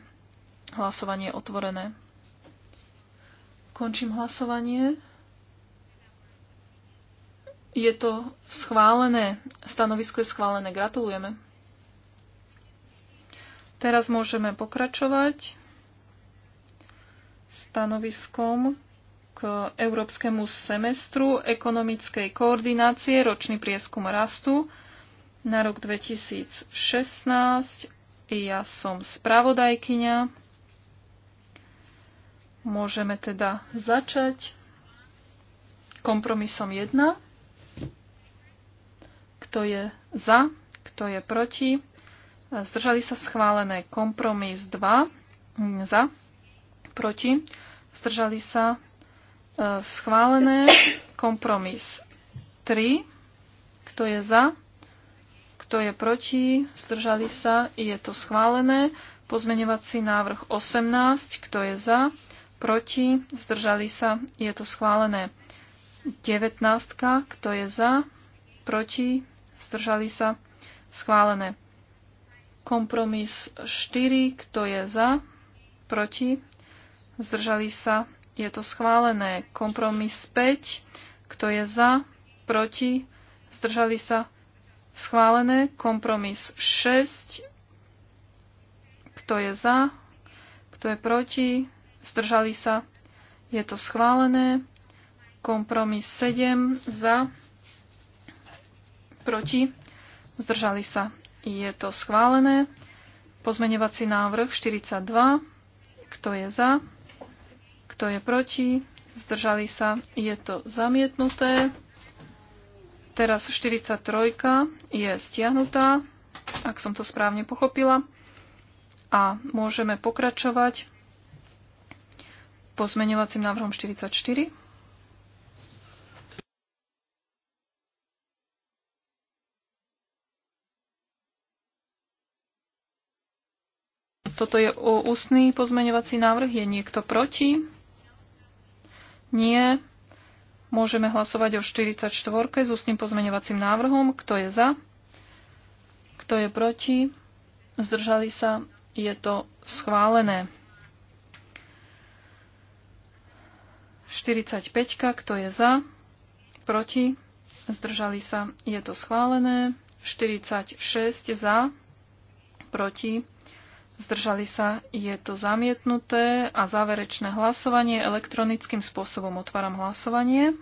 hlasovanie otvorené. Končím hlasovanie. Je to schválené. Stanovisko je schválené. Gratulujeme. Teraz môžeme pokračovať stanoviskom k európskemu semestru ekonomickej koordinácie, ročný prieskum rastu na rok 2016. Ja som spravodajkyňa. Môžeme teda začať kompromisom 1. Kto je za, kto je proti. Zdržali sa schválené kompromis 2. Za, proti. Zdržali sa E, schválené. Kompromis 3. Kto je za? Kto je proti? Zdržali sa? Je to schválené. Pozmeňovací návrh 18. Kto je za? Proti? Zdržali sa? Je to schválené. 19. Kto je za? Proti? Zdržali sa? Schválené. Kompromis 4. Kto je za? Proti? Zdržali sa? Je to schválené. Kompromis 5. Kto je za? Proti? Zdržali sa? Schválené. Kompromis 6. Kto je za? Kto je proti? Zdržali sa? Je to schválené. Kompromis 7. Za? Proti? Zdržali sa? Je to schválené. Pozmeňovací návrh 42. Kto je za? Kto je proti? Zdržali sa. Je to zamietnuté. Teraz 43 je stiahnutá, ak som to správne pochopila. A môžeme pokračovať pozmeňovacím návrhom 44. Toto je ústný pozmeňovací návrh. Je niekto proti? Nie. Môžeme hlasovať o 44 s ústnym pozmeňovacím návrhom. Kto je za? Kto je proti? Zdržali sa? Je to schválené. 45. Kto je za? Proti? Zdržali sa? Je to schválené. 46 za? Proti? Zdržali sa? Je to zamietnuté. A záverečné hlasovanie elektronickým spôsobom otváram hlasovanie.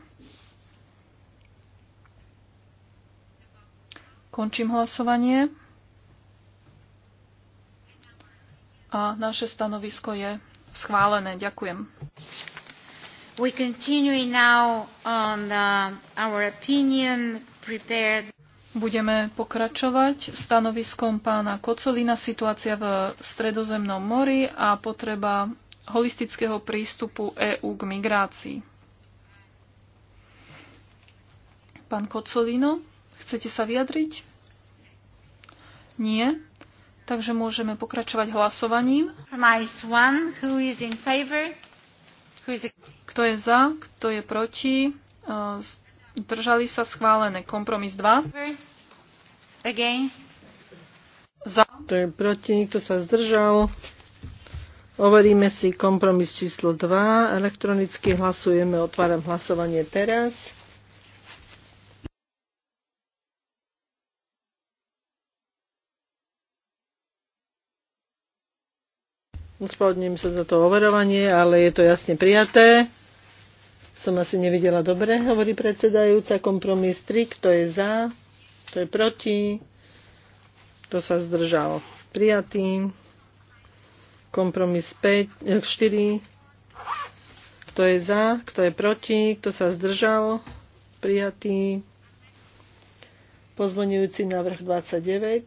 Končím hlasovanie. A naše stanovisko je schválené. Ďakujem. We continue now on the, our opinion prepared. Budeme pokračovať stanoviskom pána Kocolina situácia v Stredozemnom mori a potreba holistického prístupu EÚ k migrácii. Pán Kocolino, chcete sa vyjadriť? Nie. Takže môžeme pokračovať hlasovaním. Kto je za, kto je proti, Držali sa schválené. Kompromis 2. Against. Za. To je proti, nikto sa zdržal. Overíme si kompromis číslo 2. Elektronicky hlasujeme. Otváram hlasovanie teraz. Ospravedlňujem sa za to overovanie, ale je to jasne prijaté som asi nevidela dobre, hovorí predsedajúca. Kompromis 3, kto je za, kto je proti, kto sa zdržal. Prijatý. Kompromis 5, 4, eh, kto je za, kto je proti, kto sa zdržal. Prijatý. Pozvonujúci návrh 29.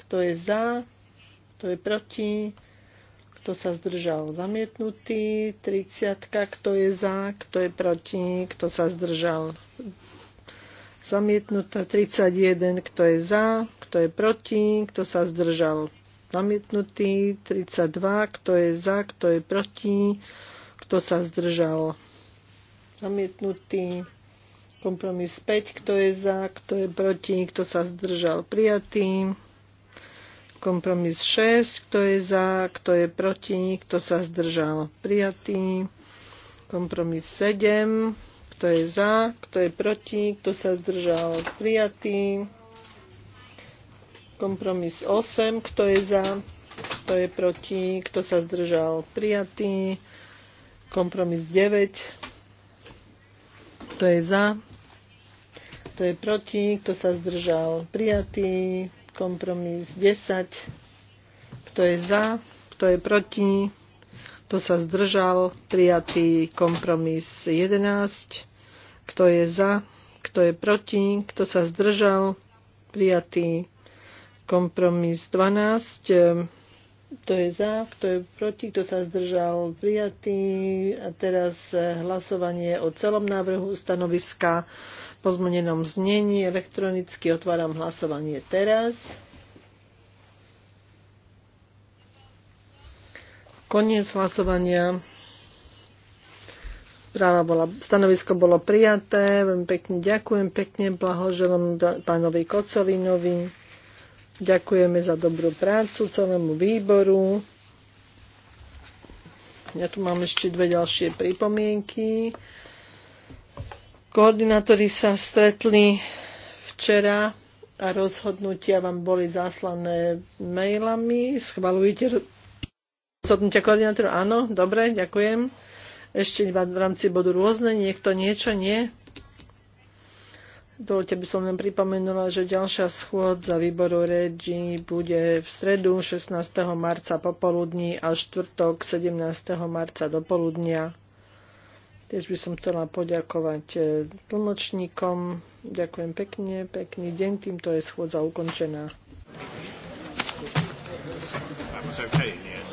Kto je za, kto je proti, kto sa zdržal zamietnutý, 30, kto je za, kto je proti, kto sa zdržal zamietnutá, 31, kto je za, kto je proti, kto sa zdržal zamietnutý, 32, kto je za, kto je proti, kto sa zdržal zamietnutý, kompromis 5, kto je za, kto je proti, kto sa zdržal prijatý. Kompromis 6, kto je za, kto je proti, kto sa zdržal. Prijatý. Kompromis 7, kto je za, kto je proti, kto sa zdržal. Prijatý. Kompromis 8, kto je za, kto je proti, kto sa zdržal. Prijatý. Kompromis 9, kto je za, kto je proti, kto sa zdržal. Prijatý Kompromis 10. Kto je za? Kto je proti? Kto sa zdržal? Prijatý kompromis 11. Kto je za? Kto je proti? Kto sa zdržal? Prijatý kompromis 12. Kto je za? Kto je proti? Kto sa zdržal? Prijatý. A teraz hlasovanie o celom návrhu stanoviska pozmenenom znení elektronicky. Otváram hlasovanie teraz. Koniec hlasovania. Práva bola, stanovisko bolo prijaté. Veľmi pekne ďakujem, pekne blahoželom pánovi Kocolinovi. Ďakujeme za dobrú prácu celému výboru. Ja tu mám ešte dve ďalšie pripomienky. Koordinátori sa stretli včera a rozhodnutia vám boli zaslané mailami. Schvalujete rozhodnutia koordinátorov? Áno, dobre, ďakujem. Ešte iba v rámci bodu rôzne, niekto niečo, nie? Dovolte by som len pripomenula, že ďalšia schôdza výboru REGI bude v stredu 16. marca popoludní a štvrtok 17. marca do poludnia. Tiež by som chcela poďakovať e, tlmočníkom. Ďakujem pekne, pekný deň, týmto je schôdza ukončená. That was okay in the end.